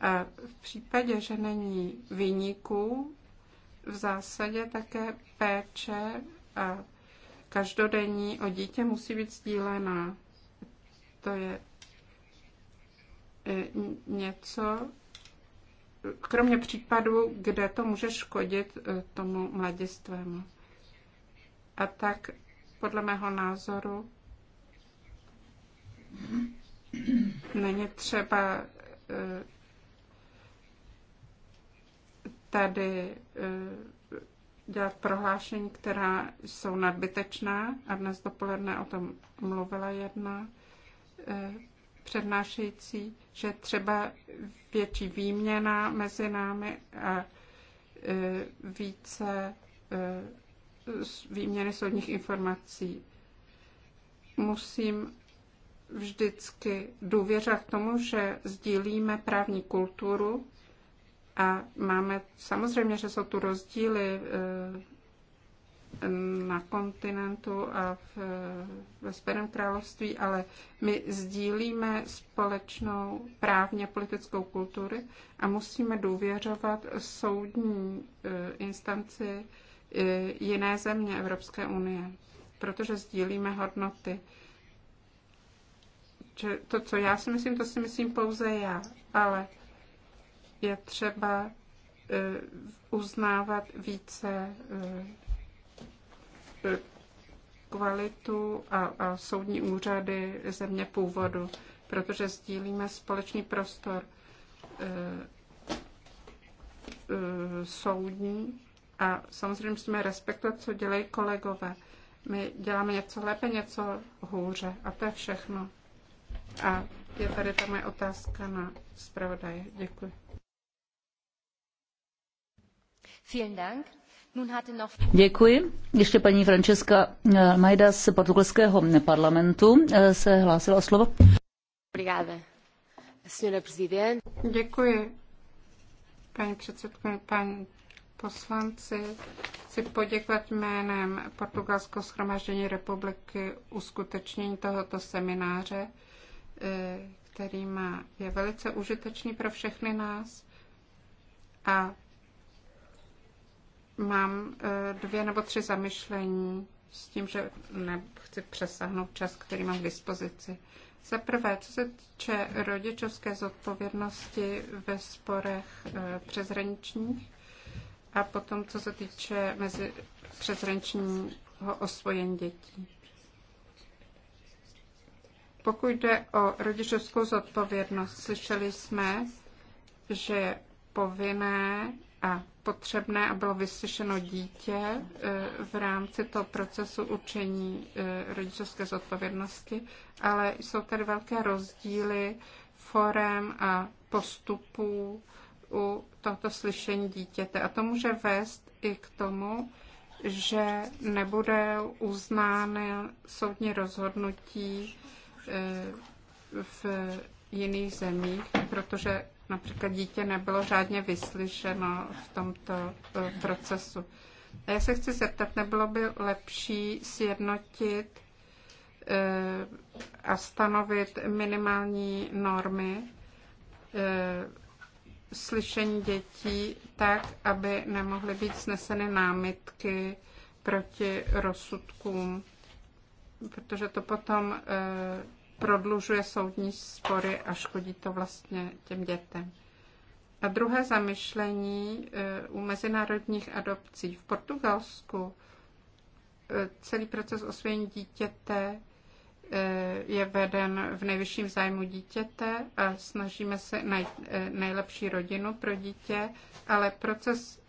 A v případě, že není vyníků, v zásadě také péče a každodenní o dítě musí být sdílená. To je e, něco, kromě případů, kde to může škodit e, tomu mladistvému. A tak podle mého názoru není třeba e, tady eh, dělat prohlášení, která jsou nadbytečná. A dnes dopoledne o tom mluvila jedna eh, přednášející, že třeba větší výměna mezi námi a eh, více výměny soudních informací. Musím vždycky důvěřovat tomu, že sdílíme právní kulturu a máme, samozřejmě, že jsou tu rozdíly eh, na kontinentu a v, eh, ve Spojeném království, ale my sdílíme společnou právně politickou kulturu a musíme důvěřovat soudní eh, instanci jiné země Evropské unie, protože sdílíme hodnoty. že To, co já si myslím, to si myslím pouze já, ale je třeba eh, uznávat více eh, kvalitu a, a soudní úřady země původu, protože sdílíme společný prostor eh, soudní a samozřejmě musíme respektovat, co dělají kolegové. My děláme něco lépe, něco hůře a to je všechno. A je tady ta moje otázka na zpravodaje. Děkuji. Děkuji. Ještě paní Francesca eh, Majda z portugalského parlamentu eh, se hlásila o slovo. Děkuji. Paní předsedkyně, paní poslanci, chci poděkovat jménem Portugalského schromaždění republiky uskutečnění tohoto semináře, eh, který má, je velice užitečný pro všechny nás a Mám eh, dvě nebo tři zamyšlení s tím, že nechci přesáhnout čas, který mám k dispozici. Za prvé, co se týče rodičovské zodpovědnosti ve sporech eh, přeshraničních a potom, co se týče mezi přeshraničního osvojení dětí. Pokud jde o rodičovskou zodpovědnost, slyšeli jsme, že je povinné a potřebné a bylo vyslyšeno dítě e, v rámci toho procesu učení e, rodičovské zodpovědnosti, ale jsou tady velké rozdíly forem a postupů u tohoto slyšení dítěte. A to může vést i k tomu, že nebude uznány soudní rozhodnutí e, v jiných zemích, protože například dítě nebylo řádně vyslyšeno v tomto eh, procesu. A já se chci zeptat, nebylo by lepší sjednotit eh, a stanovit minimální normy eh, slyšení dětí tak, aby nemohly být sneseny námitky proti rozsudkům, protože to potom prodlužuje soudní spory a škodí to vlastně těm dětem. A druhé zamyšlení eh, u mezinárodních adopcí. V Portugalsku eh, celý proces osvojení dítěte eh, je veden v nejvyšším zájmu dítěte a snažíme se najít nejlepší rodinu pro dítě, ale proces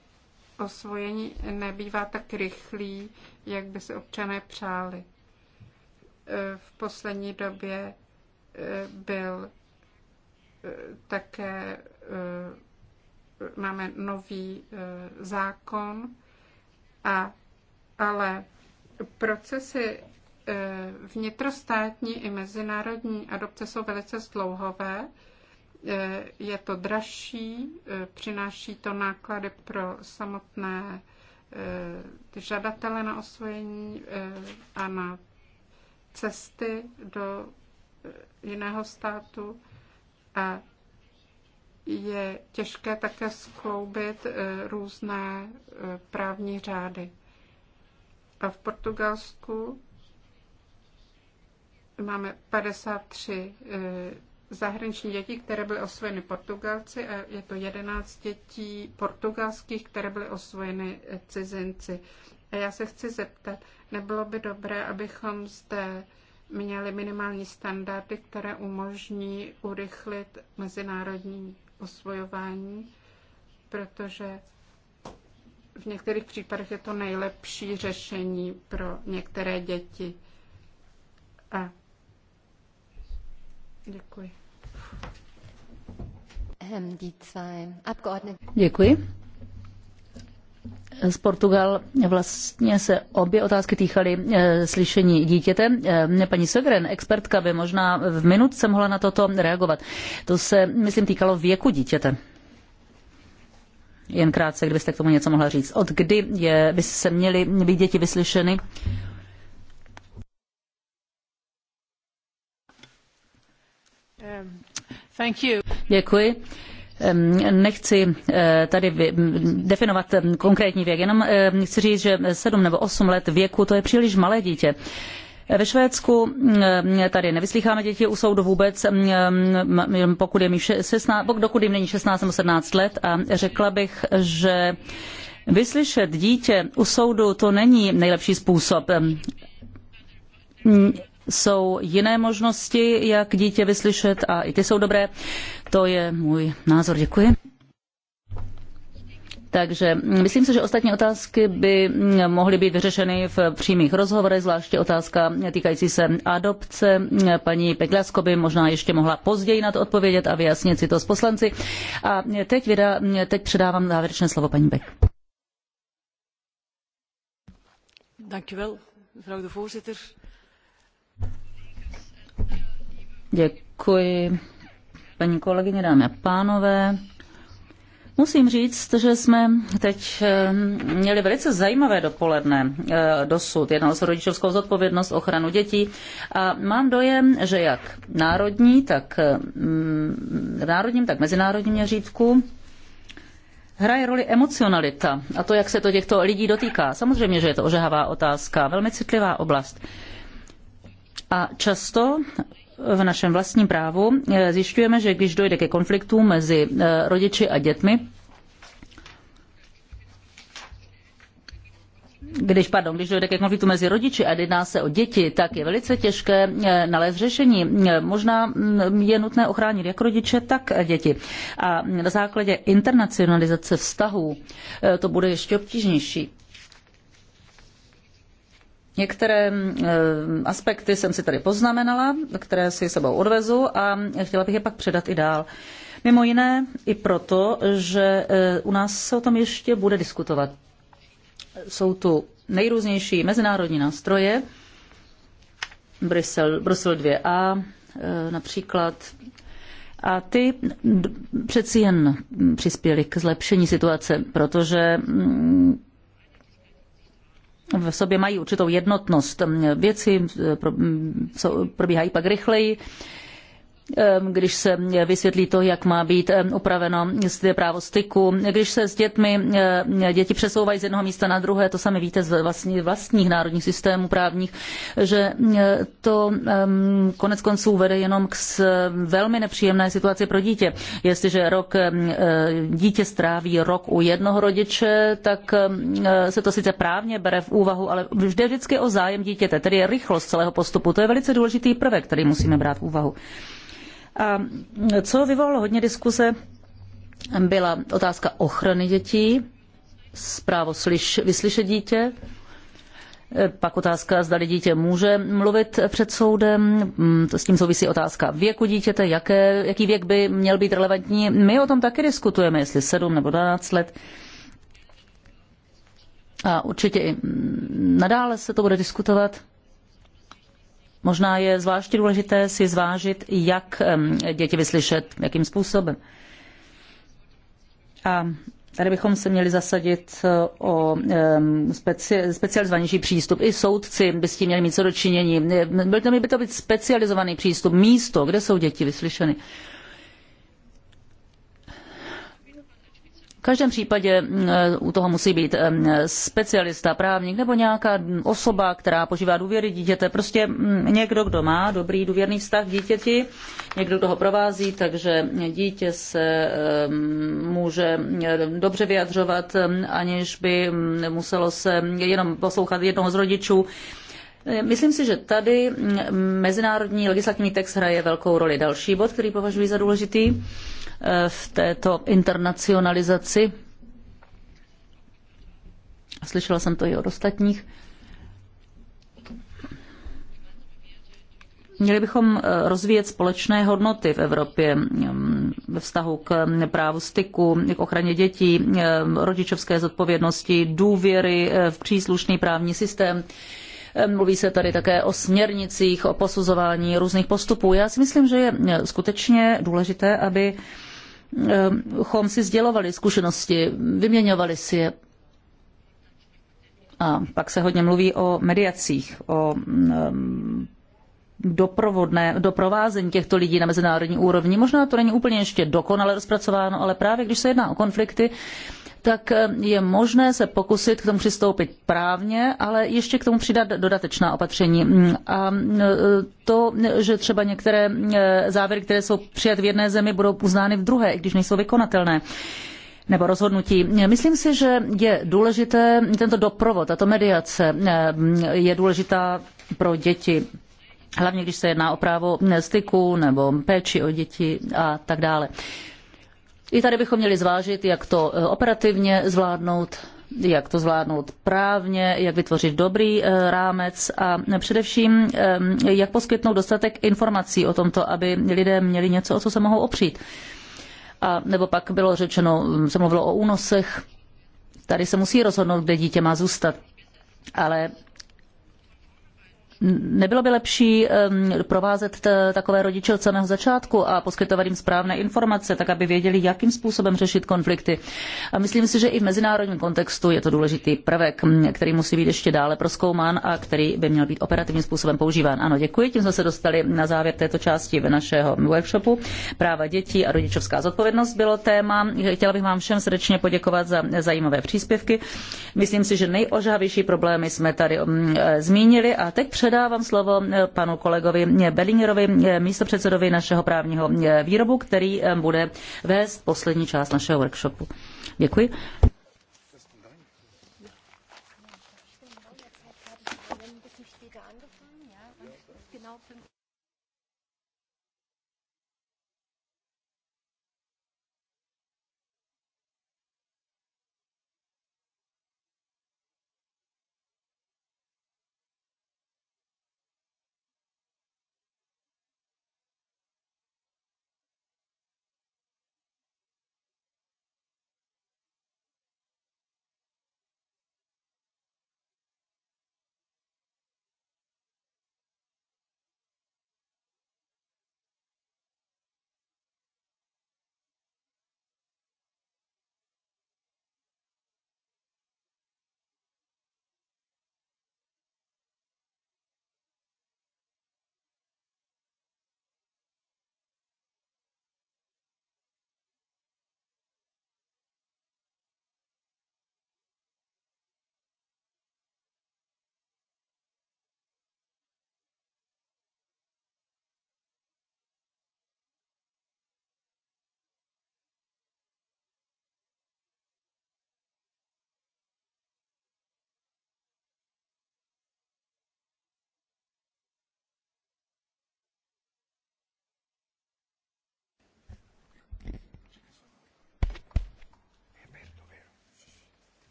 osvojení nebývá tak rychlý, jak by se občané přáli v poslední době eh, byl eh, také, eh, máme nový zákon, a, ale procesy vnitrostátní i mezinárodní adopce jsou velice zdlouhové. Je to dražší, přináší to náklady pro samotné žadatele na osvojení a na cesty do eh, jiného státu a je těžké také skloubit eh, různé eh, právní řády. A v Portugalsku máme 53 zahraniční dětí, které byly osvojeny Portugalci a je to 11 dětí portugalských, které byly osvojeny cizinci. A já se chci zeptat, nebylo by dobré, abychom zde měli minimální standardy, které umožní urychlit mezinárodní osvojování, protože v některých případech je to nejlepší řešení pro některé děti. A děkuji. Ehm, děkuji z Portugal vlastně se obě otázky týkaly eh, slyšení dítěte. Eh, paní Sögren, expertka, by možná v minutce mohla na toto reagovat. To se, myslím, týkalo věku dítěte. Jen krátce, kdybyste k tomu něco mohla říct. Od kdy je, by se měly být děti vyslyšeny? Um, thank you. Děkuji. Ehm, nechci eh, tady definovat konkrétní věk, jenom ehm, chci říct, že 7 nebo 8 let věku to je příliš malé dítě. Ve Švédsku tady nevyslýcháme děti u soudu vůbec, pokud jim mi 16, dokud jim není 16 nebo 17 let a řekla bych, že vyslyšet dítě u soudu to není nejlepší způsob jsou jiné možnosti, jak dítě vyslyšet a i ty jsou dobré. To je můj názor. Děkuji. Takže myslím si, že ostatní otázky by mohly být vyřešeny v přímých rozhovorech, zvláště otázka týkající se adopce. Paní Peklasko by možná ještě mohla později na to odpovědět a vyjasnit si to s poslanci. A teď, vydá, teď předávám závěrečné slovo paní Beck. Dank u wel, mevrouw de voorzitter. Děkuji, paní kolegyně, dámy a pánové. Musím říct, že jsme teď eh, měli velice zajímavé dopoledne eh, dosud. Jednalo se o rodičovskou zodpovědnost, ochranu dětí a mám dojem, že jak národní, tak mm, v národním, tak mezinárodním měřítku hraje roli emocionalita a to, jak se to těchto lidí dotýká. Samozřejmě, že je to ožehavá otázka, velmi citlivá oblast. A často v našem vlastním právu eh, zjišťujeme, že když dojde ke konfliktu mezi eh, rodiči a dětmi, když, pardon, když dojde ke konfliktu mezi rodiči a jedná se o děti, tak je velice těžké eh, nalézt řešení. Možná mm, je nutné ochránit jak rodiče, tak děti. A na základě internacionalizace vztahů to bude ještě obtížnější. Některé mm, eh, aspekty jsem si tady poznamenala, které si sebou odvezu a chtěla bych je pak předat i dál. Mimo jiné i proto, že eh, u nás se o tom ještě bude diskutovat. Jsou tu nejrůznější mezinárodní nástroje, Brusel, Brusel 2a eh, například, a ty přeci jen přispěly k zlepšení situace, protože mm, v sobě mají určitou jednotnost. Věci eh, mm, probíhají pak rychleji když se vysvětlí to, jak má být upraveno právo styku, když se s dětmi děti přesouvají z jednoho místa na druhé, to sami víte z vlastní, vlastních národních systémů právních, že to konec konců vede jenom k velmi nepříjemné situaci pro dítě. Jestliže rok e, dítě stráví rok u jednoho rodiče, tak e, se to sice právně bere v úvahu, ale jde vždycky o zájem dítěte, tedy rychlost celého postupu. To je velice důležitý prvek, který musíme brát v úvahu. A co vyvolalo hodně diskuze, byla otázka ochrany dětí, zprávo slyš, vyslyšet dítě, pak otázka, zda dítě může mluvit před soudem, mm, s tím souvisí otázka věku dítěte, jaké, jaký věk by měl být relevantní. My o tom taky diskutujeme, jestli 7 nebo 12 let. A určitě i mm, nadále se to bude diskutovat. Možná je zvláště důležité si zvážit, jak děti vyslyšet, jakým způsobem. A tady bychom se měli zasadit eh, o speci, specializovanější přístup. I soudci by s tím měli mít co dočinění. Byl to by to být specializovaný přístup, místo, kde jsou děti vyslyšeny. každém případě mm, eh, u toho musí být mm, specialista, právník nebo nějaká osoba, která požívá důvěry dítěte, prostě mm, někdo, kdo má dobrý důvěrný vztah k dítěti, někdo, kdo ho provází, takže dítě se může dobře vyjadřovat, aniž by muselo se jenom poslouchat jednoho z rodičů. Eh, myslím si, že tady mezinárodní legislativní text hraje velkou roli. Další bod, který považuji za důležitý, Eh, v této internacionalizaci. Slyšela jsem to i od ostatních. Měli bychom eh, rozvíjet společné hodnoty v Evropě mm, ve vztahu k mm, právu styku, k ochraně dětí, eh, rodičovské zodpovědnosti, důvěry v příslušný právní systém. Mluví se tady také o směrnicích, o posuzování různých postupů. Já si myslím, že je skutečně důležité, aby Ehm, chom si sdělovali zkušenosti, vyměňovali si je. A pak se hodně mluví o mediacích, o ehm, doprovodné, doprovázení těchto lidí na mezinárodní úrovni. Možná to není úplně ještě dokonale rozpracováno, ale právě když se jedná o konflikty, tak eh, je možné se pokusit k tomu přistoupit právně, ale ještě k tomu přidat dodatečná opatření. Mm, a eh, to, že třeba některé eh, závěry, které jsou přijaty v jedné zemi, budou uznány v druhé, i když nejsou vykonatelné nebo rozhodnutí. Myslím si, že je důležité tento doprovod, tato mediace je důležitá pro děti hlavně když se jedná o právo styku nebo péči o děti a tak dále. I tady bychom měli zvážit, jak to eh, operativně zvládnout, jak to zvládnout právně, jak vytvořit dobrý eh, rámec a především, eh, jak poskytnout dostatek informací o tomto, aby lidé měli něco, o co se mohou opřít. A nebo pak bylo řečeno, mm, se mluvilo o únosech. Tady se musí rozhodnout, kde dítě má zůstat. Ale Nebylo by lepší provázet takové rodiče od samého začátku a poskytovat jim správné informace, tak aby věděli, jakým způsobem řešit konflikty. A myslím si, že i v mezinárodním kontextu je to důležitý prvek, který musí být ještě dále proskoumán a který by měl být operativním způsobem používán. Ano, děkuji. Tím jsme se dostali na závěr této části ve našeho workshopu. Práva dětí a rodičovská zodpovědnost bylo téma. Chtěla bych vám všem srdečně poděkovat za zajímavé příspěvky. Myslím si, že nejožavější problémy jsme tady e, zmínili a teď před předávám slovo eh, panu kolegovi eh, Bellingerovi, eh, místopředsedovi našeho právního výrobu, který bude vést poslední část našeho workshopu. Děkuji.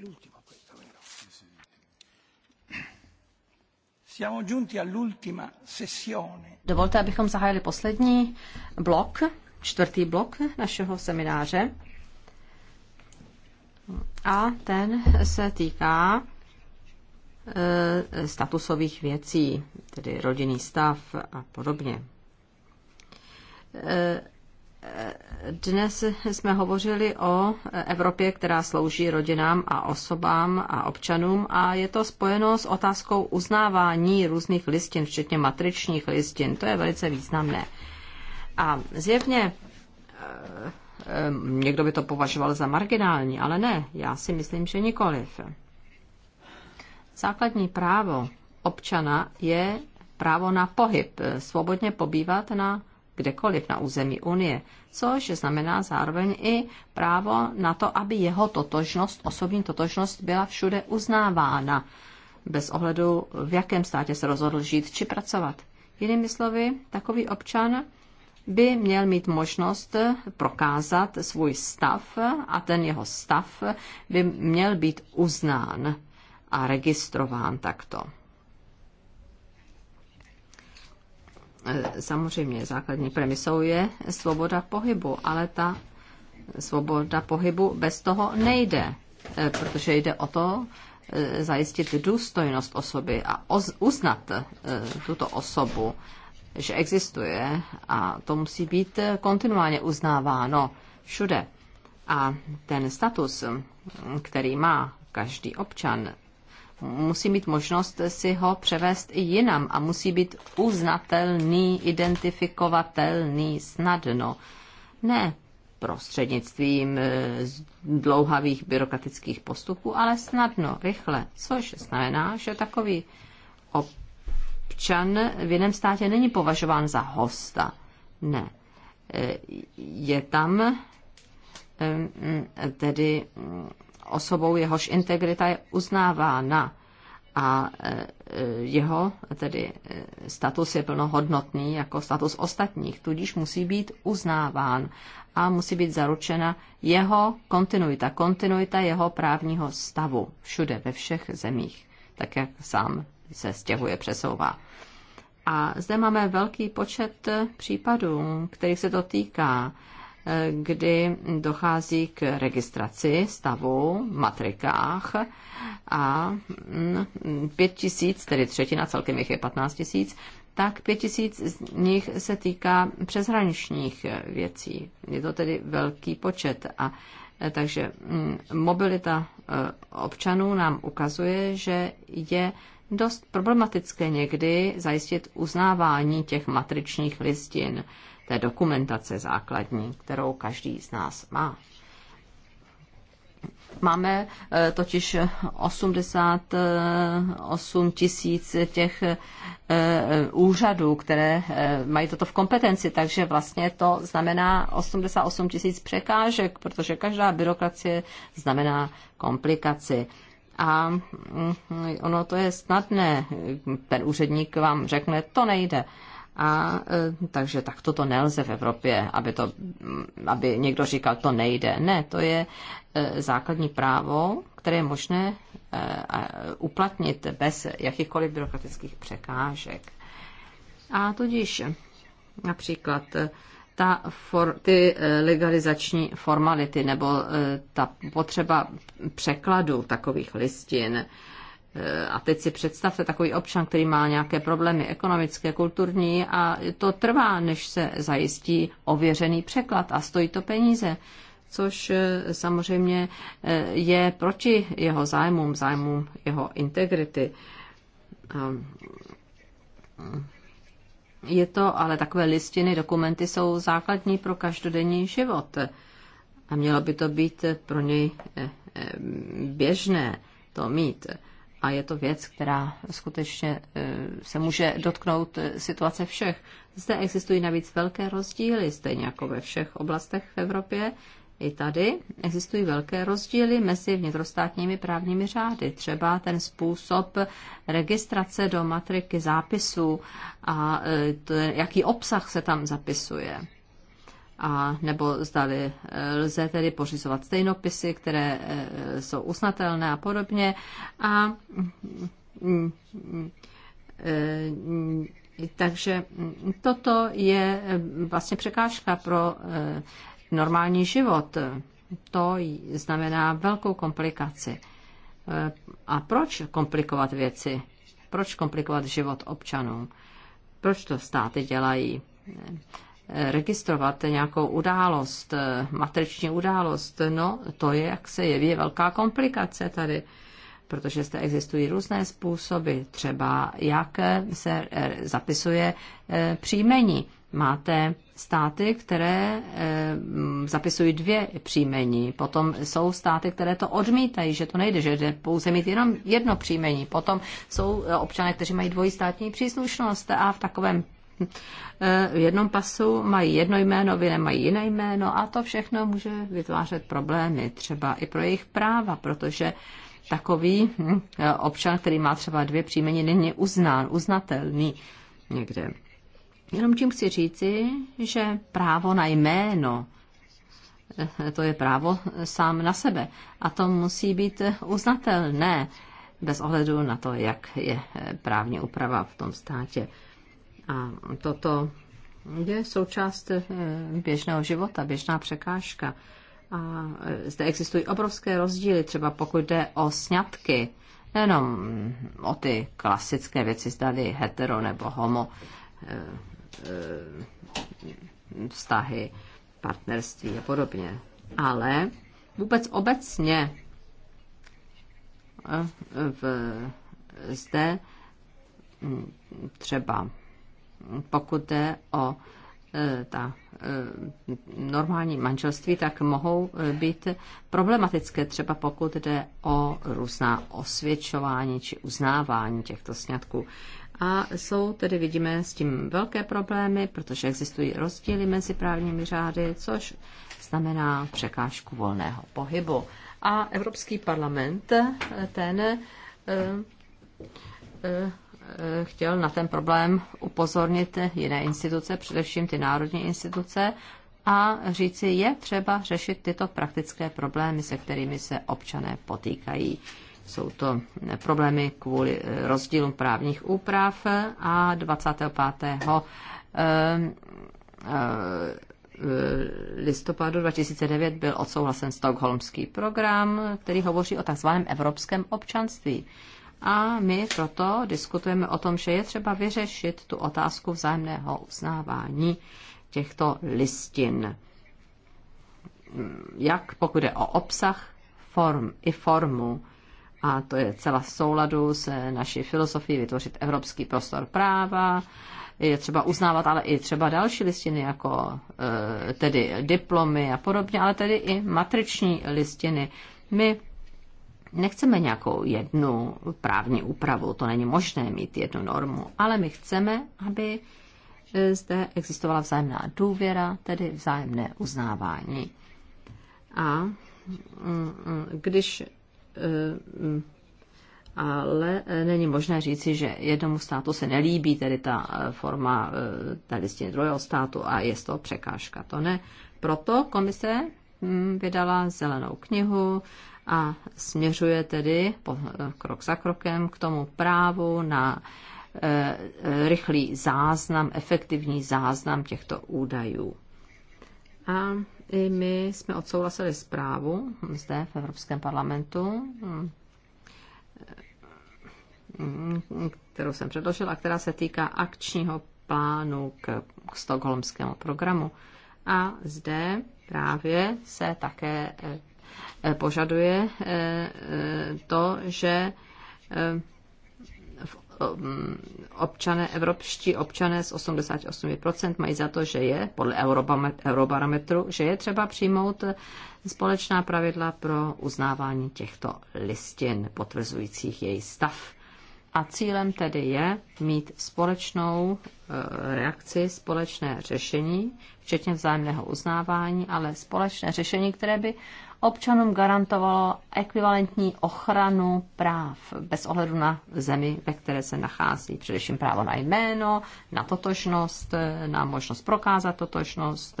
l'ultimo questo, vero? Siamo giunti all'ultima sessione. Dovolte, abychom zahájili poslední blok, čtvrtý blok našeho semináře. A ten se týká eh, statusových věcí, tedy rodinný stav a podobně eh, dnes jsme hovořili o Evropě, která slouží rodinám a osobám a občanům a je to spojeno s otázkou uznávání různých listin, včetně matričních listin. To je velice významné. A zjevně eh, eh, někdo by to považoval za marginální, ale ne, já si myslím, že nikoliv. Základní právo občana je právo na pohyb, svobodně pobývat na kdekoliv na území Unie, což znamená zároveň i právo na to, aby jeho totožnost, osobní totožnost byla všude uznávána, bez ohledu, v jakém státě se rozhodl žít či pracovat. Jinými slovy, takový občan by měl mít možnost prokázat svůj stav a ten jeho stav by měl být uznán a registrován takto. E, samozřejmě základní premisou je svoboda pohybu, ale ta svoboda pohybu bez toho nejde, e, protože jde o to e, zajistit důstojnost osoby a uznat tuto osobu, že existuje a to musí být kontinuálně uznáváno všude. A ten status, který má každý občan, musí mít možnost si ho převést i jinam a musí být uznatelný, identifikovatelný snadno. Ne prostřednictvím eh, dlouhavých byrokratických postupů, ale snadno, rychle, což znamená, že takový občan v jiném státě není považován za hosta. Ne. Eh, je tam eh, mm, tedy mm, osobou, jehož integrita je uznávána a e, jeho tedy e, status je plnohodnotný jako status ostatních, tudíž musí být uznáván a musí být zaručena jeho kontinuita, kontinuita jeho právního stavu všude, ve všech zemích, tak jak sám se stěhuje, přesouvá. A zde máme velký počet případů, kterých se to týká kdy dochází k registraci stavu v matrikách a 5 mm, tisíc, tedy třetina, celkem jich je 15 tisíc, tak 5 tisíc z nich se týká přeshraničních věcí. Je to tedy velký počet a takže mm, mobilita eh, občanů nám ukazuje, že je dost problematické někdy zajistit uznávání těch matričních listin té dokumentace základní, kterou každý z nás má. Máme eh, totiž 88 tisíc těch eh, eh, úřadů, které mají toto v kompetenci, takže vlastně to znamená 88 tisíc překážek, protože každá byrokracie znamená komplikaci. A mm, ono to je snadné. Ten úředník vám řekne, to nejde a e, takže tak to nelze v Evropě, aby, to, mm, aby někdo říkal, to nejde. Ne, to je e, základní právo, které je možné e, uplatnit bez jakýchkoliv byrokratických překážek. A tudíž například ta for, ty legalizační formality nebo ta potřeba překladu takových listin, Eh, a teď si představte takový občan, který má nějaké problémy ekonomické, kulturní a to trvá, než se zajistí ověřený překlad a stojí to peníze což eh, samozřejmě eh, je proti jeho zájmům, zájmům jeho integrity. Ehm, je to, ale takové listiny, dokumenty jsou základní pro každodenní život a mělo by to být pro něj běžné to mít a je to věc, která skutečně e, se může dotknout e, situace všech. Zde existují navíc velké rozdíly, stejně jako ve všech oblastech v Evropě. I tady existují velké rozdíly mezi vnitrostátními právními řády. Třeba ten způsob registrace do matriky zápisů a e, to, jaký obsah se tam zapisuje a nebo zdali eh, lze tedy pořizovat stejnopisy, které eh, jsou usnatelné a podobně. A eh, takže toto je vlastně překážka pro normální život. To znamená velkou komplikaci. A proč komplikovat věci? Proč komplikovat život občanům? Proč to státy dělají? registrovat nějakou událost, matriční událost, no to je, jak se jeví, velká komplikace tady, protože zde existují různé způsoby, třeba jak se eh, zapisuje eh, příjmení. Máte státy, které eh, zapisují dvě příjmení, potom jsou státy, které to odmítají, že to nejde, že jde pouze mít jenom jedno příjmení, potom jsou občané, kteří mají dvojí státní příslušnost a v takovém v jednom pasu mají jedno jméno, v jiném mají jiné jméno a to všechno může vytvářet problémy, třeba i pro jejich práva, protože takový hm, občan, který má třeba dvě příjmení, není uznán, uznatelný někde. Jenom tím chci říci, že právo na jméno, eh, to je právo sám na sebe a to musí být uznatelné bez ohledu na to, jak je eh, právní úprava v tom státě. A toto je součást eh, běžného života, běžná překážka. A eh, zde existují obrovské rozdíly, třeba pokud jde o sňatky, nejenom o ty klasické věci, zdali hetero nebo homo eh, vztahy, partnerství a podobně. Ale vůbec obecně v, zde mm, třeba pokud jde o e, ta e, normální manželství, tak mohou e, být problematické, třeba pokud jde o různá osvědčování či uznávání těchto sňatků. A jsou tedy, vidíme, s tím velké problémy, protože existují rozdíly mezi právními řády, což znamená překážku volného pohybu. A Evropský parlament ten Eh, chtěl na ten problém upozornit jiné instituce, především ty národní instituce, a říci, je třeba řešit tyto praktické problémy, se kterými se občané potýkají. Jsou to eh, problémy kvůli eh, rozdílům právních úprav a 25. Ehm, listopadu 2009 byl odsouhlasen stokholmský program, který hovoří o takzvaném evropském občanství. A my proto diskutujeme o tom, že je třeba vyřešit tu otázku vzájemného uznávání těchto listin. Jak pokud je o obsah, form i formu. A to je celá souladu se naší filozofií vytvořit evropský prostor práva. Je třeba uznávat ale i třeba další listiny, jako e, tedy diplomy a podobně, ale tedy i matriční listiny. My Nechceme nějakou jednu právní úpravu, to není možné mít jednu normu, ale my chceme, aby e, zde existovala vzájemná důvěra, tedy vzájemné uznávání. A mm, mm, když e, mm, ale e, není možné říci, že jednomu státu se nelíbí tedy ta forma té listiny druhého státu a je to překážka. To ne. Proto komise vydala zelenou knihu a směřuje tedy eh, krok za krokem k tomu právu na eh, rychlý záznam, efektivní záznam těchto údajů. A i my jsme odsouhlasili zprávu zde v Evropském parlamentu, eh, kterou jsem předložila, která se týká akčního plánu k, k stokholmskému programu. A zde právě se také Eh, požaduje eh, eh, to, že občané, evropští občané z 88% mají za to, že je, podle Eurobarometru, že je třeba přijmout společná pravidla pro uznávání těchto listin potvrzujících její stav. A cílem tedy je mít společnou reakci, společné řešení, včetně vzájemného uznávání, ale společné řešení, které by občanům garantovalo ekvivalentní ochranu práv bez ohledu na zemi, ve které se nachází. Především právo na jméno, na totožnost, na možnost prokázat totožnost,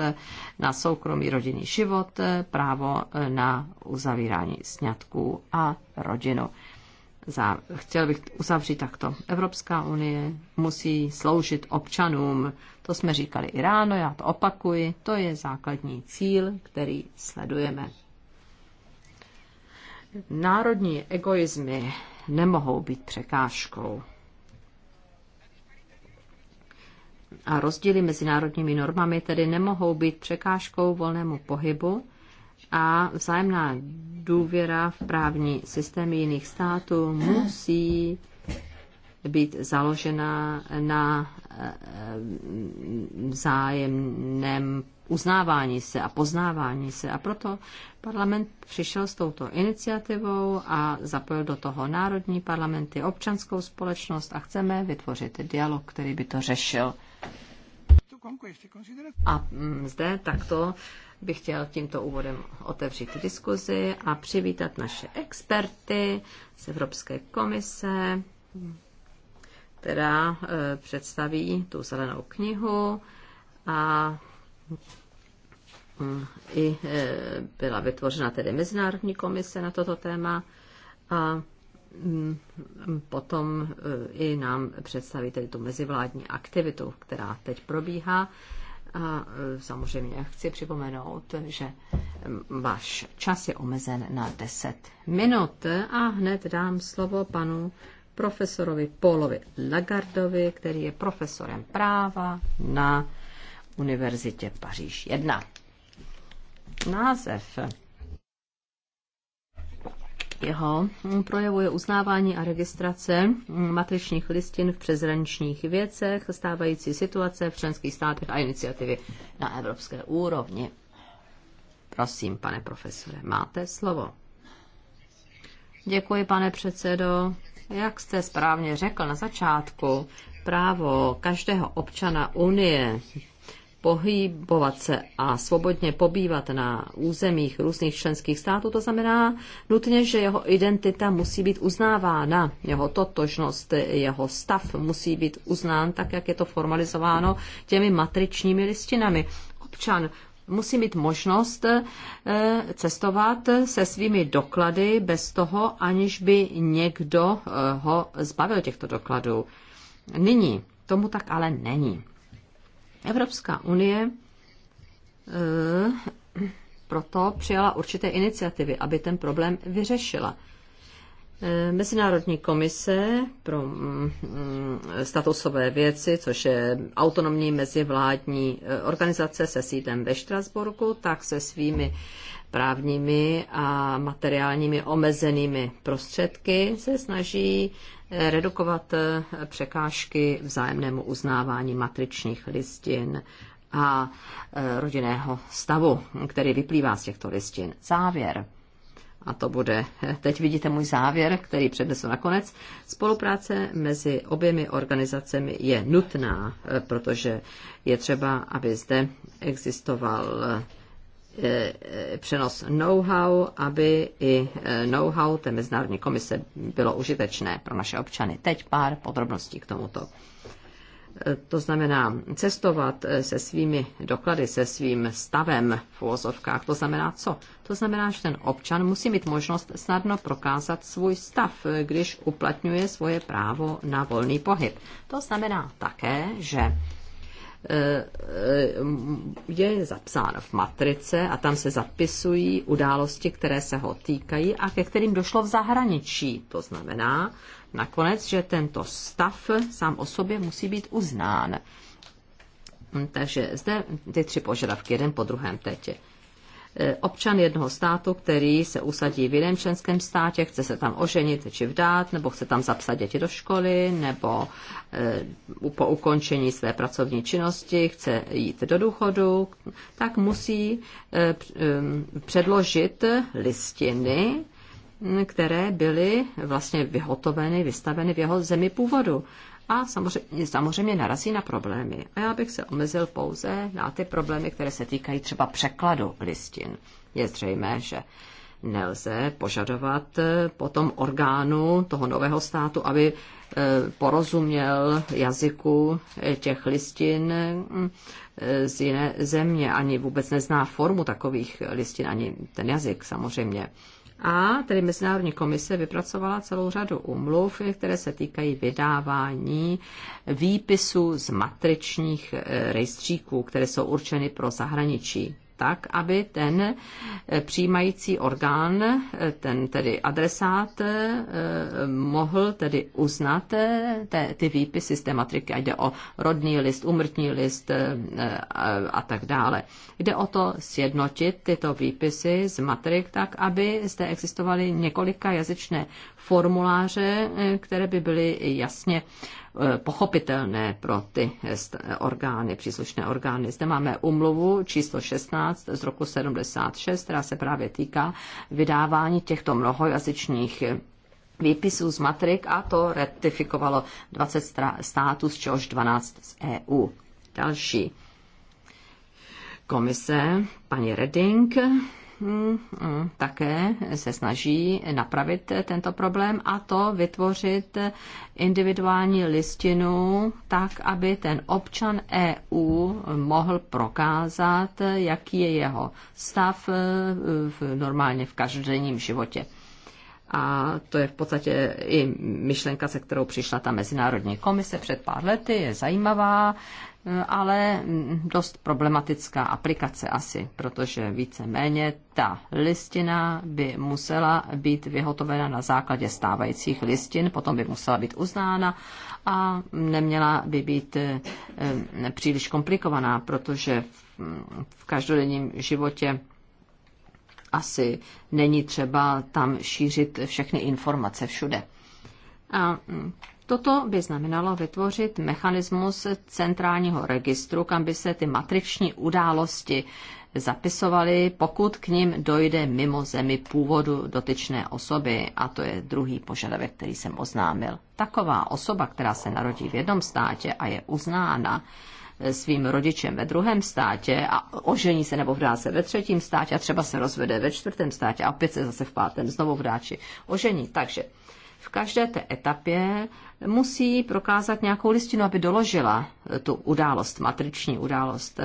na soukromý rodinný život, právo na uzavírání sňatků a rodinu. Za, chtěl bych uzavřít takto. Evropská unie musí sloužit občanům. To jsme říkali i ráno, já to opakuji. To je základní cíl, který sledujeme. Národní egoizmy nemohou být překážkou. A rozdíly mezi národními normami tedy nemohou být překážkou volnému pohybu a vzájemná důvěra v právní systémy jiných států musí být založena na eh, eh, vzájemném uznávání se a poznávání se. A proto Parlament přišel s touto iniciativou a zapojil do toho národní parlamenty, občanskou společnost a chceme vytvořit dialog, který by to řešil. A mm, zde takto bych chtěl tímto úvodem otevřít diskuzi a přivítat naše experty z Evropské komise, která eh, představí tu zelenou knihu a i e, byla vytvořena tedy mezinárodní komise na toto téma a mm, potom e, i nám představí tedy tu mezivládní aktivitu, která teď probíhá. A e, samozřejmě chci připomenout, že mm, váš čas je omezen na 10 minut a hned dám slovo panu profesorovi Polovi Lagardovi, který je profesorem práva na Univerzitě Paříž 1. Název jeho projevu je uznávání a registrace matričních listin v přezraničních věcech, stávající situace v členských státech a iniciativy na evropské úrovni. Prosím, pane profesore, máte slovo. Děkuji, pane předsedo. Jak jste správně řekl na začátku, právo každého občana Unie pohybovat se a svobodně pobývat na územích různých členských států, to znamená nutně, že jeho identita musí být uznávána, jeho totožnost, jeho stav musí být uznán tak, jak je to formalizováno těmi matričními listinami. Občan musí mít možnost eh, cestovat se svými doklady bez toho, aniž by někdo eh, ho zbavil těchto dokladů. Nyní tomu tak ale není. Evropská unie eh, proto přijala určité iniciativy, aby ten problém vyřešila. Eh, Mezinárodní komise pro mm, mm, statusové věci, což je autonomní mezivládní eh, organizace se sídlem ve Štrasburku, tak se svými právními a materiálními omezenými prostředky se snaží redukovat eh, překážky vzájemnému uznávání matričních listin a eh, rodinného stavu, který vyplývá z těchto listin. Závěr. A to bude, eh, teď vidíte můj závěr, který přednesu nakonec. Spolupráce mezi oběmi organizacemi je nutná, protože je třeba, aby zde existoval Eh, přenos know-how, aby i eh, know-how té mezinárodní komise bylo užitečné pro naše občany. Teď pár podrobností k tomuto. Eh, to znamená cestovat se svými doklady, se svým stavem v úvozovkách. To znamená co? To znamená, že ten občan musí mít možnost snadno prokázat svůj stav, když uplatňuje svoje právo na volný pohyb. To znamená také, že Eh, je zapsán v matrice a tam se zapisují události, které se ho týkají a ke kterým došlo v zahraničí. To znamená nakonec, že tento stav sám o sobě musí být uznán. Hm, takže zde ty tři požadavky, jeden po druhém teď. E, občan jednoho státu, který se usadí v jiném členském státě, chce se tam oženit či vdát, nebo chce tam zapsat děti do školy, nebo e, po ukončení své pracovní činnosti chce jít do důchodu, tak musí e, předložit listiny, které byly vlastně vyhotoveny, vystaveny v jeho zemi původu a samozřejmě, samozřejmě narazí na problémy. A já bych se omezil pouze na ty problémy, které se týkají třeba překladu listin. Je zřejmé, že nelze požadovat eh, potom orgánu toho nového státu, aby eh, porozuměl jazyku eh, těch listin mm, z jiné země, ani vůbec nezná formu takových listin, ani ten jazyk samozřejmě. A tedy Mezinárodní komise vypracovala celou řadu umluv, které se týkají vydávání výpisů z matričních eh, rejstříků, které jsou určeny pro zahraničí tak, aby ten eh, přijímající orgán, eh, ten tedy adresát, eh, mohl tedy uznat te, ty výpisy z té matriky, jde o rodný list, umrtní list a tak dále. Jde o to sjednotit tyto výpisy z matrik tak, aby zde existovaly několika jazyčné formuláře, které by byly jasně Eh, pochopitelné pro ty eh, eh, orgány, příslušné orgány. Zde máme umluvu číslo 16 z roku 76, která se právě týká vydávání těchto mnohojazyčních výpisů z matrik a to ratifikovalo 20 států, z čehož 12 z EU. Další komise, paní Reding, Hmm, hmm, také se snaží napravit tento problém a to vytvořit individuální listinu tak, aby ten občan EU mohl prokázat, jaký je jeho stav eh, v, normálně v každodenním životě. A to je v podstatě i myšlenka, se kterou přišla ta Mezinárodní komise před pár lety, je zajímavá, ale mm, dost problematická aplikace asi, protože více-méně ta listina by musela být vyhotovena na základě stávajících listin, potom by musela být uznána a neměla by být eh, eh, příliš komplikovaná, protože v každodenním životě asi není třeba tam šířit všechny informace všude. A mm, Toto by znamenalo vytvořit mechanismus centrálního registru, kam by se ty matriční události zapisovaly, pokud k ním dojde mimo zemi původu dotyčné osoby, a to je druhý požadavek, který jsem oznámil. Taková osoba, která se narodí v jednom státě a je uznána svým rodičem ve druhém státě a ožení se nebo vdá se ve třetím státě a třeba se rozvede ve čtvrtém státě a opět se zase v pátém znovu vdá či ožení. Takže v každé té etapě musí prokázat nějakou listinu, aby doložila eh, tu událost, matriční událost.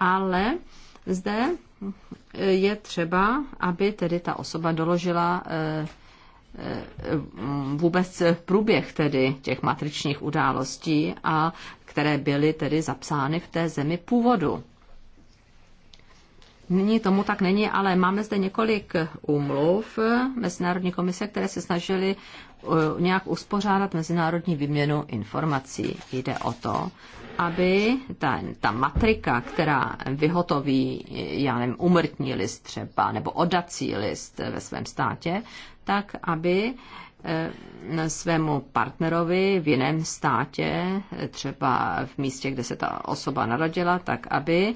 Ale zde eh, je třeba, aby tedy ta osoba doložila eh, vůbec průběh tedy těch matričních událostí, a které byly tedy zapsány v té zemi původu. Nyní tomu tak není, ale máme zde několik úmluv Mezinárodní komise, které se snažily nějak uspořádat mezinárodní výměnu informací. Jde o to, aby ta, ta matrika, která vyhotoví, já nevím, umrtní list třeba, nebo odací list ve svém státě, tak aby Eh, svému partnerovi v jiném státě, eh, třeba v místě, kde se ta osoba narodila, tak aby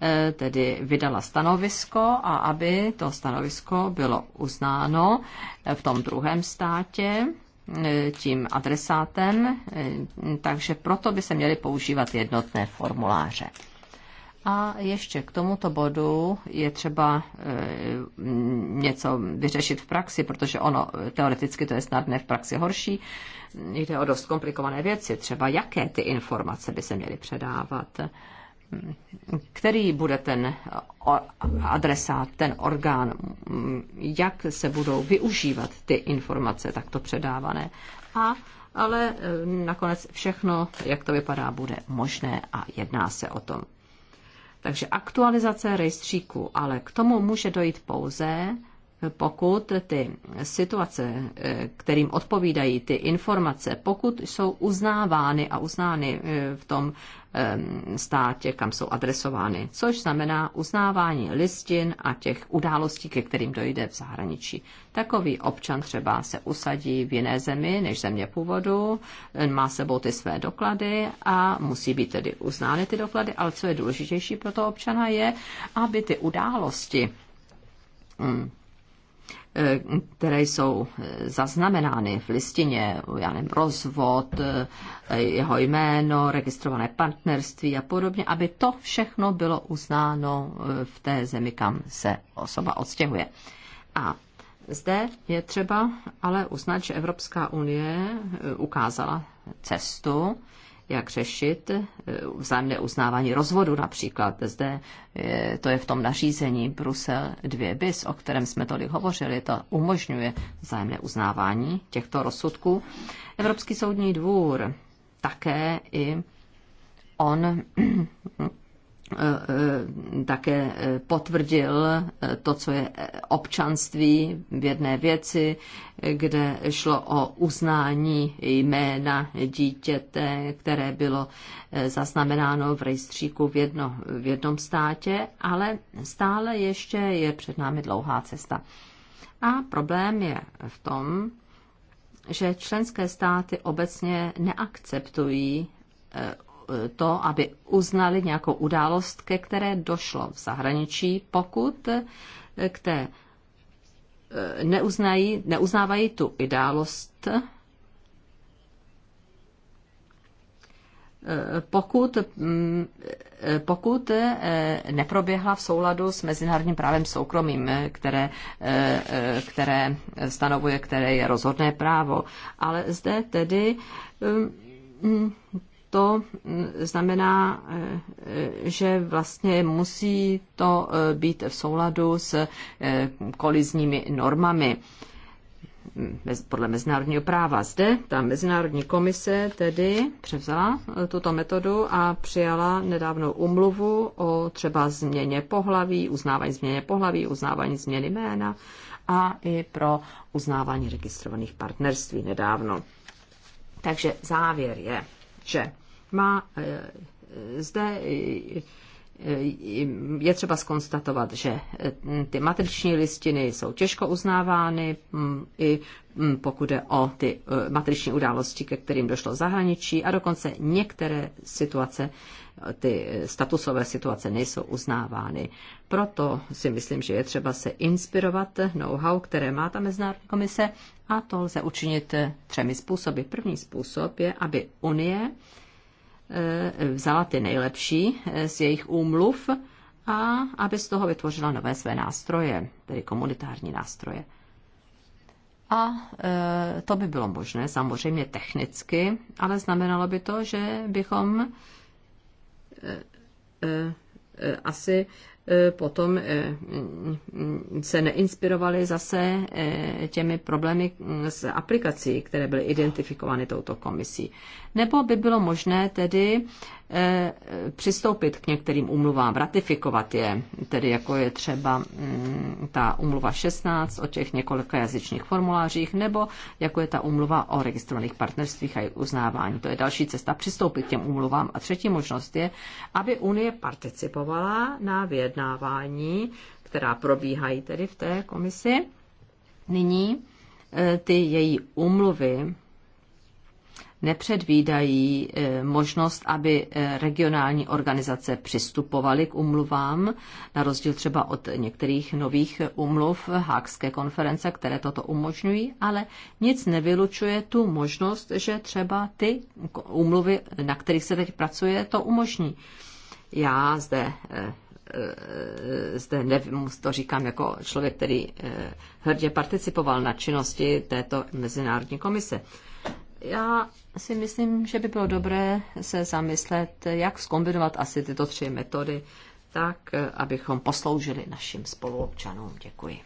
eh, tedy vydala stanovisko a aby to stanovisko bylo uznáno v tom druhém státě tím adresátem, takže proto by se měly používat jednotné formuláře. A ještě k tomuto bodu je třeba eh, něco vyřešit v praxi, protože ono teoreticky to je snadné, v praxi horší. Jde o dost komplikované věci, třeba jaké ty informace by se měly předávat, který bude ten adresát, ten orgán, jak se budou využívat ty informace takto předávané. A ale eh, nakonec všechno, jak to vypadá, bude možné a jedná se o tom takže aktualizace rejstříku, ale k tomu může dojít pouze, pokud ty situace, eh, kterým odpovídají ty informace, pokud jsou uznávány a uznány eh, v tom ehm, státě, kam jsou adresovány, což znamená uznávání listin a těch událostí, ke kterým dojde v zahraničí. Takový občan třeba se usadí v jiné zemi než země původu, eh, má sebou ty své doklady a musí být tedy uznány ty doklady, ale co je důležitější pro toho občana je, aby ty události hm, které jsou eh, zaznamenány v listině, já nevím, rozvod, eh, jeho jméno, registrované partnerství a podobně, aby to všechno bylo uznáno eh, v té zemi, kam se osoba odstěhuje. A zde je třeba ale uznat, že Evropská unie ukázala cestu, jak řešit eh, vzájemné uznávání rozvodu například. Zde eh, to je v tom nařízení Brusel 2 bis, o kterém jsme tolik hovořili. To umožňuje vzájemné uznávání těchto rozsudků. Evropský soudní dvůr také i on Eh, také eh, potvrdil eh, to, co je občanství v jedné věci, kde šlo o uznání jména dítěte, které bylo zaznamenáno v rejstříku v, jedno, v jednom státě, ale stále ještě je před námi dlouhá cesta. A problém je v tom, že členské státy obecně neakceptují to, aby uznali nějakou událost, ke které došlo v zahraničí, pokud eh, k té eh, neuznají, neuznávají tu událost, eh, pokud, mm, pokud neproběhla v souladu s mezinárodním právem soukromým, které, které stanovuje, které je rozhodné právo. Ale zde tedy to znamená, eh, že vlastně musí to eh, být v souladu s eh, kolizními normami podle mezinárodního práva. Zde ta mezinárodní komise tedy převzala tuto metodu a přijala nedávnou umluvu o třeba změně pohlaví, uznávání změně pohlaví, uznávání změny jména a i pro uznávání registrovaných partnerství nedávno. Takže závěr je že má e, e, zde e, je třeba skonstatovat, že ty matriční listiny jsou těžko uznávány, i pokud je o ty matriční události, ke kterým došlo v zahraničí a dokonce některé situace ty statusové situace nejsou uznávány. Proto si myslím, že je třeba se inspirovat know-how, které má ta Mezinárodní komise a to lze učinit třemi způsoby. První způsob je, aby Unie eh, vzala ty nejlepší eh, z jejich úmluv a aby z toho vytvořila nové své nástroje, tedy komunitární nástroje. A e, to by bylo možné samozřejmě technicky, ale znamenalo by to, že bychom asi eh, potom eh, se neinspirovali zase eh, těmi problémy mm, s aplikací, které byly identifikovány touto komisí nebo by bylo možné tedy eh, přistoupit k některým umluvám, ratifikovat je, tedy jako je třeba mm, ta umluva 16 o těch několika jazyčních formulářích, nebo jako je ta umluva o registrovaných partnerstvích a jejich uznávání. To je další cesta přistoupit k těm umluvám. A třetí možnost je, aby Unie participovala na vyjednávání, která probíhají tedy v té komisi. Nyní eh, ty její umluvy nepředvídají eh, možnost, aby eh, regionální organizace přistupovaly k umluvám, na rozdíl třeba od některých nových eh, umluv Hákské konference, které toto umožňují, ale nic nevylučuje tu možnost, že třeba ty umluvy, na kterých se teď pracuje, to umožní. Já zde zde nevím, to říkám jako člověk, který hrdě participoval na činnosti této mezinárodní komise já si myslím, že by bylo dobré se zamyslet, jak skombinovat asi tyto tři metody, tak, eh, abychom posloužili našim spoluobčanům. Děkuji.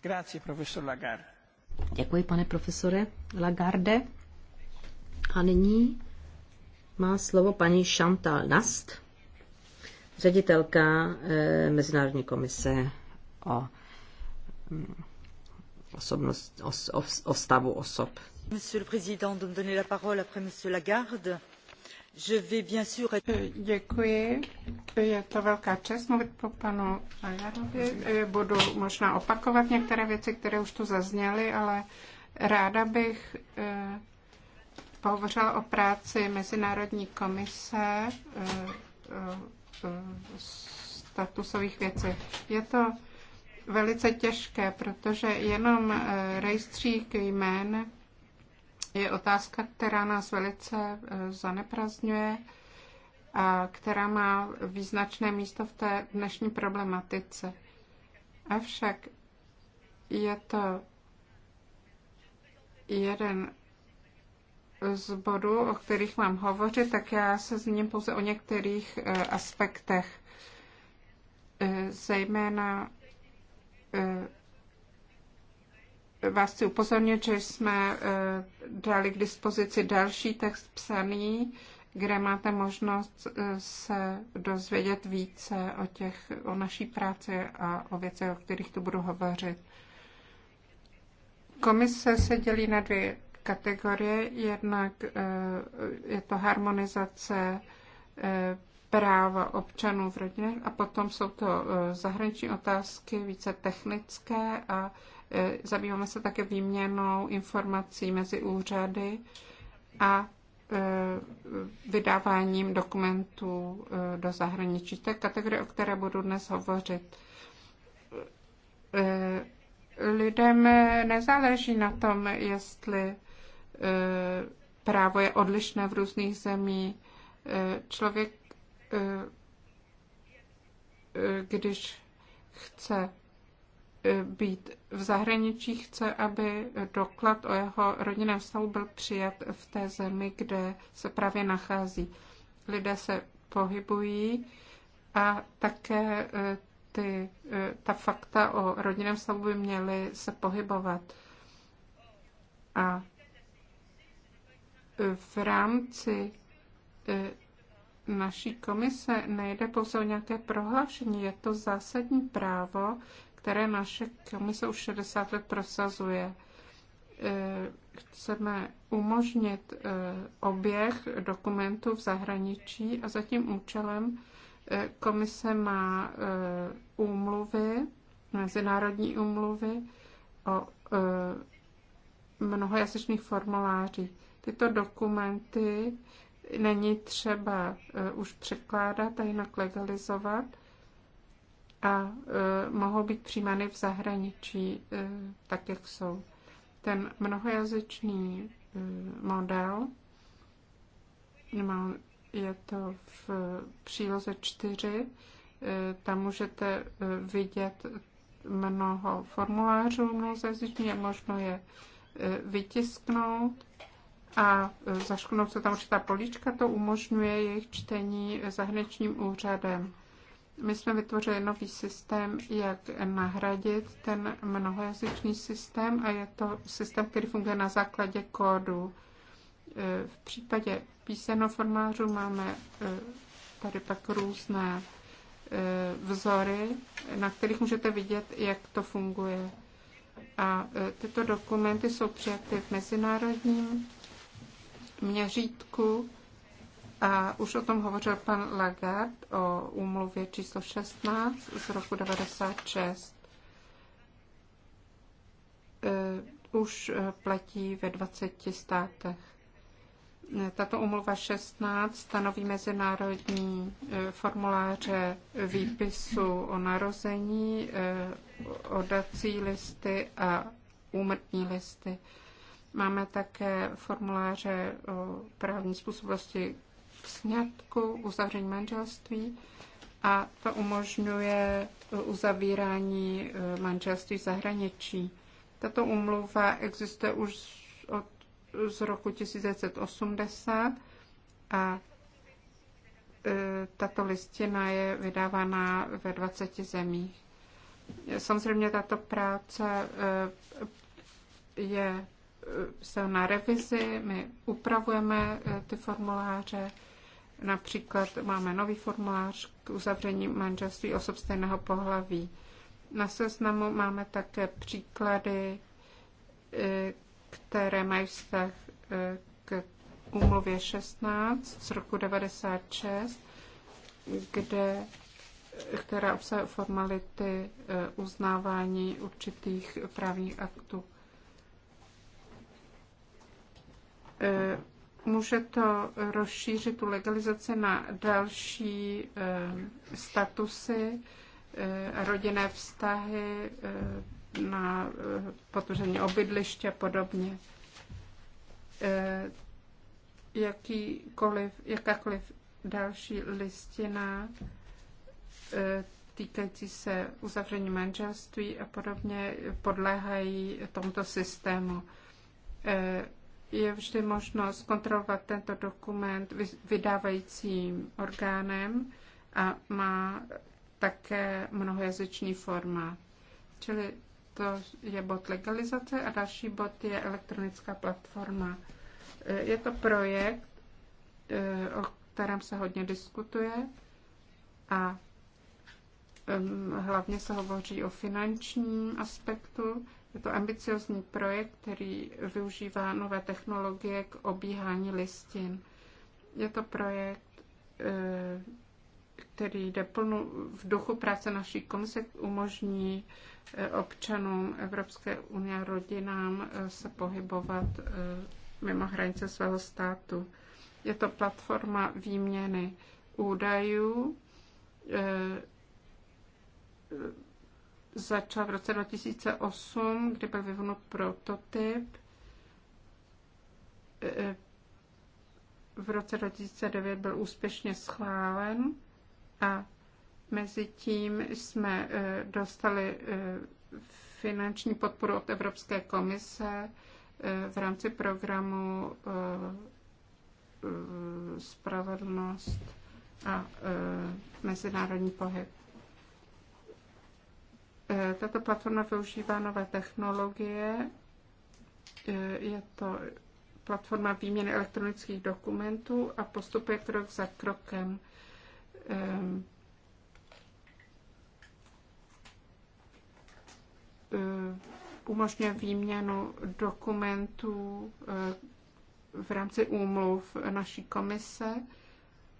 Grazie, profesor Lagarde. Děkuji, pane profesore Lagarde. A nyní má slovo paní Chantal Nast, ředitelka eh, Mezinárodní komise o mm, osobnost, os, os, o stavu osob. Monsieur le Président, de me donner la parole après Monsieur Lagarde. Je vais bien sûr... Eh, děkuji. Je to velká čest mluvit po panu eh, Budu možná opakovat některé věci, které už tu zazněly, ale ráda bych eh, pohovořila o práci Mezinárodní komise statusových věcech. Je to velice těžké, protože jenom eh, rejstřík jmén je otázka, která nás velice eh, zaneprazňuje a která má význačné místo v té dnešní problematice. Avšak je to jeden z bodů, o kterých mám hovořit, tak já se zmíním pouze o některých eh, aspektech. Zejména Eh, vás chci upozornit, že jsme eh, dali k dispozici další text psaný, kde máte možnost eh, se dozvědět více o, těch, o naší práci a o věcech, o kterých tu budu hovořit. Komise se dělí na dvě kategorie. Jednak je to harmonizace práva občanů v rodinách a potom jsou to eh, zahraniční otázky více technické a eh, zabýváme se také výměnou informací mezi úřady a eh, vydáváním dokumentů do zahraničí. To je kategorie, o které budu dnes hovořit. Lidem nezáleží na tom, jestli právo je odlišné v různých zemích. Člověk E, e, když chce e, být v zahraničí, chce, aby doklad o jeho rodinném stavu byl přijat v té zemi, kde se právě nachází. Lidé se pohybují a také ty, ta fakta o rodinném stavu by měly se pohybovat. A v rámci naší komise nejde pouze o nějaké prohlášení, je to zásadní právo, které naše komise už 60 let prosazuje. E, chceme umožnit e, oběh dokumentů v zahraničí a za tím účelem e, komise má úmluvy, mezinárodní úmluvy o mnohojazyčných formulářích. Tyto dokumenty není třeba e, už překládat a jinak legalizovat a e, mohou být přijímány v zahraničí e, tak, jak jsou. Ten mnohojazyčný model, je to v příloze 4, tam můžete vidět mnoho formulářů mnohojazyčných, je možno je vytisknout a e, zašknou se tam určitá políčka, to umožňuje jejich čtení zahraničním úřadem. My jsme vytvořili nový systém, jak nahradit ten mnohojazyčný systém a je to systém, který funguje na základě kódu. E, v případě písemného formářů máme e, tady pak různé vzory, na kterých můžete vidět, jak to funguje. A tyto dokumenty jsou přijaty v mezinárodním měřítku a už o tom hovořil pan Lagarde o úmluvě číslo 16 z roku 96. E, už e, platí ve 20 státech. Tato úmluva 16 stanoví mezinárodní e, formuláře výpisu o narození, o dací listy a úmrtní listy. Máme také formuláře o právní způsobilosti k sňatku, uzavření manželství a to umožňuje uzavírání eh, manželství v zahraničí. Tato umluva existuje už od, z roku 1980 a eh, tato listina je vydávána ve 20 zemích. Samozřejmě tato práce eh, je jsou na revizi, my upravujeme eh, ty formuláře, například máme nový formulář k uzavření manželství osob stejného pohlaví. Na seznamu máme také příklady, eh, které mají vztah eh, k úmluvě 16 z roku 96, kde, která obsahuje formality uznávání určitých právních aktů. E, může to rozšířit tu legalizaci na další e, statusy, e, rodinné vztahy, na potvrzení obydliště a podobně. Jakýkoliv, jakákoliv další listina týkající se uzavření manželství a podobně podléhají tomuto systému je vždy možnost kontrolovat tento dokument vydávajícím orgánem a má také mnohojazyčný formát. Čili to je bod legalizace a další bod je elektronická platforma. E, je to projekt, e, o kterém se hodně diskutuje a hlavně se hovoří o finančním aspektu je to ambiciozní projekt, který využívá nové technologie k obíhání listin. Je to projekt, eh, který jde plnu v duchu práce naší komise, umožní eh, občanům Evropské unie a rodinám eh, se pohybovat mimo hranice svého státu. Je to platforma výměny údajů, začal v roce 2008, kdy byl vyvinut prototyp. E, e, v roce 2009 byl úspěšně schválen a mezi tím jsme e, dostali finanční podporu od Evropské komise v rámci programu Spravedlnost a mezinárodní pohyb. Eh, tato platforma využívá nové technologie. Eh, je to platforma výměny elektronických dokumentů a postupuje krok za krokem. Eh, umožňuje výměnu dokumentů v rámci úmluv naší komise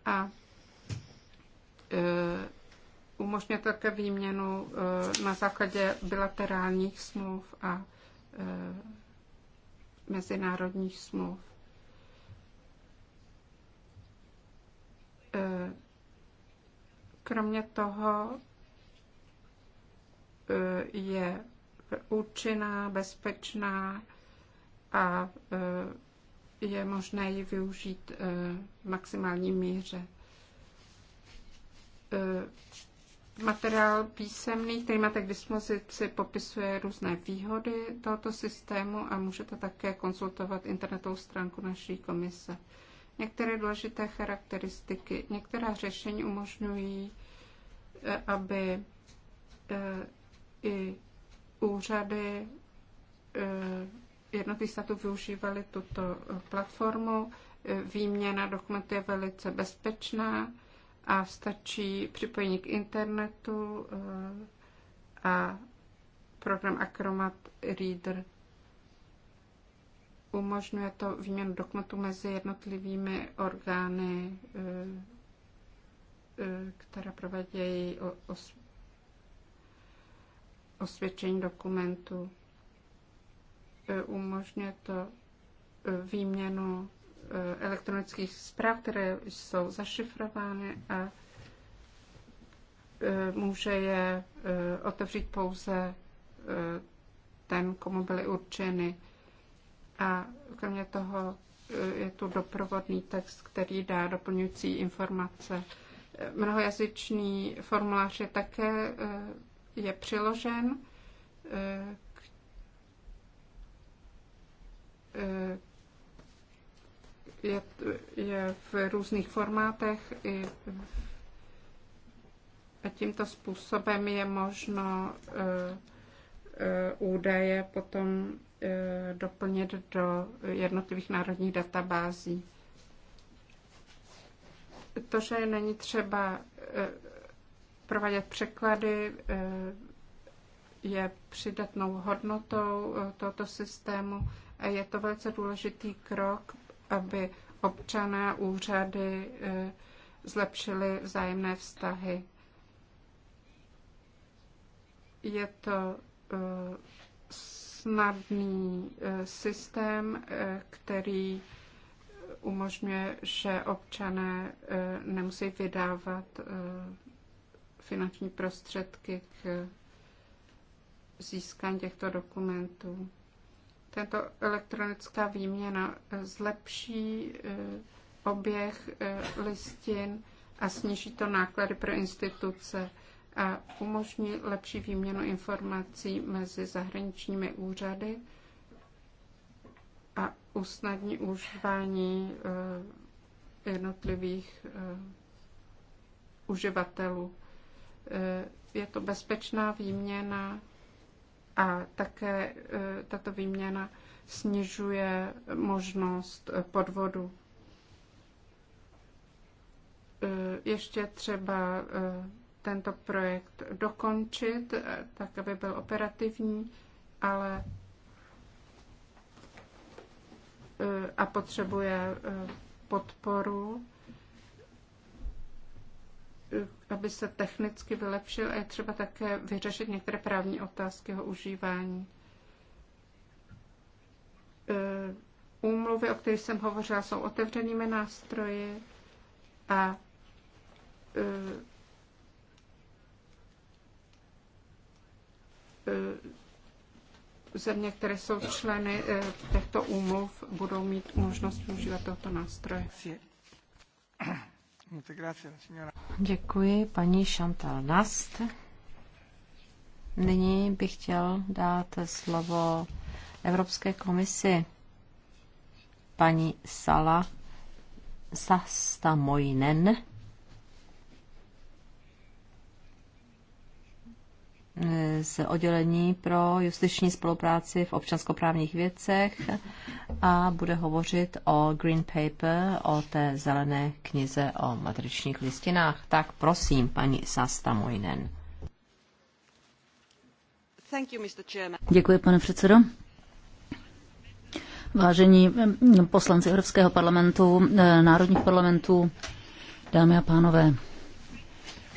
a umožňuje také výměnu eh, na základě bilaterálních smluv a eh, mezinárodních smluv. Eh, kromě toho je účinná, bezpečná a je možné ji využít v maximální míře Materiál písemný, který máte k dispozici, popisuje různé výhody tohoto systému a můžete také konzultovat internetovou stránku naší komise. Některé důležité charakteristiky, některá řešení umožňují, eh, aby eh, i úřady eh, jednotlivých států využívaly tuto platformu. Výměna dokumentů je velice bezpečná a stačí připojení k internetu eh, a program Acromat Reader umožňuje to výměnu dokumentů mezi jednotlivými orgány, eh, eh, které provádějí osvědčení dokumentů. Umožňuje to výměnu Eh, elektronických zpráv, které jsou zašifrovány a eh, může je eh, otevřít pouze ten, komu byly určeny. A kromě toho je tu doprovodný text, který dá doplňující informace. Mnohojazyčný formulář je také je přiložen k je, je v různých formátech i a tímto způsobem je možno eh, eh, údaje potom eh, doplnit do jednotlivých národních databází. To, že není třeba provádět překlady, je přidatnou hodnotou tohoto systému a je to velice důležitý krok aby občané úřady eh, zlepšili vzájemné vztahy. Je to eh, snadný eh, systém, který umožňuje, že občané nemusí vydávat finanční prostředky k získání těchto dokumentů. Tato elektronická výměna eh, zlepší eh, oběh eh, listin a sníží to náklady pro instituce a umožní lepší výměnu informací mezi zahraničními úřady a usnadní užívání jednotlivých uživatelů. Je to bezpečná výměna a také e, tato výměna snižuje možnost e, podvodu. E, ještě třeba tento projekt dokončit, tak aby byl operativní, ale a potřebuje podporu aby se technicky vylepšil a je třeba také vyřešit některé právní otázky jeho užívání. E, úmluvy, o kterých jsem hovořila, jsou otevřenými nástroji a e, e, země, které jsou členy těchto úmluv, budou mít možnost využívat tohoto nástroje. Děkuji paní Chantal Nast. Nyní bych chtěl dát slovo Evropské komisi paní Sala Sastamojnen. z oddělení pro justiční spolupráci v občanskoprávních věcech a bude hovořit o Green Paper, o té zelené knize o matričních listinách. Tak prosím, paní Sasta Mojnen. Děkuji, pane předsedo. Vážení poslanci Evropského parlamentu, národních parlamentů, dámy a pánové,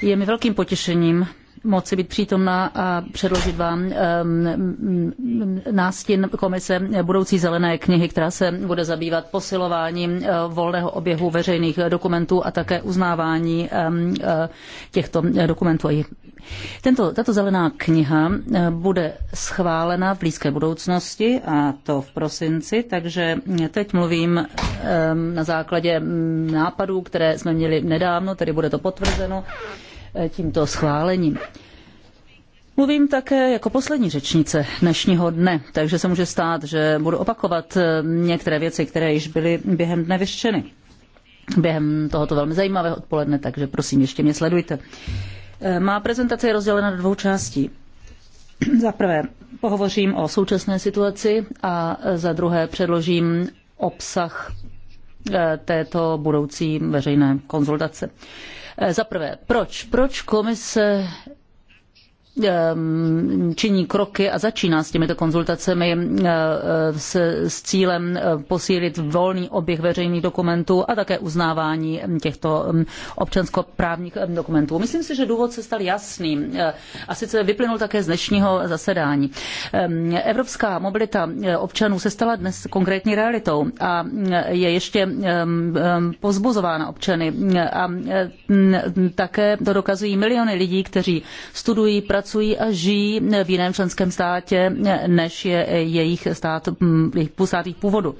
je mi velkým potěšením moci být přítomná a předložit vám ehm, nástin komise budoucí zelené knihy, která se bude zabývat posilováním eh, volného oběhu veřejných dokumentů a také uznávání ehm, eh, těchto dokumentů. Tento, tato zelená kniha eh, bude schválena v blízké budoucnosti a to v prosinci, takže teď mluvím ehm, na základě mm, nápadů, které jsme měli nedávno, tedy bude to potvrzeno. Eh, tímto schválením. Mluvím také jako poslední řečnice dnešního dne, takže se může stát, že budu opakovat eh, některé věci, které již byly během dne vyřčeny. Během tohoto velmi zajímavého odpoledne, takže prosím, ještě mě sledujte. Eh, má prezentace je rozdělena do dvou částí. Za prvé pohovořím o současné situaci a za druhé předložím obsah této budoucí veřejné konzultace. Eh, za prvé, proč? Proč komise Ehm, činí kroky a začíná s těmito konzultacemi ehm, s, s cílem ehm, posílit volný oběh veřejných dokumentů a také uznávání těchto občanskoprávních dokumentů. Myslím si, že důvod se stal jasný eh, a sice vyplynul také z dnešního zasedání. Evropská mobilita eh, občanů se stala dnes konkrétní realitou a eh, je ještě pozbuzována občany a také to dokazují miliony lidí, kteří studují, pracují pracují a žijí v jiném členském státě, než je jejich stát, jejich původu.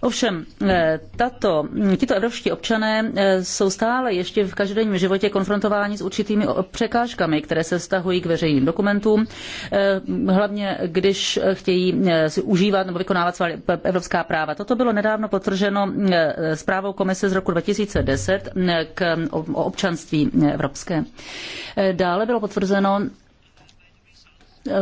Ovšem, eh, tato, tito evropští občané eh, jsou stále ještě v každodenním životě konfrontováni s určitými překážkami, které se vztahují k veřejným dokumentům, eh, hlavně když chtějí si užívat nebo vykonávat svá evropská práva. Toto bylo nedávno potrženo zprávou komise z roku 2010 k občanství evropské. Dále bylo potvrzeno, na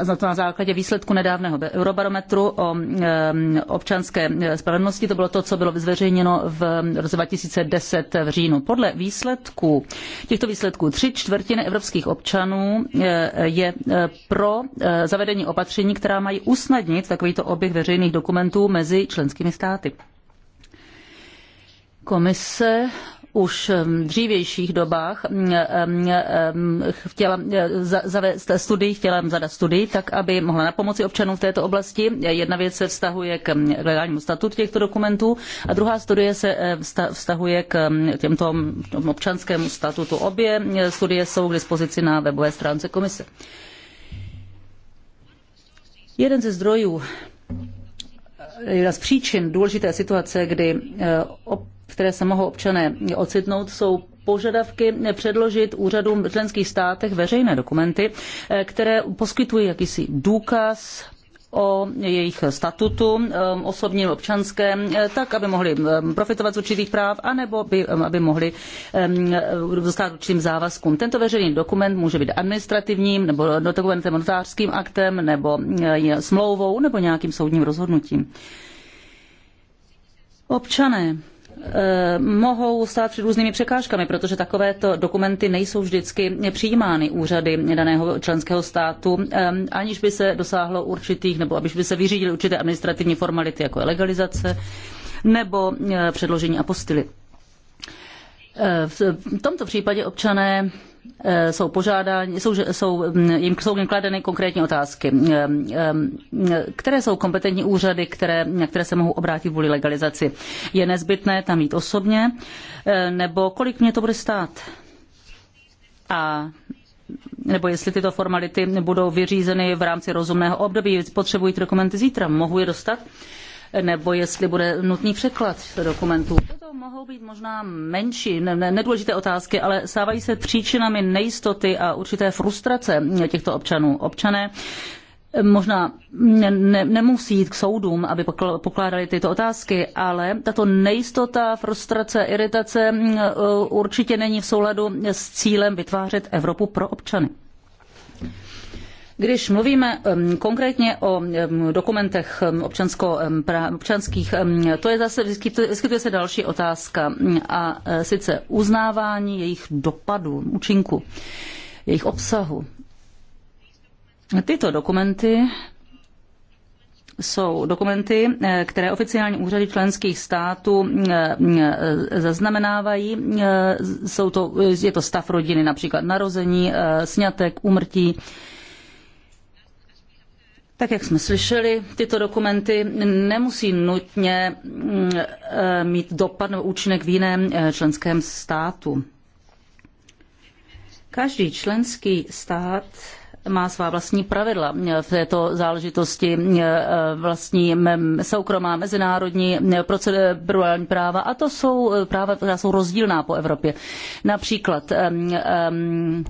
ehm, to na základě výsledku nedávného eurobarometru o ehm, občanské e, spravedlnosti, to bylo to, co bylo zveřejněno v ehm, roce 2010 v říjnu. Podle výsledků, těchto výsledků tři čtvrtiny evropských občanů e, je e, pro zavedení opatření, která mají usnadnit takovýto oběh veřejných dokumentů mezi členskými státy. Komise už um, v dřívějších dobách um, um, chtěla zavést studii, chtěla zadat studii, tak aby mohla na pomoci občanům v této oblasti. Jedna věc se vztahuje k legálnímu statutu těchto dokumentů a druhá studie se eh, vztahuje k těmto občanskému statutu. Obě eh, studie jsou k dispozici na webové stránce komise. Jeden ze zdrojů, eh, jedna z příčin důležité situace, kdy v které se mohou občané ocitnout, jsou požadavky předložit úřadům v členských státech veřejné dokumenty, eh, které poskytují jakýsi důkaz o jejich statutu eh, osobním, občanském, eh, tak, aby mohli profitovat z určitých práv, anebo by, aby mohli dostat určitým závazkům. Tento veřejný dokument může být administrativním, nebo dokumentem notářským aktem, nebo smlouvou, nebo nějakým soudním rozhodnutím. Občané Eh, mohou stát před různými překážkami, protože takovéto dokumenty nejsou vždycky přijímány úřady daného členského státu, eh, aniž by se dosáhlo určitých, nebo aniž by se vyřídily určité administrativní formality, jako je legalizace nebo eh, předložení apostily. V tomto případě občané Eh, jsou požádání, jsou, jsou, mm, jim, jsou jim kladeny konkrétní otázky. Které jsou kompetentní úřady, které, na které se mohou obrátit kvůli legalizaci? Je nezbytné tam jít osobně? Eh, nebo kolik mě to bude stát? A nebo jestli tyto formality budou vyřízeny v rámci rozumného období, potřebují ty dokumenty zítra, mohu je dostat? nebo jestli bude nutný překlad dokumentů. To mohou být možná menší, nedůležité otázky, ale stávají se příčinami nejistoty a určité frustrace těchto občanů. Občané možná ne, ne, nemusí jít k soudům, aby pokládali tyto otázky, ale tato nejistota, frustrace, iritace uh, určitě není v souladu s cílem vytvářet Evropu pro občany. Když mluvíme konkrétně o dokumentech občansko, občanských, to je zase, vyskytuje se další otázka a e, sice uznávání jejich dopadu, účinku, jejich obsahu. Tyto dokumenty jsou dokumenty, e, které oficiální úřady členských států e, zaznamenávají. Jsou to, je to stav rodiny, například narození, sňatek, úmrtí tak jak jsme slyšeli, tyto dokumenty nemusí nutně mm, eh, mít dopad nebo účinek v jiném eh, členském státu. Každý členský stát má svá vlastní pravidla v této záležitosti, eh, vlastní mm, soukromá mezinárodní procedurální práva a to jsou práva, která jsou rozdílná po Evropě. Například um,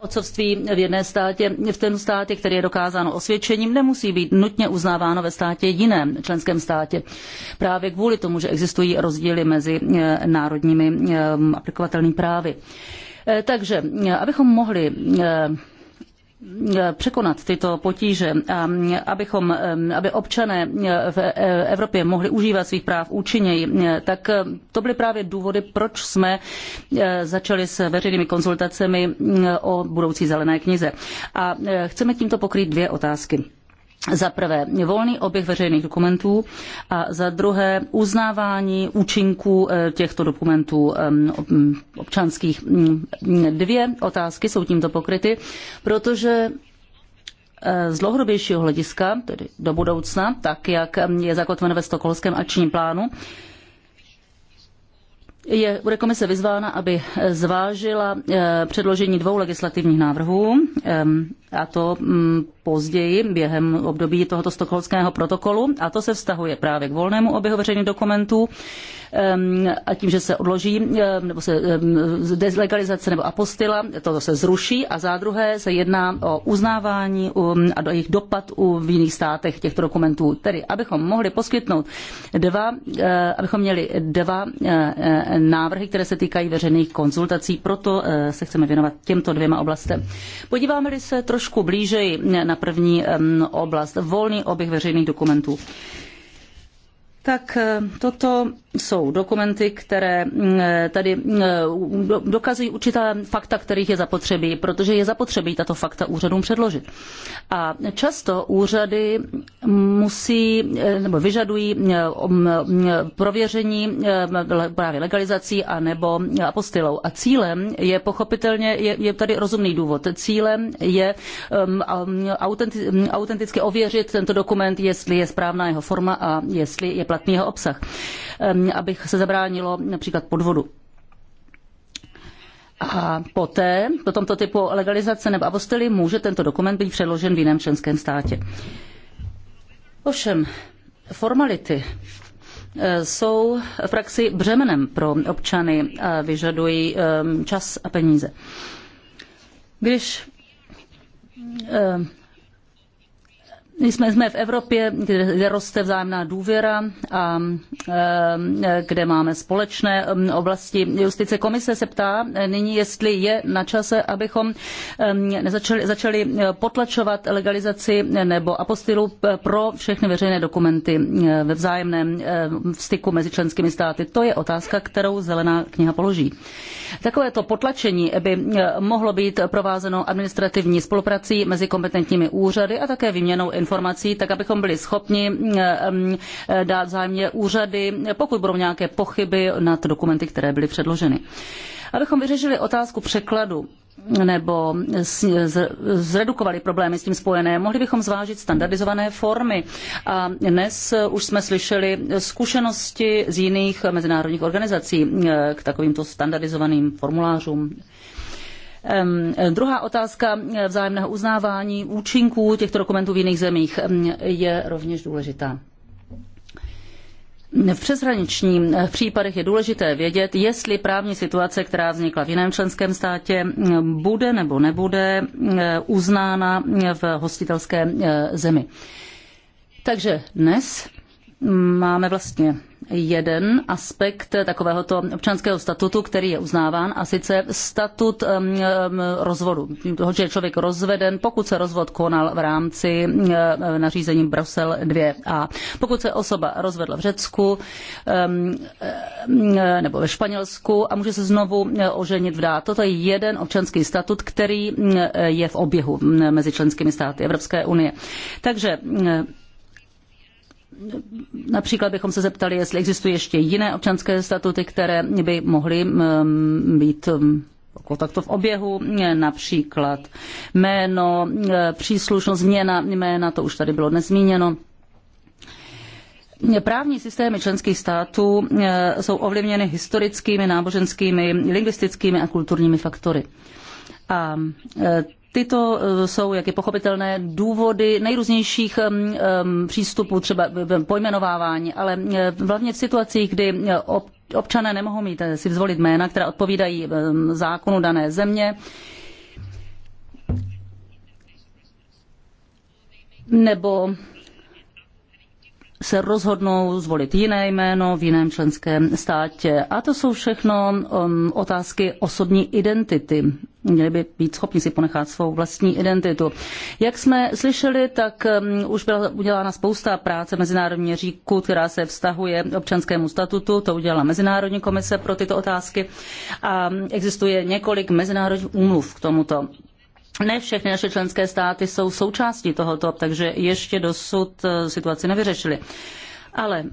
Otcovství v jedné státě, v tom státě, který je dokázáno osvědčením, nemusí být nutně uznáváno ve státě jiném členském státě. Právě kvůli tomu, že existují rozdíly mezi eh, národními eh, aplikovatelnými právy. Eh, takže, abychom mohli překonat tyto potíže, abychom, aby občané e, v Evropě mohli užívat svých práv účinněji, tak to byly právě důvody, proč jsme začali s veřejnými konzultacemi o budoucí zelené knize. A chceme tímto pokrýt dvě otázky za prvé volný oběh veřejných dokumentů a za druhé uznávání účinků eh, těchto dokumentů občanských. Dvě otázky jsou tímto pokryty, protože eh, z dlouhodobějšího hlediska, tedy do budoucna, tak jak je zakotveno ve stokholském akčním plánu, je, bude komise vyzvána, aby eh, zvážila předložení dvou legislativních návrhů, a to později během období tohoto stokholmského protokolu a to se vztahuje právě k volnému oběhu veřejných dokumentů a tím, že se odloží nebo se dezlegalizace nebo apostila, to se zruší a za druhé se jedná o uznávání um, a do jejich dopad v jiných státech těchto dokumentů. Tedy, abychom mohli poskytnout dva, eh, abychom měli dva eh, návrhy, které se týkají veřejných konzultací, proto eh, se chceme věnovat těmto dvěma oblastem. Podíváme-li se trošku blížeji na na první oblast. Volný oběh veřejných dokumentů tak eh, toto jsou dokumenty, které mm, eh, tady eh, dokazují určitá fakta, kterých je zapotřebí, protože je zapotřebí tato fakta úřadům předložit. A často úřady musí nebo vyžadují prověření právě legalizací a nebo apostilou. A cílem je pochopitelně, je, je tady rozumný důvod. Cílem je autenticky ověřit tento dokument, jestli je správná jeho forma a jestli je platný jeho obsah, ehm, aby se zabránilo například podvodu. A poté, po tomto typu legalizace nebo apostily, může tento dokument být předložen v jiném členském státě. Ovšem, formality eh, jsou v praxi břemenem pro občany a vyžadují ehm, čas a peníze. Když ehm, jsme, jsme v Evropě, kde, roste vzájemná důvěra a e, e, kde máme společné oblasti justice. Komise se ptá nyní, jestli je na čase, abychom začali, začali e, potlačovat legalizaci nebo apostilu pro všechny veřejné dokumenty ve vzájemném styku mezi členskými státy. To je otázka, kterou Zelená kniha položí. Takovéto potlačení by mohlo být provázeno administrativní spoluprací mezi kompetentními úřady a také výměnou informací informací, tak abychom byli schopni eh, mm, eh, dát zájemně úřady, pokud budou nějaké pochyby nad dokumenty, které byly předloženy. Abychom vyřešili otázku překladu, nebo zredukovali problémy s tím spojené, mohli bychom zvážit standardizované formy. A dnes už jsme slyšeli zkušenosti z jiných mezinárodních organizací eh, k takovýmto standardizovaným formulářům Druhá otázka vzájemného uznávání účinků těchto dokumentů v jiných zemích je rovněž důležitá. V přeshraničním eh, případech je důležité vědět, jestli právní situace, která vznikla v jiném členském státě, bude nebo nebude eh, uznána eh, v hostitelské zemi. Takže dnes máme vlastně jeden aspekt takovéhoto občanského statutu, který je uznáván, a sice statut rozvodu. Toho, že je člověk rozveden, pokud se rozvod konal v rámci nařízení Brusel 2. A pokud se osoba rozvedla v Řecku nebo ve Španělsku a může se znovu oženit v dá. Toto je jeden občanský statut, který je v oběhu mezi členskými státy Evropské unie. Takže Například bychom se zeptali, jestli existují ještě jiné občanské statuty, které by mohly mm, být mm, takto v oběhu, například jméno, eh, příslušnost, změna jména, to už tady bylo dnes zmíněno. Právní systémy členských států eh, jsou ovlivněny historickými, náboženskými, lingvistickými a kulturními faktory. A eh, Tyto eh, jsou, jak je pochopitelné, důvody nejrůznějších přístupů, třeba pojmenovávání, ale eh, hlavně v situacích, kdy eh, občané nemohou mít si zvolit jména, která odpovídají zákonu dané země, nebo se rozhodnou zvolit jiné jméno v jiném členském státě. A to jsou všechno um, otázky osobní identity. Měli by být schopni si ponechat svou vlastní identitu. Jak jsme slyšeli, tak um, už byla udělána spousta práce mezinárodní říku, která se vztahuje občanskému statutu. To udělala Mezinárodní komise pro tyto otázky. A existuje několik mezinárodních úmluv k tomuto ne všechny naše členské státy jsou součástí tohoto, takže ještě dosud eh, situaci nevyřešili. Ale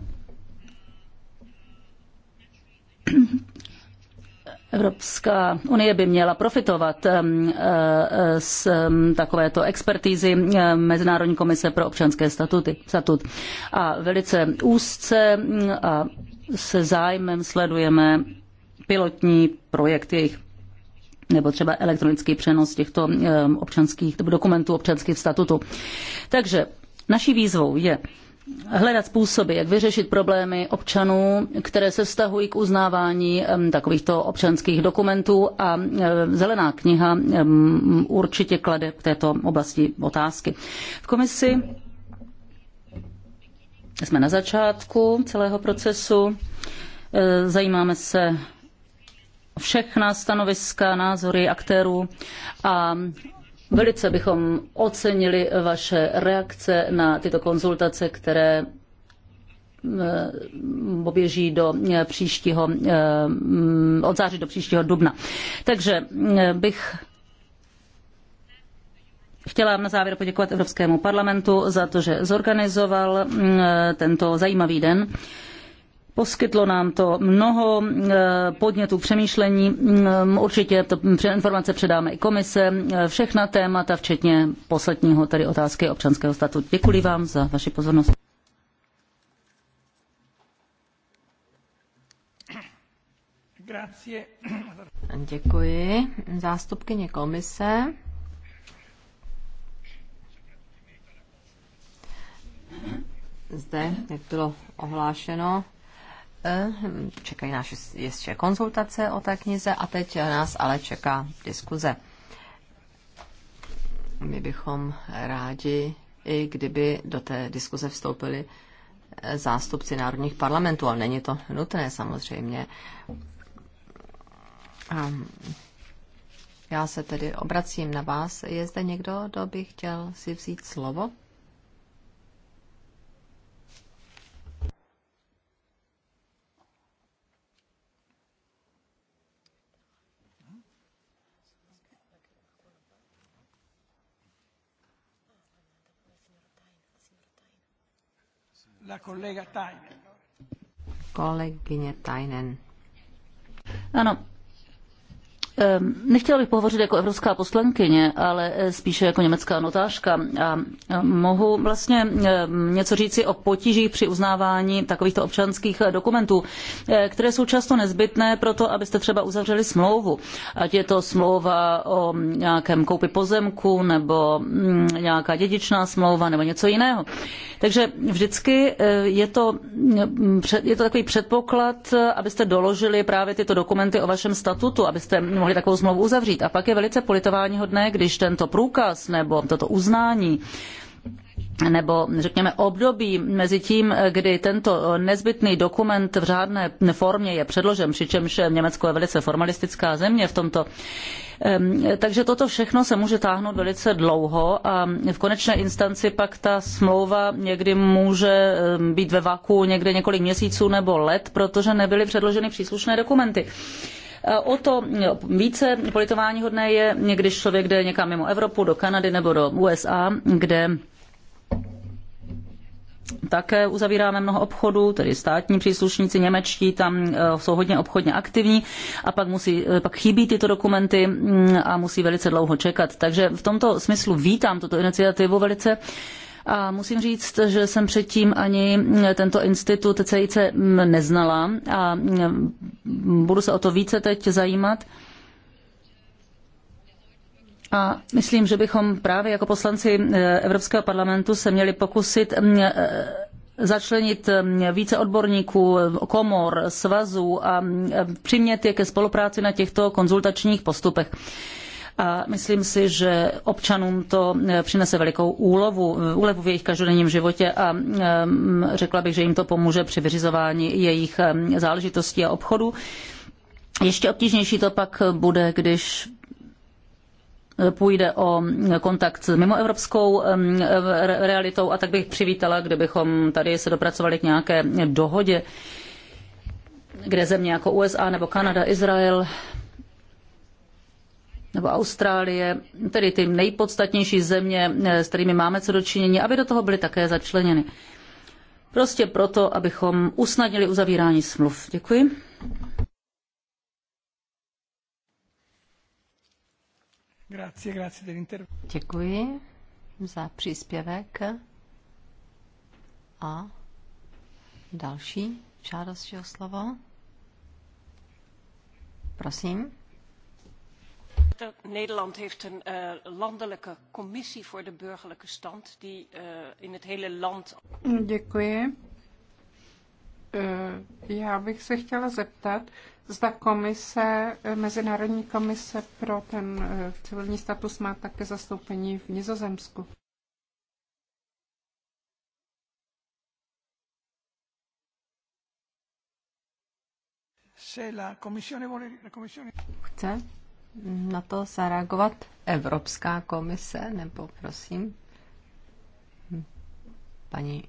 Evropská unie by měla profitovat eh, eh, z takovéto expertízy Mezinárodní komise pro občanské statuty, statut. A velice úzce mm, a se zájmem sledujeme pilotní projekt jejich nebo třeba elektronický přenos těchto eh, občanských dokumentů, občanských statutů. Takže naší výzvou je hledat způsoby, jak vyřešit problémy občanů, které se vztahují k uznávání takovýchto občanských dokumentů a eh, zelená kniha určitě klade k této oblasti otázky. V komisi jsme na začátku celého procesu. Eh, zajímáme se všechna stanoviska, názory aktérů a velice bychom ocenili vaše reakce na tyto konzultace, které poběží eh, do eh, příštího, eh, mm, od září do příštího dubna. Takže bych Chtěla na závěr poděkovat Evropskému parlamentu za to, že zorganizoval mm, tento zajímavý den. Poskytlo nám to mnoho eh, podnětů přemýšlení. Mm, určitě to informace předáme i komise. Eh, všechna témata, včetně posledního tady otázky občanského statu. Děkuji vám za vaši pozornost. Děkuji. Zástupkyně komise. Zde, jak bylo ohlášeno, E, čekají nás ještě konzultace o té knize a teď nás ale čeká diskuze. My bychom rádi, i kdyby do té diskuze vstoupili e, zástupci národních parlamentů, ale není to nutné samozřejmě. já se tedy obracím na vás. Je zde někdo, kdo by chtěl si vzít slovo? la kolega Kolegyně Tajnen. Ano, Ehm, nechtěla bych pohovořit jako evropská poslankyně, ale eh, spíše jako německá notářka. A eh, mohu vlastně ehm, něco říci o potížích při uznávání takovýchto občanských eh, dokumentů, které jsou často nezbytné pro to, abyste třeba uzavřeli smlouvu. Ať je to smlouva o mm, nějakém koupi pozemku nebo mm, nějaká dědičná smlouva nebo něco jiného. Takže vždycky je to, mm, je to takový předpoklad, abyste doložili právě tyto dokumenty o vašem statutu, abyste mohli mohli takovou smlouvu uzavřít. A pak je velice politováníhodné, když tento průkaz nebo toto uznání nebo řekněme období mezi tím, kdy tento nezbytný dokument v řádné formě je předložen, přičemž Německo je velice formalistická země v tomto. Takže toto všechno se může táhnout velice dlouho a v konečné instanci pak ta smlouva někdy může být ve vaku někde několik měsíců nebo let, protože nebyly předloženy příslušné dokumenty. O to více politováníhodné je, když člověk jde někam mimo Evropu, do Kanady nebo do USA, kde také uzavíráme mnoho obchodů, tedy státní příslušníci němečtí tam eh, jsou hodně obchodně aktivní a pak, musí, eh, pak chybí tyto dokumenty mm, a musí velice dlouho čekat. Takže v tomto smyslu vítám tuto iniciativu velice a musím říct, že jsem předtím ani tento institut CIC neznala a mm, budu se o to více teď zajímat. A myslím, že bychom právě jako poslanci e, Evropského parlamentu se měli pokusit mm, e, začlenit mm, více odborníků, e, komor, svazů a přimět je ke spolupráci na těchto konzultačních postupech a myslím si, že občanům to e, přinese velikou úlovu, e, úlevu v jejich každodenním životě a e, řekla bych, že jim to pomůže při vyřizování jejich záležitostí a obchodu. Ještě obtížnější to pak bude, když půjde o kontakt s mimoevropskou realitou a tak bych přivítala, kdybychom tady se dopracovali k nějaké dohodě, kde země jako USA nebo Kanada, Izrael nebo Austrálie, tedy ty nejpodstatnější země, eh, s kterými máme co dočinění, aby do toho byly také začleněny. Prostě proto, abychom usnadnili uzavírání smluv. Děkuji. Grazie grazie Děkuji za příspěvek. A další žádosti o slovo. Prosím voorzitter nederland heeft een eh, landelijke commissie voor de burgerlijke stand die eh, in het hele land. Eh, já bych se chtěla zeptat, zda komise, Mezinárodní komise pro ten civilní status má také zastoupení v Nizozemsku. Se la commissione La commissione... Chce? na to zareagovat Evropská komise, nebo prosím, hm, paní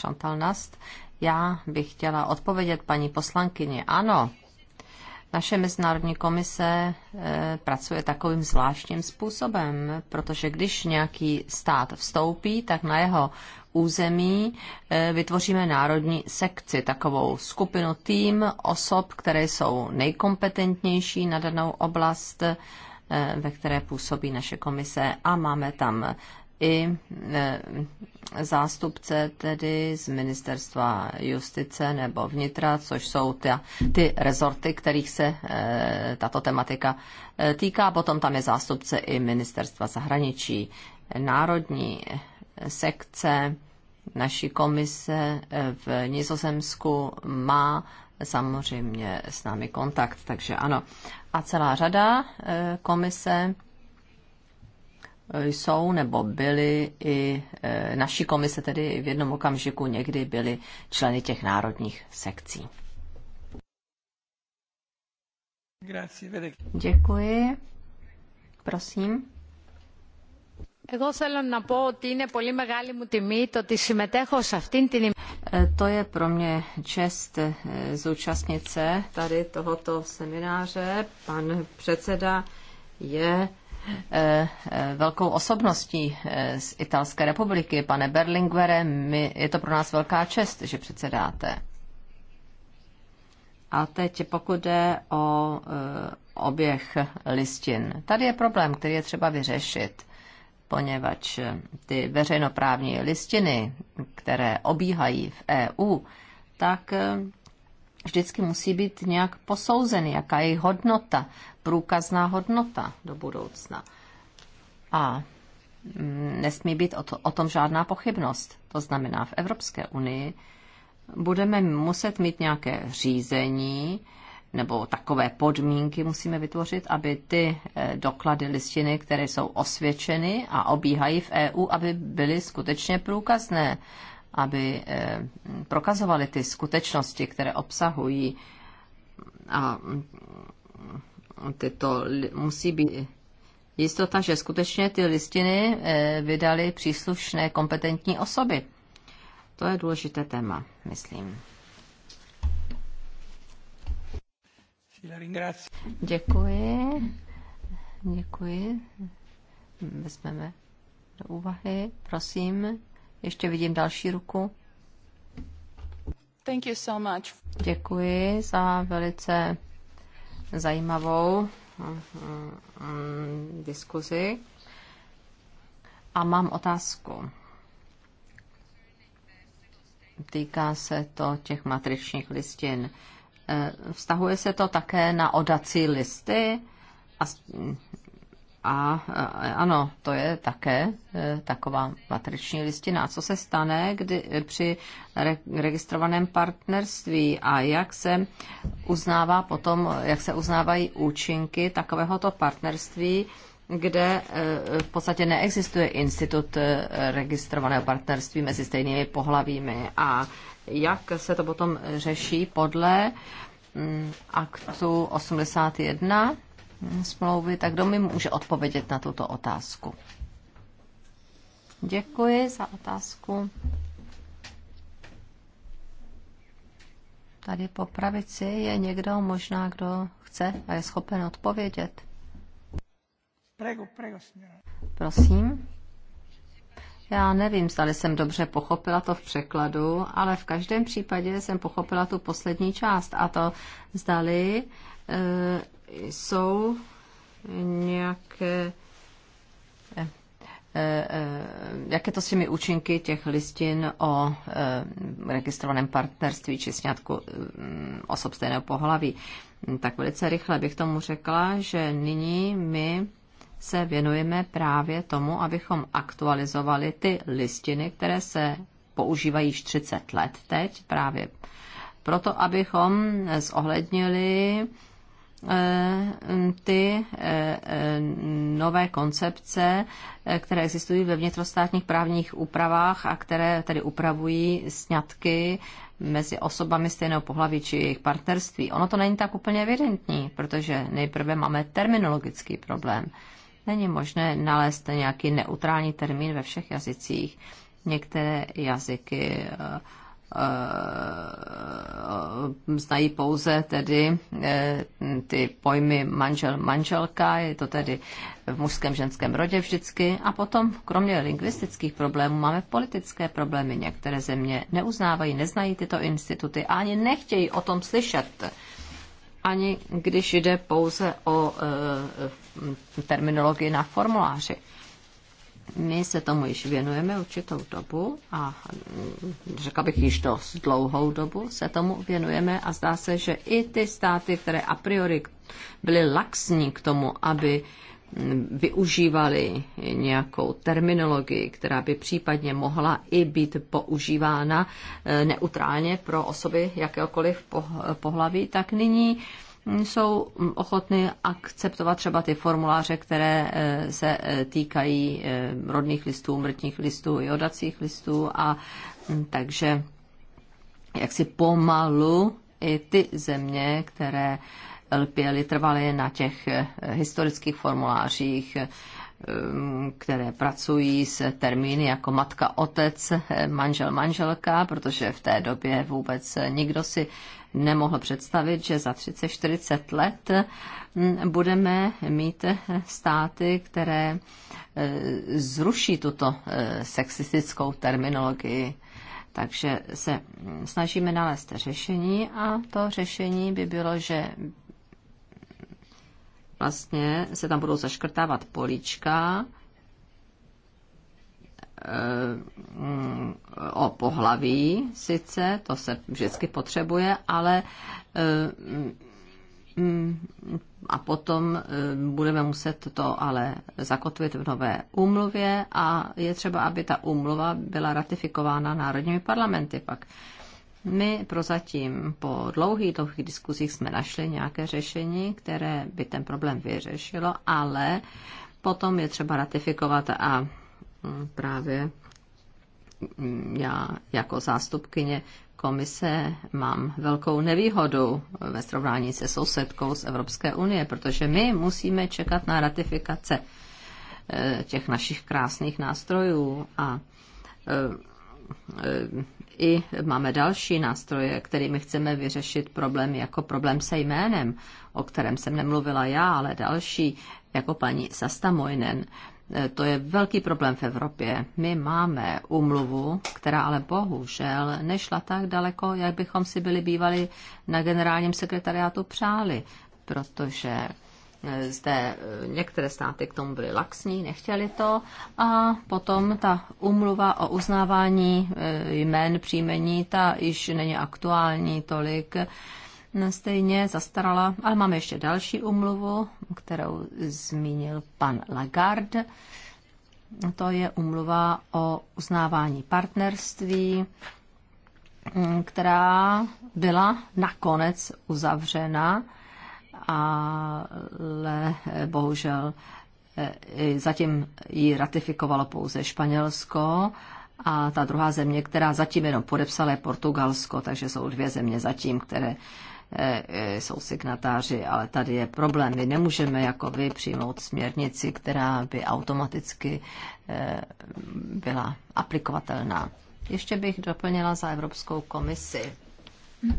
Chantal Nast. Já bych chtěla odpovědět paní poslankyni. Ano, naše mezinárodní komise eh, pracuje takovým zvláštním způsobem, protože když nějaký stát vstoupí, tak na jeho území eh, vytvoříme národní sekci, takovou skupinu tým osob, které jsou nejkompetentnější na danou oblast, eh, ve které působí naše komise a máme tam i e, zástupce tedy z ministerstva justice nebo vnitra, což jsou ty, ty rezorty, kterých se e, tato tematika e, týká. Potom tam je zástupce i ministerstva zahraničí, národní sekce naší komise v Nizozemsku má samozřejmě s námi kontakt, takže ano. A celá řada komise jsou nebo byli i e, naší komise, tedy v jednom okamžiku někdy byli členy těch národních sekcí. Děkuji. Prosím. To je pro mě čest zúčastnit se tady tohoto semináře. Pan předseda je Eh, eh, velkou osobností eh, z Italské republiky. Pane Berlinguere, my, je to pro nás velká čest, že předsedáte. A teď pokud jde o oběh listin. Tady je problém, který je třeba vyřešit, poněvadž ty veřejnoprávní listiny, které obíhají v EU, tak vždycky musí být nějak posouzeny, jaká je hodnota průkazná hodnota do budoucna. A nesmí být o, to, o tom žádná pochybnost. To znamená, v Evropské unii budeme muset mít nějaké řízení nebo takové podmínky musíme vytvořit, aby ty eh, doklady listiny, které jsou osvědčeny a obíhají v EU, aby byly skutečně průkazné, aby eh, prokazovaly ty skutečnosti, které obsahují a tyto musí být jistota, že skutečně ty listiny eh, vydali příslušné kompetentní osoby. To je důležité téma, myslím. Děkuji. Děkuji. Vezmeme do úvahy. Prosím. Ještě vidím další ruku. Thank you so much. Děkuji za velice zajímavou eh, diskuzi. A mám otázku. Týká se to těch matričních listin. Eh, vztahuje se to také na odací listy a a e, ano, to je také e, taková matriční listina. Co se stane kdy, při re, registrovaném partnerství a jak se uznává potom, jak se uznávají účinky takovéhoto partnerství, kde e, v podstatě neexistuje institut registrovaného partnerství mezi stejnými pohlavími a jak se to potom řeší podle mm, aktu 81 smlouvy, tak kdo mi může odpovědět na tuto otázku? Děkuji za otázku. Tady po pravici je někdo možná, kdo chce a je schopen odpovědět. Prego, prego, Prosím. Já nevím, zda jsem dobře pochopila to v překladu, ale v každém případě jsem pochopila tu poslední část a to zdali e, jsou nějaké eh, eh, jaké to s těmi účinky těch listin o eh, registrovaném partnerství či sňatku mm, osob stejného pohlaví. Tak velice rychle bych tomu řekla, že nyní my se věnujeme právě tomu, abychom aktualizovali ty listiny, které se používají již 30 let teď, právě proto, abychom zohlednili Eh, ty eh, eh, nové koncepce, které existují ve vnitrostátních právních úpravách a které tedy upravují sňatky mezi osobami stejného pohlaví či jejich partnerství. Ono to není tak úplně evidentní, protože nejprve máme terminologický problém. Není možné nalézt nějaký neutrální termín ve všech jazycích. Některé jazyky uh, Eh, eh, znají pouze tedy eh, ty pojmy manžel, manželka, je to tedy v mužském, ženském rodě vždycky. A potom, kromě lingvistických problémů, máme politické problémy. Některé země neuznávají, neznají tyto instituty a ani nechtějí o tom slyšet. Ani když jde pouze o terminologii na formuláři. My se tomu již věnujeme určitou dobu a řekla bych již to dlouhou dobu se tomu věnujeme a zdá se, že i ty státy, které a priori byly laxní k tomu, aby využívali nějakou terminologii, která by případně mohla i být používána e, neutrálně pro osoby jakéhokoliv pohlaví, tak nyní jsou ochotny akceptovat třeba ty formuláře, které eh, se eh, týkají eh, rodných listů, mrtních listů, odacích listů a hm, takže jak si pomalu i ty země, které lpěly, trvaly na těch historických formulářích, Eh, které pracují s termíny jako matka, otec, eh, manžel, manželka, protože v té době vůbec nikdo si nemohl představit, že za 30-40 let mm, budeme mít eh, státy, které zruší tuto sexistickou terminologii. Takže se mm, snažíme nalézt řešení a to řešení by bylo, že vlastně se tam budou zaškrtávat polička, eh, o pohlaví sice, to se vždycky potřebuje, ale eh, mm, a potom eh, budeme muset to ale zakotvit v nové úmluvě a je třeba, aby ta úmluva byla ratifikována národními parlamenty pak. My prozatím po dlouhých, dlouhých diskuzích jsme našli nějaké řešení, které by ten problém vyřešilo, ale potom je třeba ratifikovat a mm, právě mm, já jako zástupkyně komise mám velkou nevýhodu ve srovnání se sousedkou z Evropské unie, protože my musíme čekat na ratifikace e, těch našich krásných nástrojů a e, e, i máme další nástroje, kterými chceme vyřešit problémy jako problém se jménem, o kterém jsem nemluvila já, ale další, jako paní Sasta Mojnen. E, to je velký problém v Evropě. My máme umluvu, která ale bohužel nešla tak daleko, jak bychom si byli bývali na generálním sekretariátu přáli, protože zde eh, některé státy k tomu byly laxní, nechtěli to. A potom ta umluva o uznávání eh, jmén, příjmení, ta již není aktuální tolik. Stejně zastarala, ale máme ještě další umluvu, kterou zmínil pan Lagarde. To je umluva o uznávání partnerství, mm, která byla nakonec uzavřena ale eh, bohužel eh, zatím ji ratifikovalo pouze Španělsko a ta druhá země, která zatím jenom podepsala, je Portugalsko, takže jsou dvě země zatím, které eh, jsou signatáři, ale tady je problém. My nemůžeme jako vy přijmout směrnici, která by automaticky byla aplikovatelná. Ještě bych doplnila za Evropskou komisi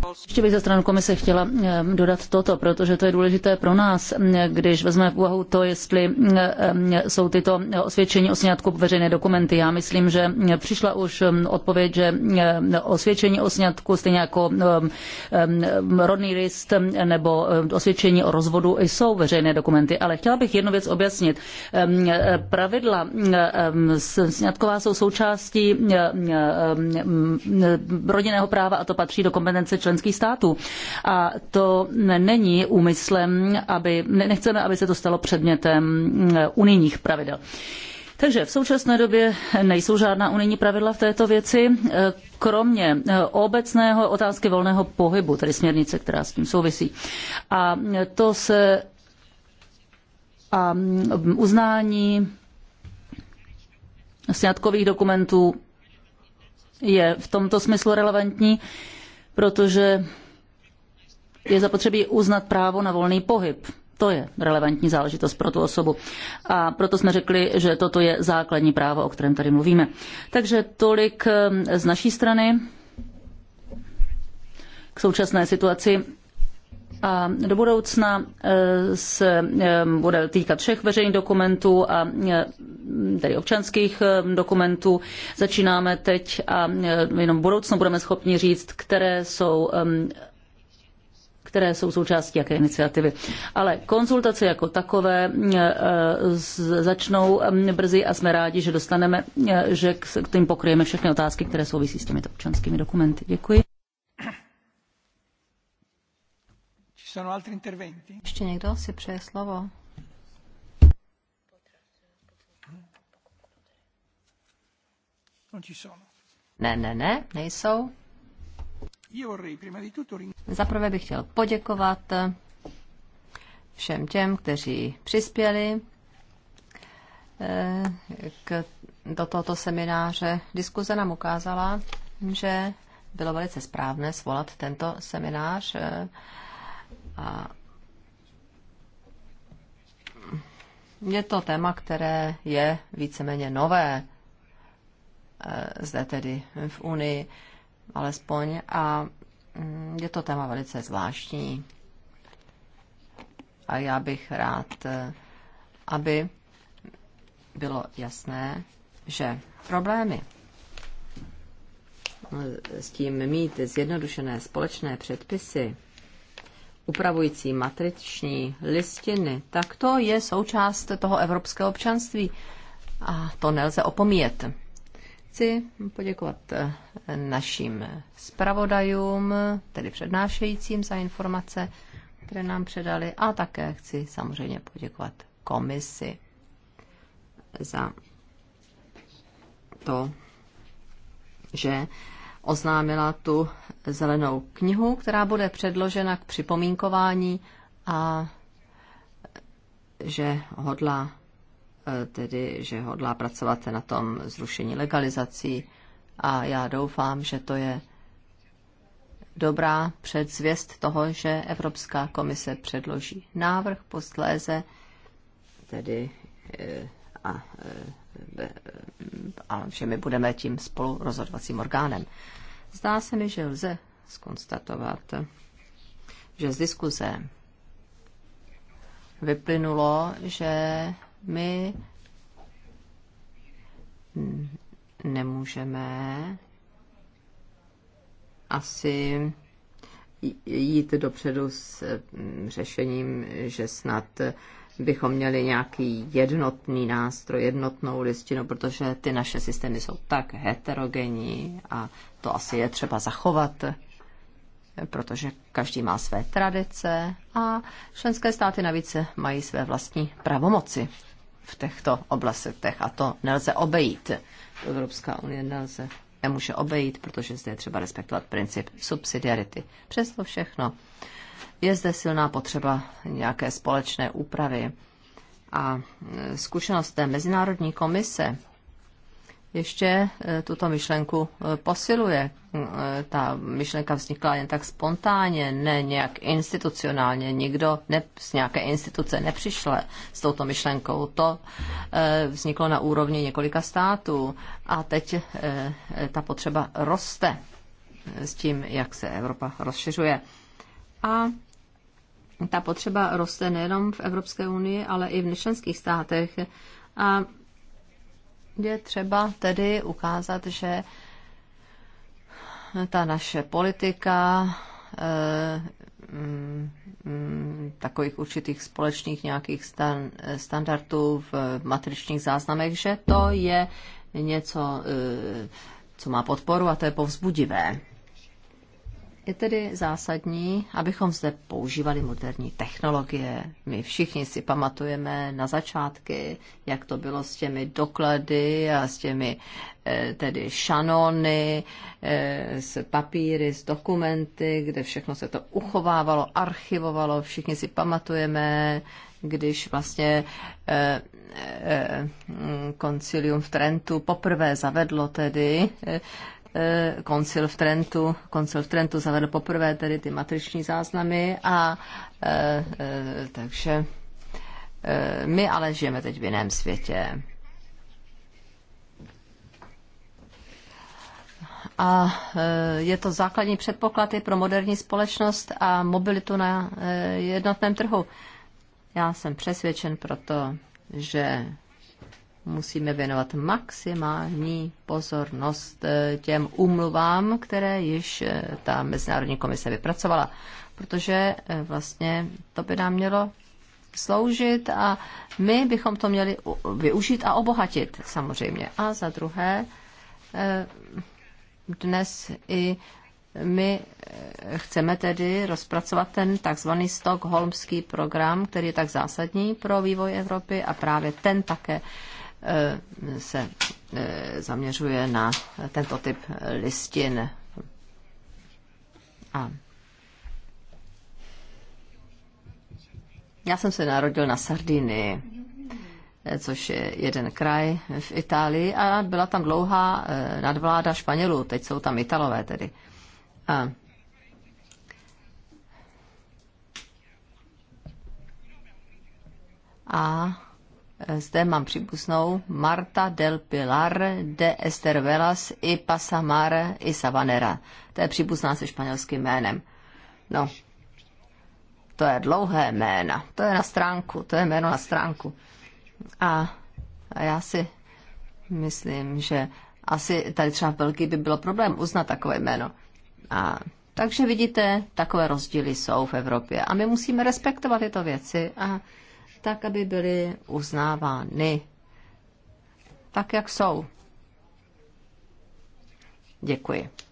ještě bych ze strany komise chtěla eh, dodat toto, protože to je důležité pro nás, eh, když vezmeme v úvahu to, jestli eh, jsou tyto osvědčení o sňatku veřejné dokumenty. Já myslím, že přišla už odpověď, že osvědčení o sňatku, stejně jako rodný list nebo osvědčení o rozvodu, jsou veřejné dokumenty. Ale chtěla bych jednu věc objasnit. Ehm, pravidla ehm, sňatková jsou součástí ehm, rodinného práva a to patří do kompetence rámce členských států. A to není úmyslem, aby, nechceme, aby se to stalo předmětem mm, unijních pravidel. Takže v současné době nejsou žádná unijní pravidla v této věci, e, kromě e, obecného otázky volného pohybu, tedy směrnice, která s tím souvisí. A e, to se a uznání sňatkových dokumentů je v tomto smyslu relevantní protože je zapotřebí uznat právo na volný pohyb. To je relevantní záležitost pro tu osobu. A proto jsme řekli, že toto je základní právo, o kterém tady mluvíme. Takže tolik ehm, z naší strany k současné situaci a do budoucna e, se e, bude týkat všech veřejných dokumentů a e, tedy občanských dokumentů. Začínáme teď a jenom v budoucnu budeme schopni říct, které jsou které jsou součástí jaké iniciativy. Ale konzultace jako takové začnou brzy a jsme rádi, že dostaneme, že k tím pokryjeme všechny otázky, které souvisí s těmito občanskými dokumenty. Děkuji. Sono altri interventi? Ještě někdo si přeje slovo? Ne, ne, ne, nejsou. Zaprvé bych chtěl poděkovat všem těm, kteří přispěli eh, k, do tohoto semináře. Diskuze nám ukázala, že bylo velice správné svolat tento seminář eh, a je to téma, které je víceméně nové eh, zde tedy v Unii, alespoň, a mm, je to téma velice zvláštní. A já bych rád, eh, aby bylo jasné, že problémy eh, s tím mít zjednodušené společné předpisy upravující matriční listiny, tak to je součást toho evropského občanství a to nelze opomíjet. Chci poděkovat eh, našim zpravodajům, tedy přednášejícím za informace, které nám předali a také chci samozřejmě poděkovat komisi za to, že oznámila tu zelenou knihu, která bude předložena k připomínkování a že hodlá e, tedy, že hodlá pracovat na tom zrušení legalizací a já doufám, že to je dobrá předzvěst toho, že Evropská komise předloží návrh posléze, tedy e, a e, a že my budeme tím spolu rozhodovacím orgánem. Zdá se mi, že lze skonstatovat, že z diskuze vyplynulo, že my nemůžeme asi jít dopředu s mm, řešením, že snad bychom měli nějaký jednotný nástroj, jednotnou listinu, protože ty naše systémy jsou tak heterogenní a to asi je třeba zachovat, protože každý má své tradice a členské státy navíc mají své vlastní pravomoci v těchto oblastech a to nelze obejít. Evropská unie nelze nemůže obejít, protože zde je třeba respektovat princip subsidiarity. Přesto všechno je zde silná potřeba nějaké společné úpravy. A e, zkušenost té Mezinárodní komise ještě e, tuto myšlenku e, posiluje. Ta myšlenka vznikla jen tak spontánně, ne nějak institucionálně. Nikdo ne, z nějaké instituce nepřišle s touto myšlenkou. To vzniklo na úrovni několika států a teď ta potřeba roste s tím, jak se Evropa rozšiřuje a ta potřeba roste nejenom v Evropské unii, ale i v členských státech. A je třeba tedy ukázat, že ta naše politika eh, mm, takových určitých společných nějakých stan, standardů v matričních záznamech, že to je něco, eh, co má podporu a to je povzbudivé. Je tedy zásadní, abychom zde používali moderní technologie. My všichni si pamatujeme na začátky, jak to bylo s těmi doklady a s těmi eh, tedy šanony, eh, s papíry, s dokumenty, kde všechno se to uchovávalo, archivovalo. Všichni si pamatujeme, když vlastně eh, mm, koncilium v Trentu poprvé zavedlo tedy Eh, koncil v Trentu, koncil v Trentu zavedl poprvé tedy ty matriční záznamy a eh, eh, takže my ale žijeme teď v jiném světě. a je to základní předpoklad i pro moderní společnost a mobilitu na jednotném trhu. Já jsem přesvědčen proto, že musíme věnovat maximální pozornost eh, těm umluvám, které již eh, ta Mezinárodní komise vypracovala, protože eh, vlastně to by nám mělo sloužit a my bychom to měli využít a obohatit samozřejmě. A za druhé, dnes i my chceme tedy rozpracovat ten takzvaný Stockholmský program, který je tak zásadní pro vývoj Evropy a právě ten také Eh, se eh, zaměřuje na tento typ listin. A já jsem se narodil na Sardinii, eh, což je jeden kraj v Itálii a byla tam dlouhá nadvláda Španělů, teď jsou tam Italové tedy. A a Eh, zde mám příbuznou Marta del Pilar de Estervelas i Pasamar i Savanera. To je přípustná se španělským jménem. No, to je dlouhé jména. To je na stránku, to je jméno na stránku. A, a já si myslím, že asi tady třeba v Belgii by bylo problém uznat takové jméno. A takže vidíte, takové rozdíly jsou v Evropě a my musíme respektovat tyto věci a tak aby byly uznávány tak, jak jsou. Děkuji.